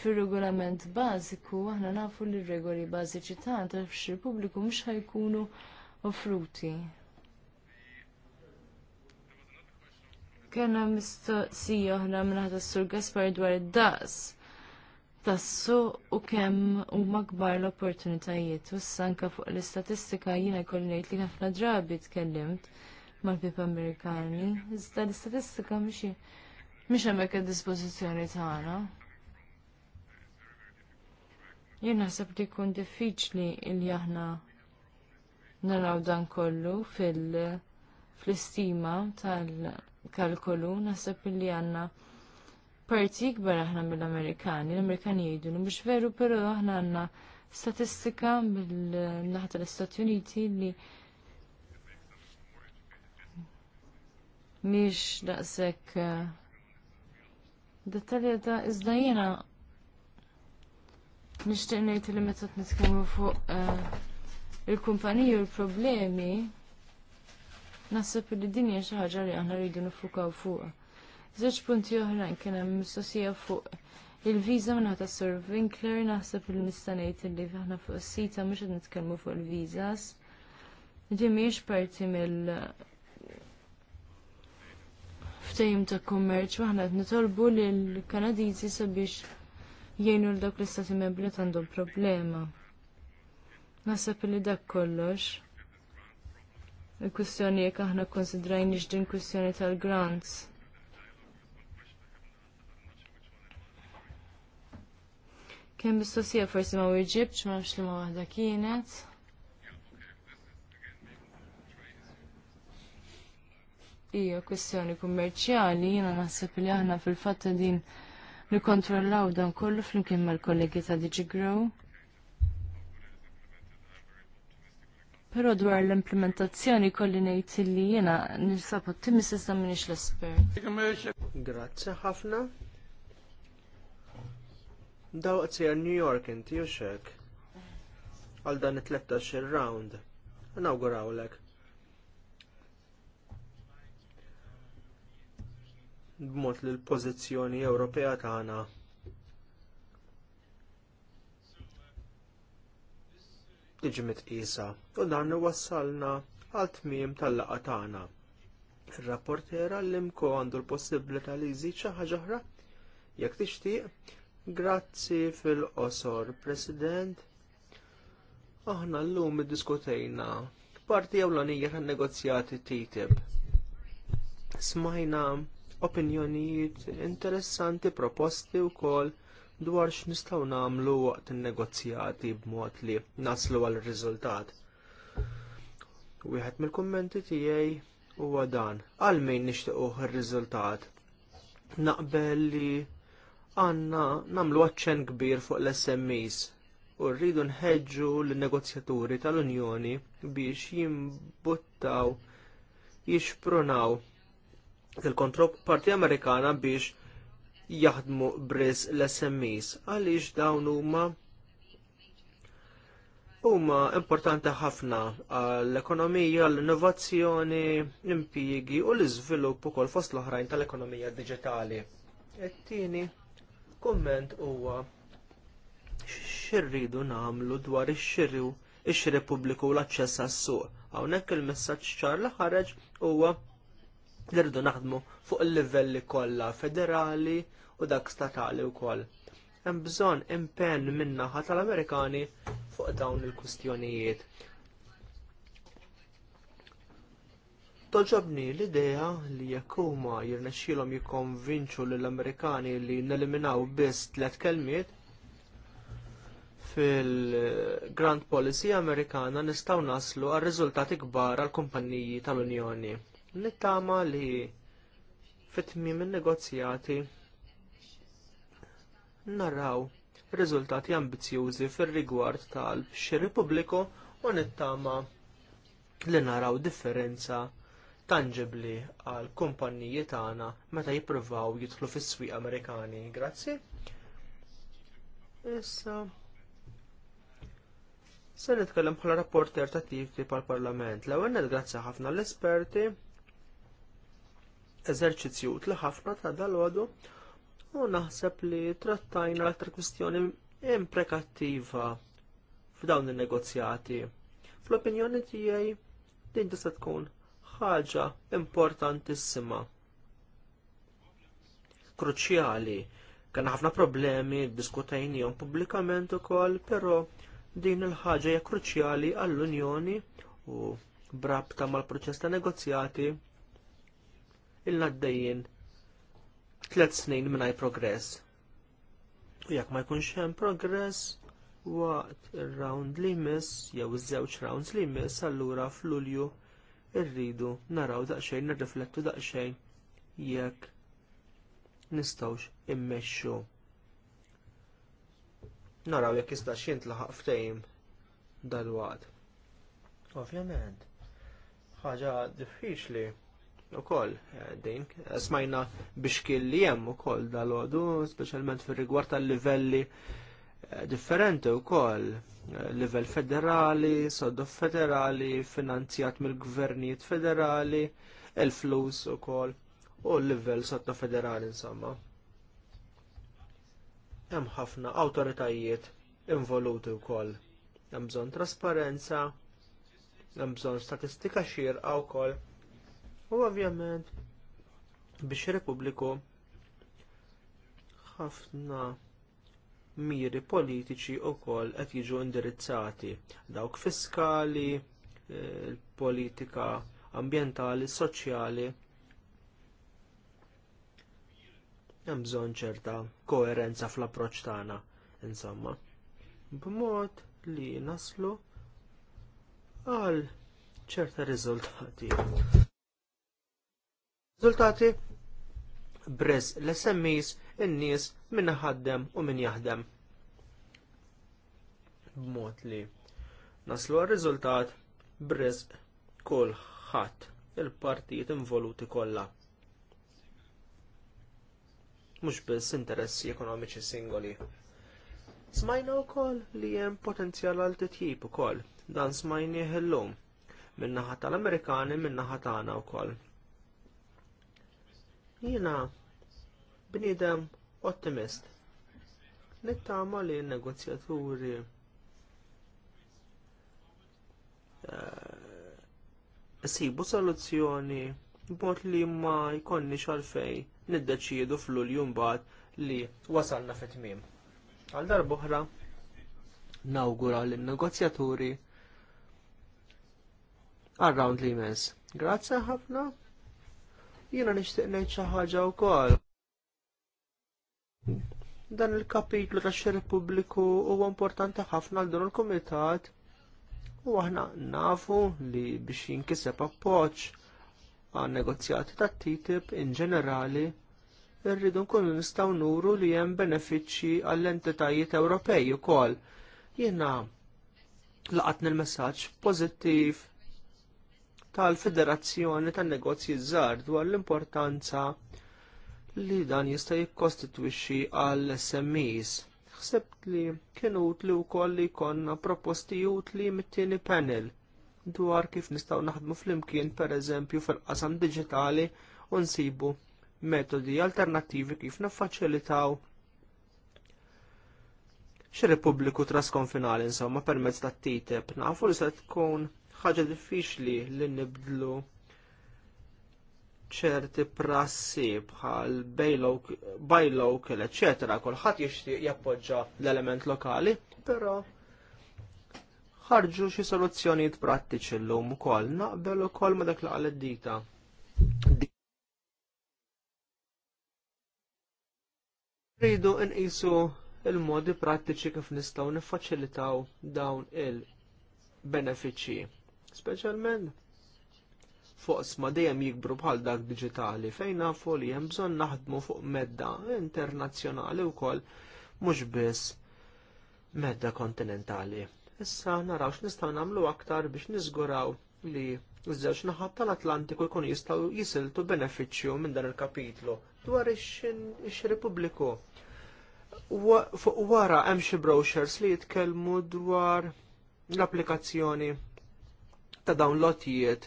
fir-regolament bażiku aħna nafu li r-regoli bażiċi tagħna tax pubbliku mhux ħajkunu offruti. Kena mistoqsija oħra minn ħadd sur Gaspar dwar id-daqs tassu u kemm huma kbar l-opportunitajiet. U s anke fuq l-istatistika jiena jkolli ngħid li ħafna drabi tkellimt mal-pip Amerikani. Iżda l-istatistika mxie mhix mek id-dispożizzjoni tagħna. Jena naħseb li jkun diffiċli il aħna naraw dan kollu fil-istima tal-kalkolu, naħseb li għanna parti kbar aħna mill-Amerikani, l-Amerikani jgħidu li mhux veru, però aħna għandna statistika mill-naħa tal-Istati Uniti li miex daqsek eh, ta' iżda jiena nixtieq ngħid li meta nitkellmu fuq eh, il-kumpaniji u l-problemi naħseb li din hija xi ħaġa li aħna rridu nifukaw fuqha. Żewġ punti oħrajn kien hemm mistoqsija fuq il-viża minn ħata Sir Winkler naħseb li nista' ngħid li aħna fuq is-sita mhux qed nitkellmu fuq il-viżas. Ġimiex parti mill ftejim ta' kummerċ waħna qed nitolbu lill kanadiżi sabiex jgħinu l dawk l-istati membri għandhom problema. Nasab li dak kollox. Il-kwistjoni jekk aħna konsidrajni din kwistjoni tal-grants. Kien mistoqsija forsi ma wieġibx ma nafx li ma waħda kienet. hija kwestjoni kummerċjali, jiena naħseb li aħna fil-fatt din nikontrollaw dan kollu flimkien mal-kollegi ta' DigiGrow. Però dwar l-implementazzjoni kolli nejt li jiena nirsab ottimist iżda m'iniex l-espert. Grazzi ħafna. Daw għal New York inti u xek. Għal dan it 13 round. Nawgurawlek. b'mod li l-pożizzjoni Ewropea tagħna tiġi mitqisa u dan wassalna għal tmiem tal laqgħa tagħna. Ir-rapportera l-imko għandu l-possibilità li jżid xi ħaġa oħra jekk tixtieq. Grazzi fil-qosor, President. Aħna llum iddiskutejna parti ewlenija tan-negozjati TTIP. Smajna opinjonijiet interessanti proposti wkoll dwar x'nistgħu nagħmlu waqt in-negozjati b'mod li naslu għal riżultat. Wieħed mill-kummenti tiegħi huwa dan. Għal min nixtiequ ir-riżultat? Naqbel li għandna nagħmlu aċċen kbir fuq l-SMEs u rridu nħeġġu l-negozjaturi tal-Unjoni biex jimbuttaw jixprunaw fil Parti Amerikana biex jaħdmu briss l-SMEs għaliex dawn huma huma importanti ħafna għall-ekonomija, l-innovazzjoni, l-impjigi u l-iżvilupp ukoll fost l-oħrajn tal-ekonomija diġitali. It-tieni kumment huwa xirridu nagħmlu dwar ix x-xiri pubbliku l-aċċess għas-suq. Hawnhekk il-messaġġ ċar li ħareġ huwa Nirdu naħdmu fuq il-livelli kollha federali u dak statali wkoll. Hemm bżonn impenn min-naħa tal-Amerikani fuq dawn il-kwistjonijiet. Toġobni l-idea li jekk huma jirnexxielhom jikkonvinċu lill amerikani li neliminaw biss tliet kelmiet fil-Grand Policy Amerikana nistgħu naslu għal riżultati kbar għall kumpanniji tal-Unjoni nittama li fit minn negozjati narraw riżultati ambizjużi fir-rigward tal-xiri pubbliku u nittama li naraw differenza tangibli għal kumpanniji tagħna meta jippruvaw jidħlu fis-swieq Amerikani. Grazzi. Issa se nitkellem bħala rapporter ta' tifti pal-Parlament. L-ewwel grazzi ħafna l-esperti eżerċizzju tli ħafna ta' dal-għadu u naħseb li trattajna aktar kwistjoni imprekattiva f'dawn in-negozjati. Fl-opinjoni tiegħi din tista' tkun ħaġa importantissima. Kruċjali, kien ħafna problemi diskutajnijom pubblikament ukoll, però din il-ħaġa hija kruċjali għall-Unjoni u brabta mal-proċess ta' negozjati il-għaddejjin tlet snin minnaj progress. U jekk ma jkunx hemm progress waqt ir-round li jmiss jew iż-żewġ rounds li jmiss allura f'Lulju irridu naraw daqsxejn nirriflettu daqsxejn jekk nistgħux immexxu. Naraw jekk jista' xi jintlaħaq ftehim dalwaqt. Ovvjament, ħaġa diffiċli ukoll eh, din. Eh, smajna biex kelli hemm ukoll dal ħodu speċjalment fir-rigward tal-livelli eh, differenti wkoll livell federali, soddu federali, finanzjat mill-gvernijiet federali, il-flus ukoll u l-livell soddu federali insomma. Hemm ħafna awtoritajiet involuti wkoll. Hemm bżonn trasparenza, hemm bżonn statistika u wkoll U ovvjament biex Repubbliku ħafna miri politiċi wkoll qed jiġu indirizzati dawk fiskali, politika ambjentali, soċjali. Hemm bżonn ċerta koerenza fl-approċċ tagħna, insomma. B'mod li naslu għal ċerta riżultati. Riżultati briz l-SMEs in-nies minna ħaddem u min jaħdem. B'mod li naslu għal-riżultat briz kulħadd il-partijiet involuti kollha. Mhux biss interessi ekonomiċi singoli. Smajna wkoll li hemm potenzjal għal titjib ukoll dan smajnieh illum Minnaħat naħa tal-Amerikani min-naħa tagħna wkoll. Jiena bnidem ottimist. Nittama li n-negozjaturi eh, sibu soluzzjoni b'mod li ma jkonni xalfej niddeċiedu fl-ulju mbagħad li wasalna fit Għal darb'oħra nawgura n negozjaturi għal round li jmiss. Grazzi ħafna. Jiena nixtieq ngħid xi ħaġa wkoll. Dan il-kapitlu tax-xiri pubbliku huwa importanti ħafna għal dan il-kumitat u aħna nafu li biex jinkiseb appoġġ għan negozjati tat TTIP in ġenerali irridu nkunu nistgħu nuru li hemm benefiċċji għall-entitajiet Ewropej kol. Jiena laqatni l-messaġġ pożittiv tal-Federazzjoni tan-Negozji Żgħar dwar l-importanza li dan jista' jikkostitwixxi għal SMEs. Ħsebt li kien utli wkoll li jkollna proposti utli mit-tieni panel dwar kif nistgħu naħdmu flimkien pereżempju fil-qasam diġitali u nsibu metodi alternattivi kif naffaċilitaw xi Repubbliku trasconfinali insomma permezz tat TTIP e nafu li se tkun ħaġa diffiċli li nibdlu ċerti prassi bħal bajlokel, eccetera, kulħadd jixtieq jappoġġa l-element lokali, però ħarġu xi soluzzjonijiet prattiċi llum ukoll naqbel ukoll ma dak li dita. Rridu nqisu il-modi prattiċi kif nistgħu niffaċilitaw dawn il-benefiċċji speċjalment fuq sma dejjem jikbru bħal dak diġitali fejn nafu li hemm bżonn naħdmu fuq medda internazzjonali wkoll mhux biss medda kontinentali. Issa naraw x'nistgħu nagħmlu aktar biex niżguraw li ż-żewġ naħat tal-Atlantiku jkun jistgħu jisiltu benefiċċju minn dan il-kapitlu dwar ix-xiri pubbliku. Fuq wara hemm xi brochures li jitkellmu dwar l-applikazzjoni ta' dawn lotijiet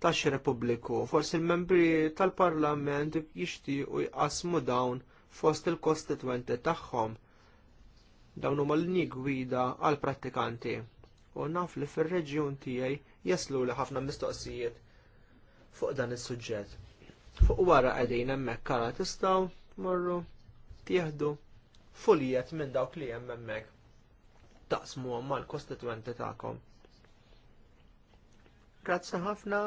tax Repubbliku. Forsi l-membri tal-Parlament jixtiequ jqasmu dawn fost il-kostituenti tagħhom. Dawn huma l-linji gwida għall prattikanti. U naf li fir-reġjun tiegħi jaslu li ħafna mistoqsijiet fuq dan is-suġġett. Fuq wara qegħdin hemmhekk kara tistgħu marru tieħdu fulijiet minn dawk li hemm hemmhekk taqsmuhom mal-kostituenti tagħkom. Grazzi ħafna.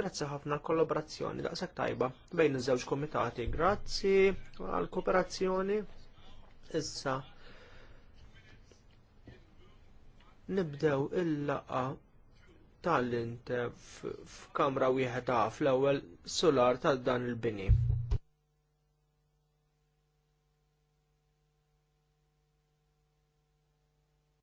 Grazzi ħafna kollaborazzjoni daqshekk tajba bejn iż-żewġ komitati. Grazzi għal kooperazzjoni. Issa nibdew il-laqa tal-int f'kamra wieħed fl-ewwel solar tal dan il-bini.